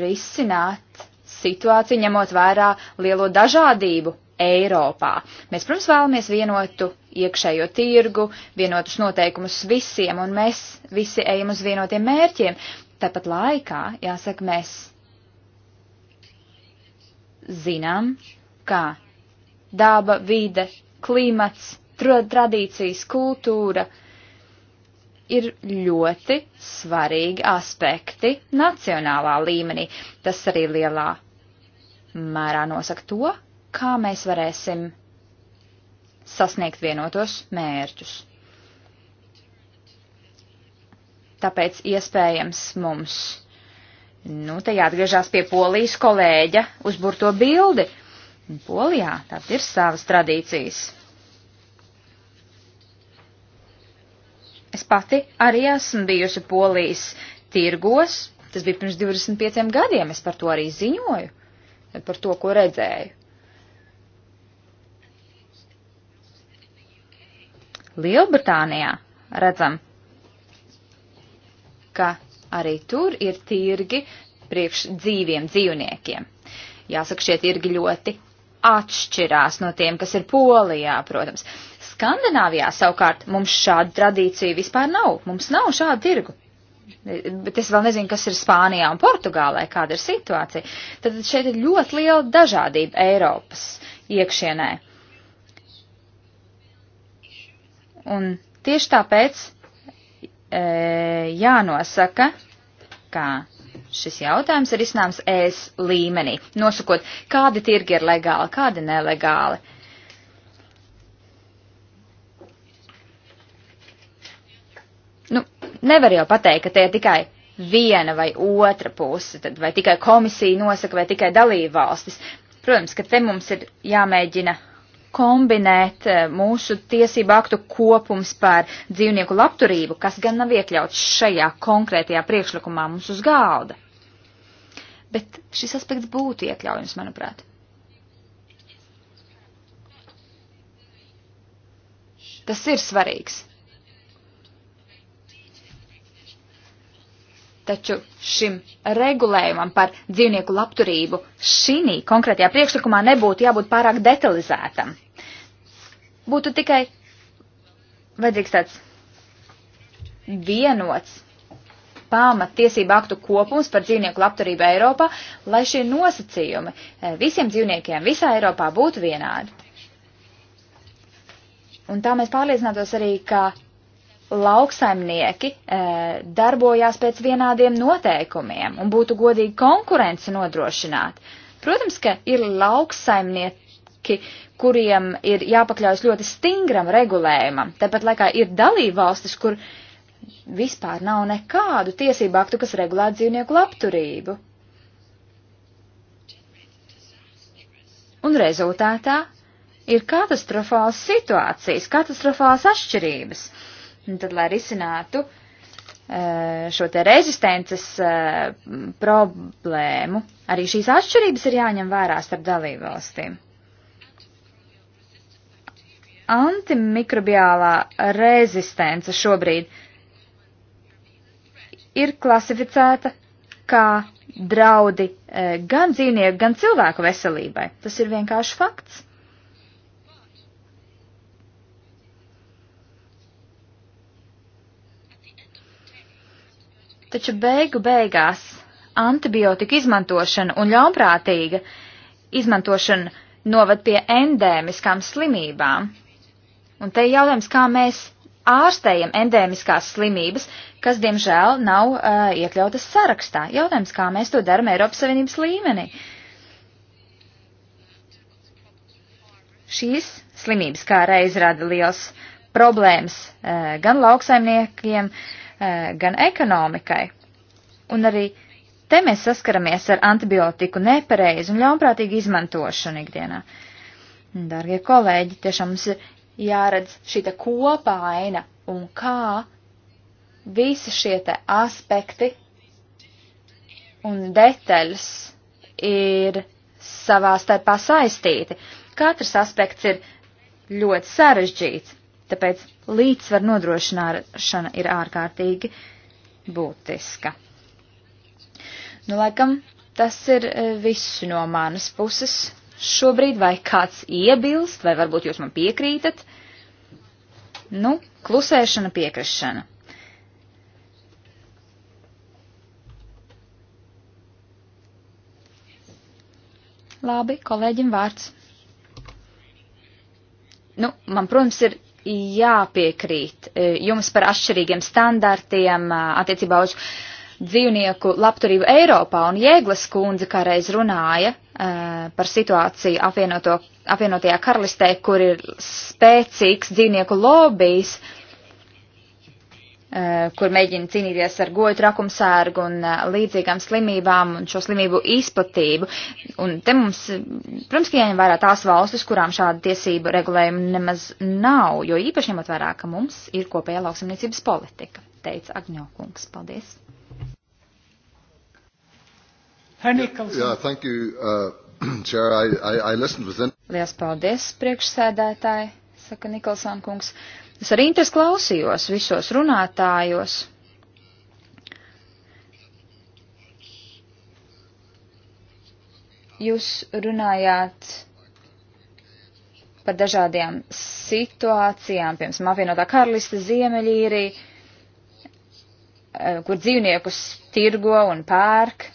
risināt situāciju, ņemot vērā lielo dažādību Eiropā. Mēs, protams, vēlamies vienotu iekšējo tirgu, vienotus noteikumus visiem, un mēs visi ejam uz vienotiem mērķiem. Tāpat laikā, jāsaka, mēs zinām, kā daba, vide, klimats, tradīcijas, kultūra, uh, ir ļoti svarīgi aspekti nacionālā līmenī. Tas arī lielā mērā nosaka to, kā mēs varēsim sasniegt vienotos mērķus. Tāpēc iespējams mums, nu, te jāatgriežās pie polijas kolēģa uzburto bildi. Polijā tad ir savas tradīcijas. Es pati arī esmu bijusi polijas tirgos, tas bija pirms 25 gadiem, es par to arī ziņoju, par to, ko redzēju. Lielbritānijā redzam, ka arī tur ir tirgi priekš dzīviem dzīvniekiem. Jāsaka, šie tirgi ļoti atšķirās no tiem, kas ir Polijā, protams. Skandināvijā savukārt mums šāda tradīcija vispār nav. Mums nav šādu tirgu. Bet es vēl nezinu, kas ir Spānijā un Portugālē, kāda ir situācija. Tad šeit ir ļoti liela dažādība Eiropas iekšienē. Un tieši tāpēc e, jānosaka, ka šis jautājums ir izsnāms ES līmenī. Nosakot, kādi tirgi ir legāli, kādi nelegāli nevar jau pateikt, ka te ir tikai viena vai otra puse, tad vai tikai komisija nosaka, vai tikai dalība valstis. Protams, ka te mums ir jāmēģina kombinēt eh, mūsu tiesību aktu kopums par dzīvnieku labturību, kas gan nav iekļauts šajā konkrētajā priekšlikumā mums uz galda. Bet šis aspekts būtu iekļaujams, manuprāt. Tas ir svarīgs. Taču šim regulējumam par dzīvnieku labturību šī konkrētajā priekšlikumā nebūtu jābūt pārāk detalizētam. Būtu tikai vajadzīgs tāds vienots pamat tiesību aktu kopums par dzīvnieku labturību Eiropā, lai šie nosacījumi eh, visiem dzīvniekiem visā Eiropā būtu vienādi. Un tā mēs pārliecinātos arī, ka lauksaimnieki e, darbojās pēc vienādiem noteikumiem un būtu godīgi konkurence nodrošināt. Protams, ka ir lauksaimnieki, kuriem ir jāpakļaujas ļoti stingram regulējumam. Tāpat laikā ir dalība valstis, kur vispār nav nekādu tiesību aktu, kas regulē dzīvnieku labturību. Un rezultātā ir katastrofāls situācijas, katastrofāls atšķirības. Un nu, tad, lai risinātu eh, šo te rezistences eh, problēmu, arī šīs atšķirības ir jāņem vērā starp dalībvalstīm. Antimikrobiālā rezistence šobrīd ir klasificēta kā draudi eh, gan dzīvnieku, gan cilvēku veselībai. Tas ir vienkārši fakts. Taču beigu beigās antibiotika izmantošana un ļaunprātīga izmantošana novad pie endēmiskām slimībām. Un te ir jautājums, kā mēs ārstējam endēmiskās slimības, kas, diemžēl, nav uh, iekļautas sarakstā. Jautājums, kā mēs to darām Eiropas Savienības līmenī. Šīs slimības kā reiz rada liels problēmas uh, gan lauksaimniekiem, uh, Eh, gan ekonomikai. Un arī te mēs saskaramies ar antibiotiku nepareizu un ļaunprātīgu izmantošanu ikdienā. Dargie kolēģi, tiešām mums ir jāredz šī kopaina un kā visi šie te aspekti un detaļas ir savā starpā saistīti. Katrs aspekts ir ļoti sarežģīts. Tāpēc līdzsvar nodrošināšana ir ārkārtīgi būtiska. Nu, laikam, tas ir e, viss no manas puses šobrīd, vai kāds iebilst, vai varbūt jūs man piekrītat. Nu, klusēšana, piekrišana. Labi, kolēģim vārds. Nu, man, protams, ir jāpiekrīt e, jums par atšķirīgiem standartiem e, attiecībā uz dzīvnieku labturību Eiropā, un Jēglas kundze kādreiz runāja uh, par situāciju apvienoto, apvienotajā karalistē, kur ir spēcīgs dzīvnieku lobijs, uh, Eh, kur mēģina cīnīties ar goju trakumsērgu un eh, līdzīgām slimībām un šo slimību izplatību. Un te mums, eh, protams, ka jāņem vērā tās valstis, kurām šāda tiesība regulējuma nemaz nav, jo īpaši ņemot vērā, ka mums ir kopējā lauksamniecības politika, teica Agņokungs. Paldies. Jā, thank you, uh, (clears throat) Chair. I, I, I listened with... Liels paldies, priekšsēdētāji, saka Nikolson kungs. Uh, Es arī interesi klausījos visos runātājos. Jūs runājāt par dažādajām situācijām, piemēram, apvienotā karalista Ziemeļīrija, eh, kur dzīvniekus tirgo un pērk.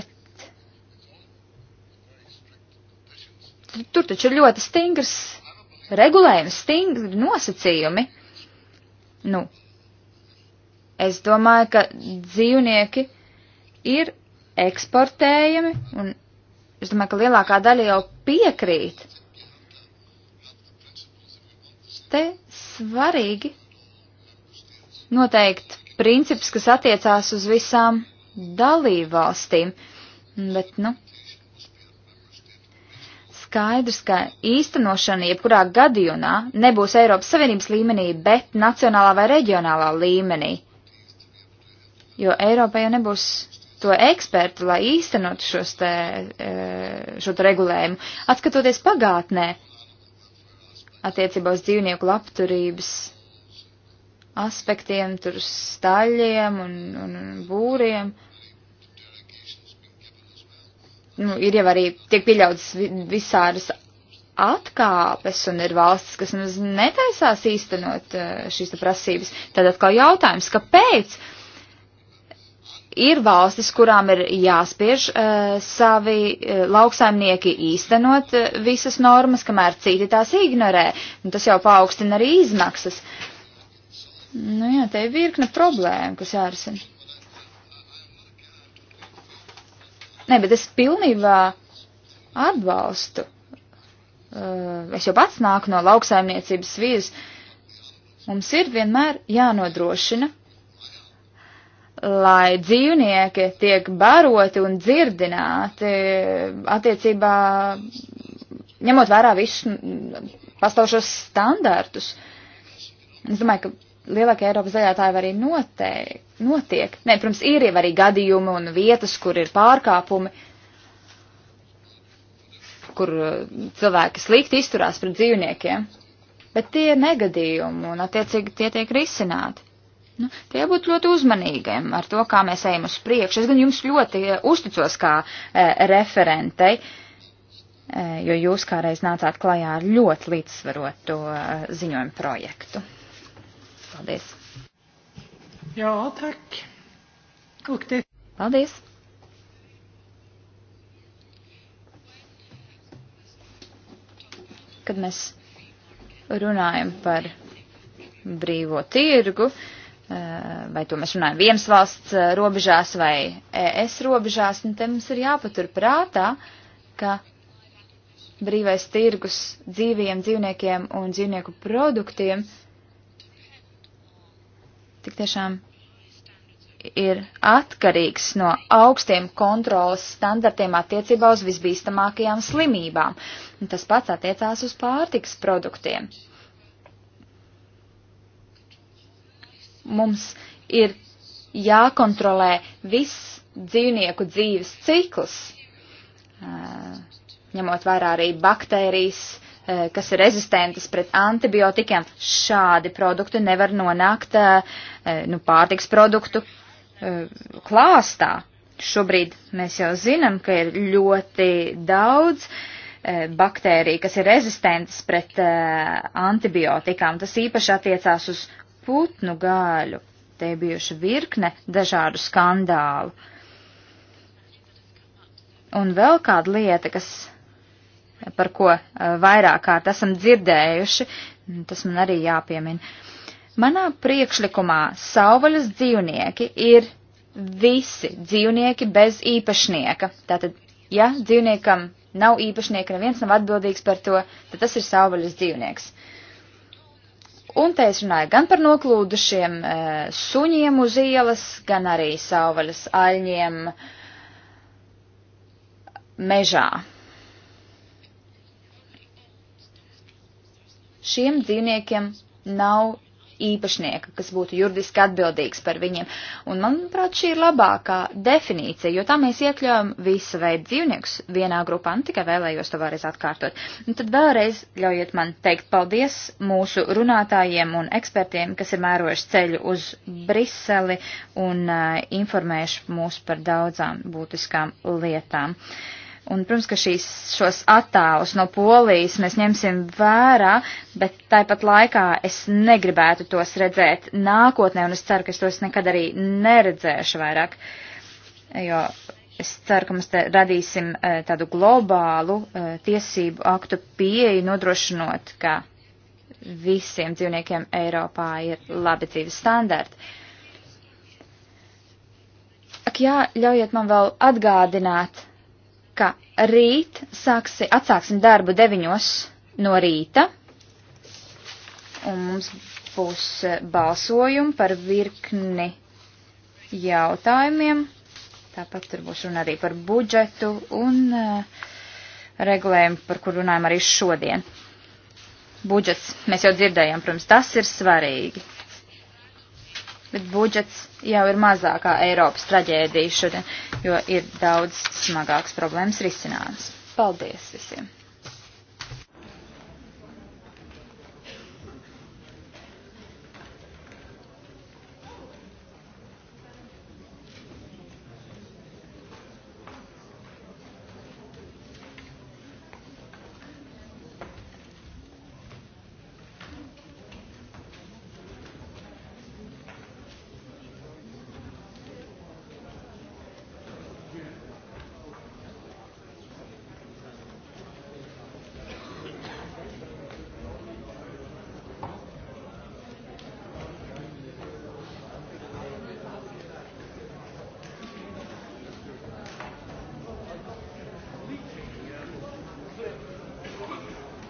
Bet tur taču ir ļoti stingrs regulējums, stingri nosacījumi. Nu, es domāju, ka dzīvnieki ir eksportējami, un es domāju, ka lielākā daļa jau piekrīt. Te svarīgi noteikt princips, kas attiecās uz visām dalībvalstīm, bet, nu, skaidrs, ka īstenošana jebkurā gadījumā nebūs Eiropas Savienības līmenī, bet nacionālā vai reģionālā līmenī. Jo Eiropā jau nebūs to ekspertu, lai īstenotu šos te, e, šo te regulējumu. Atskatoties pagātnē, attiecībā uz dzīvnieku labturības aspektiem, tur staļiem un, un būriem, uh, nu, ir jau arī tiek pieļautas visādas atkāpes un ir valstis, kas nu netaisās īstenot eh, šīs ta, prasības. Tad atkal jautājums, kāpēc? Ir valstis, kurām ir jāspiež uh, savi uh, lauksaimnieki īstenot uh, visas normas, kamēr citi tās ignorē. Un tas jau paaugstina arī izmaksas. Nu jā, te ir virkne problēma, kas jārisina. Nē, bet es pilnībā atbalstu. Uh, es jau pats nāku no lauksaimniecības vīzes. Mums ir vienmēr jānodrošina, lai dzīvnieki tiek baroti un dzirdināti uh, attiecībā, ņemot vērā visus mm, pastāvošos standartus. Es domāju, ka lielākā Eiropas daļā tā jau arī notiek. notiek. Nē, protams, ir jau arī gadījumi un vietas, kur ir pārkāpumi, kur uh, cilvēki slikti izturās pret dzīvniekiem, bet tie ir negadījumi un attiecīgi tie tiek risināti. Nu, tie būtu ļoti uzmanīgiem ar to, kā mēs ejam uz priekšu. Es gan jums ļoti uh, uzticos kā e, referentei, e, jo jūs kādreiz nācāt klajā ar ļoti līdzsvarotu e, ziņojumu projektu. Paldies! Jā, tak. Lūgties. Paldies! Kad mēs runājam par brīvo tirgu, eh, vai to mēs runājam vienas valsts eh, robežās vai ES robežās, un nu, te mums ir jāpatur prātā, ka brīvais tirgus dzīviem dzīvniekiem un dzīvnieku produktiem tik tiešām ir atkarīgs no augstiem kontrolas standartiem attiecībā uz visbīstamākajām slimībām. Un tas pats attiecās uz pārtiks produktiem. Mums ir jākontrolē viss dzīvnieku dzīves cikls, ņemot vērā arī baktērijas, Eh, kas ir rezistentas pret antibiotikiem, šādi produkti nevar nonākt eh, eh, nu, pārtiks produktu klāstā. Šobrīd mēs jau zinām, ka ir ļoti daudz baktēriju, kas ir rezistentas pret antibiotikām. Tas īpaši attiecās uz putnu gāļu. Te bijuši virkne dažādu skandālu. Un vēl kāda lieta, kas par ko eh, vairāk kārt esam dzirdējuši, tas man arī jāpiemina. Manā priekšlikumā savvaļas dzīvnieki ir visi dzīvnieki bez īpašnieka. Tātad, ja dzīvniekam nav īpašnieka, neviens nav atbildīgs par to, tad tas ir savvaļas dzīvnieks. Un te es runāju gan par noklūdušiem e, suņiem uz ielas, gan arī savvaļas aļņiem mežā. šiem dzīvniekiem nav īpašnieka, kas būtu juridiski atbildīgs par viņiem. Un, manuprāt, šī ir labākā definīcija, jo tā mēs iekļaujam visu veidu dzīvniekus vienā grupā, un nu, tikai vēlējos to vēlreiz atkārtot. Un tad vēlreiz ļaujiet man teikt paldies mūsu runātājiem un ekspertiem, kas ir mērojuši ceļu uz Briseli un uh, informējuši mūs par daudzām būtiskām lietām. Uh, Un, protams, ka šīs, šos attēlus no polijas mēs ņemsim vērā, bet tāpat laikā es negribētu tos redzēt nākotnē, un es ceru, ka es tos nekad arī neredzēšu vairāk, jo es ceru, ka mēs te radīsim e, tādu globālu e, tiesību aktu pieeju, nodrošinot, ka visiem dzīvniekiem Eiropā ir labi dzīves standarti. Ak jā, ļaujiet man vēl atgādināt, ka rīt sāksi, atsāksim darbu 9 no rīta, un mums būs e, balsojumi par virkni jautājumiem. Tāpat tur būs runa arī par budžetu un uh, regulējumu, par kur runājam arī šodien. Budžets, mēs jau dzirdējām, protams, tas ir svarīgi bet budžets jau ir mazākā Eiropas traģēdija šodien, jo ir daudz smagāks problēmas risināms. Paldies visiem!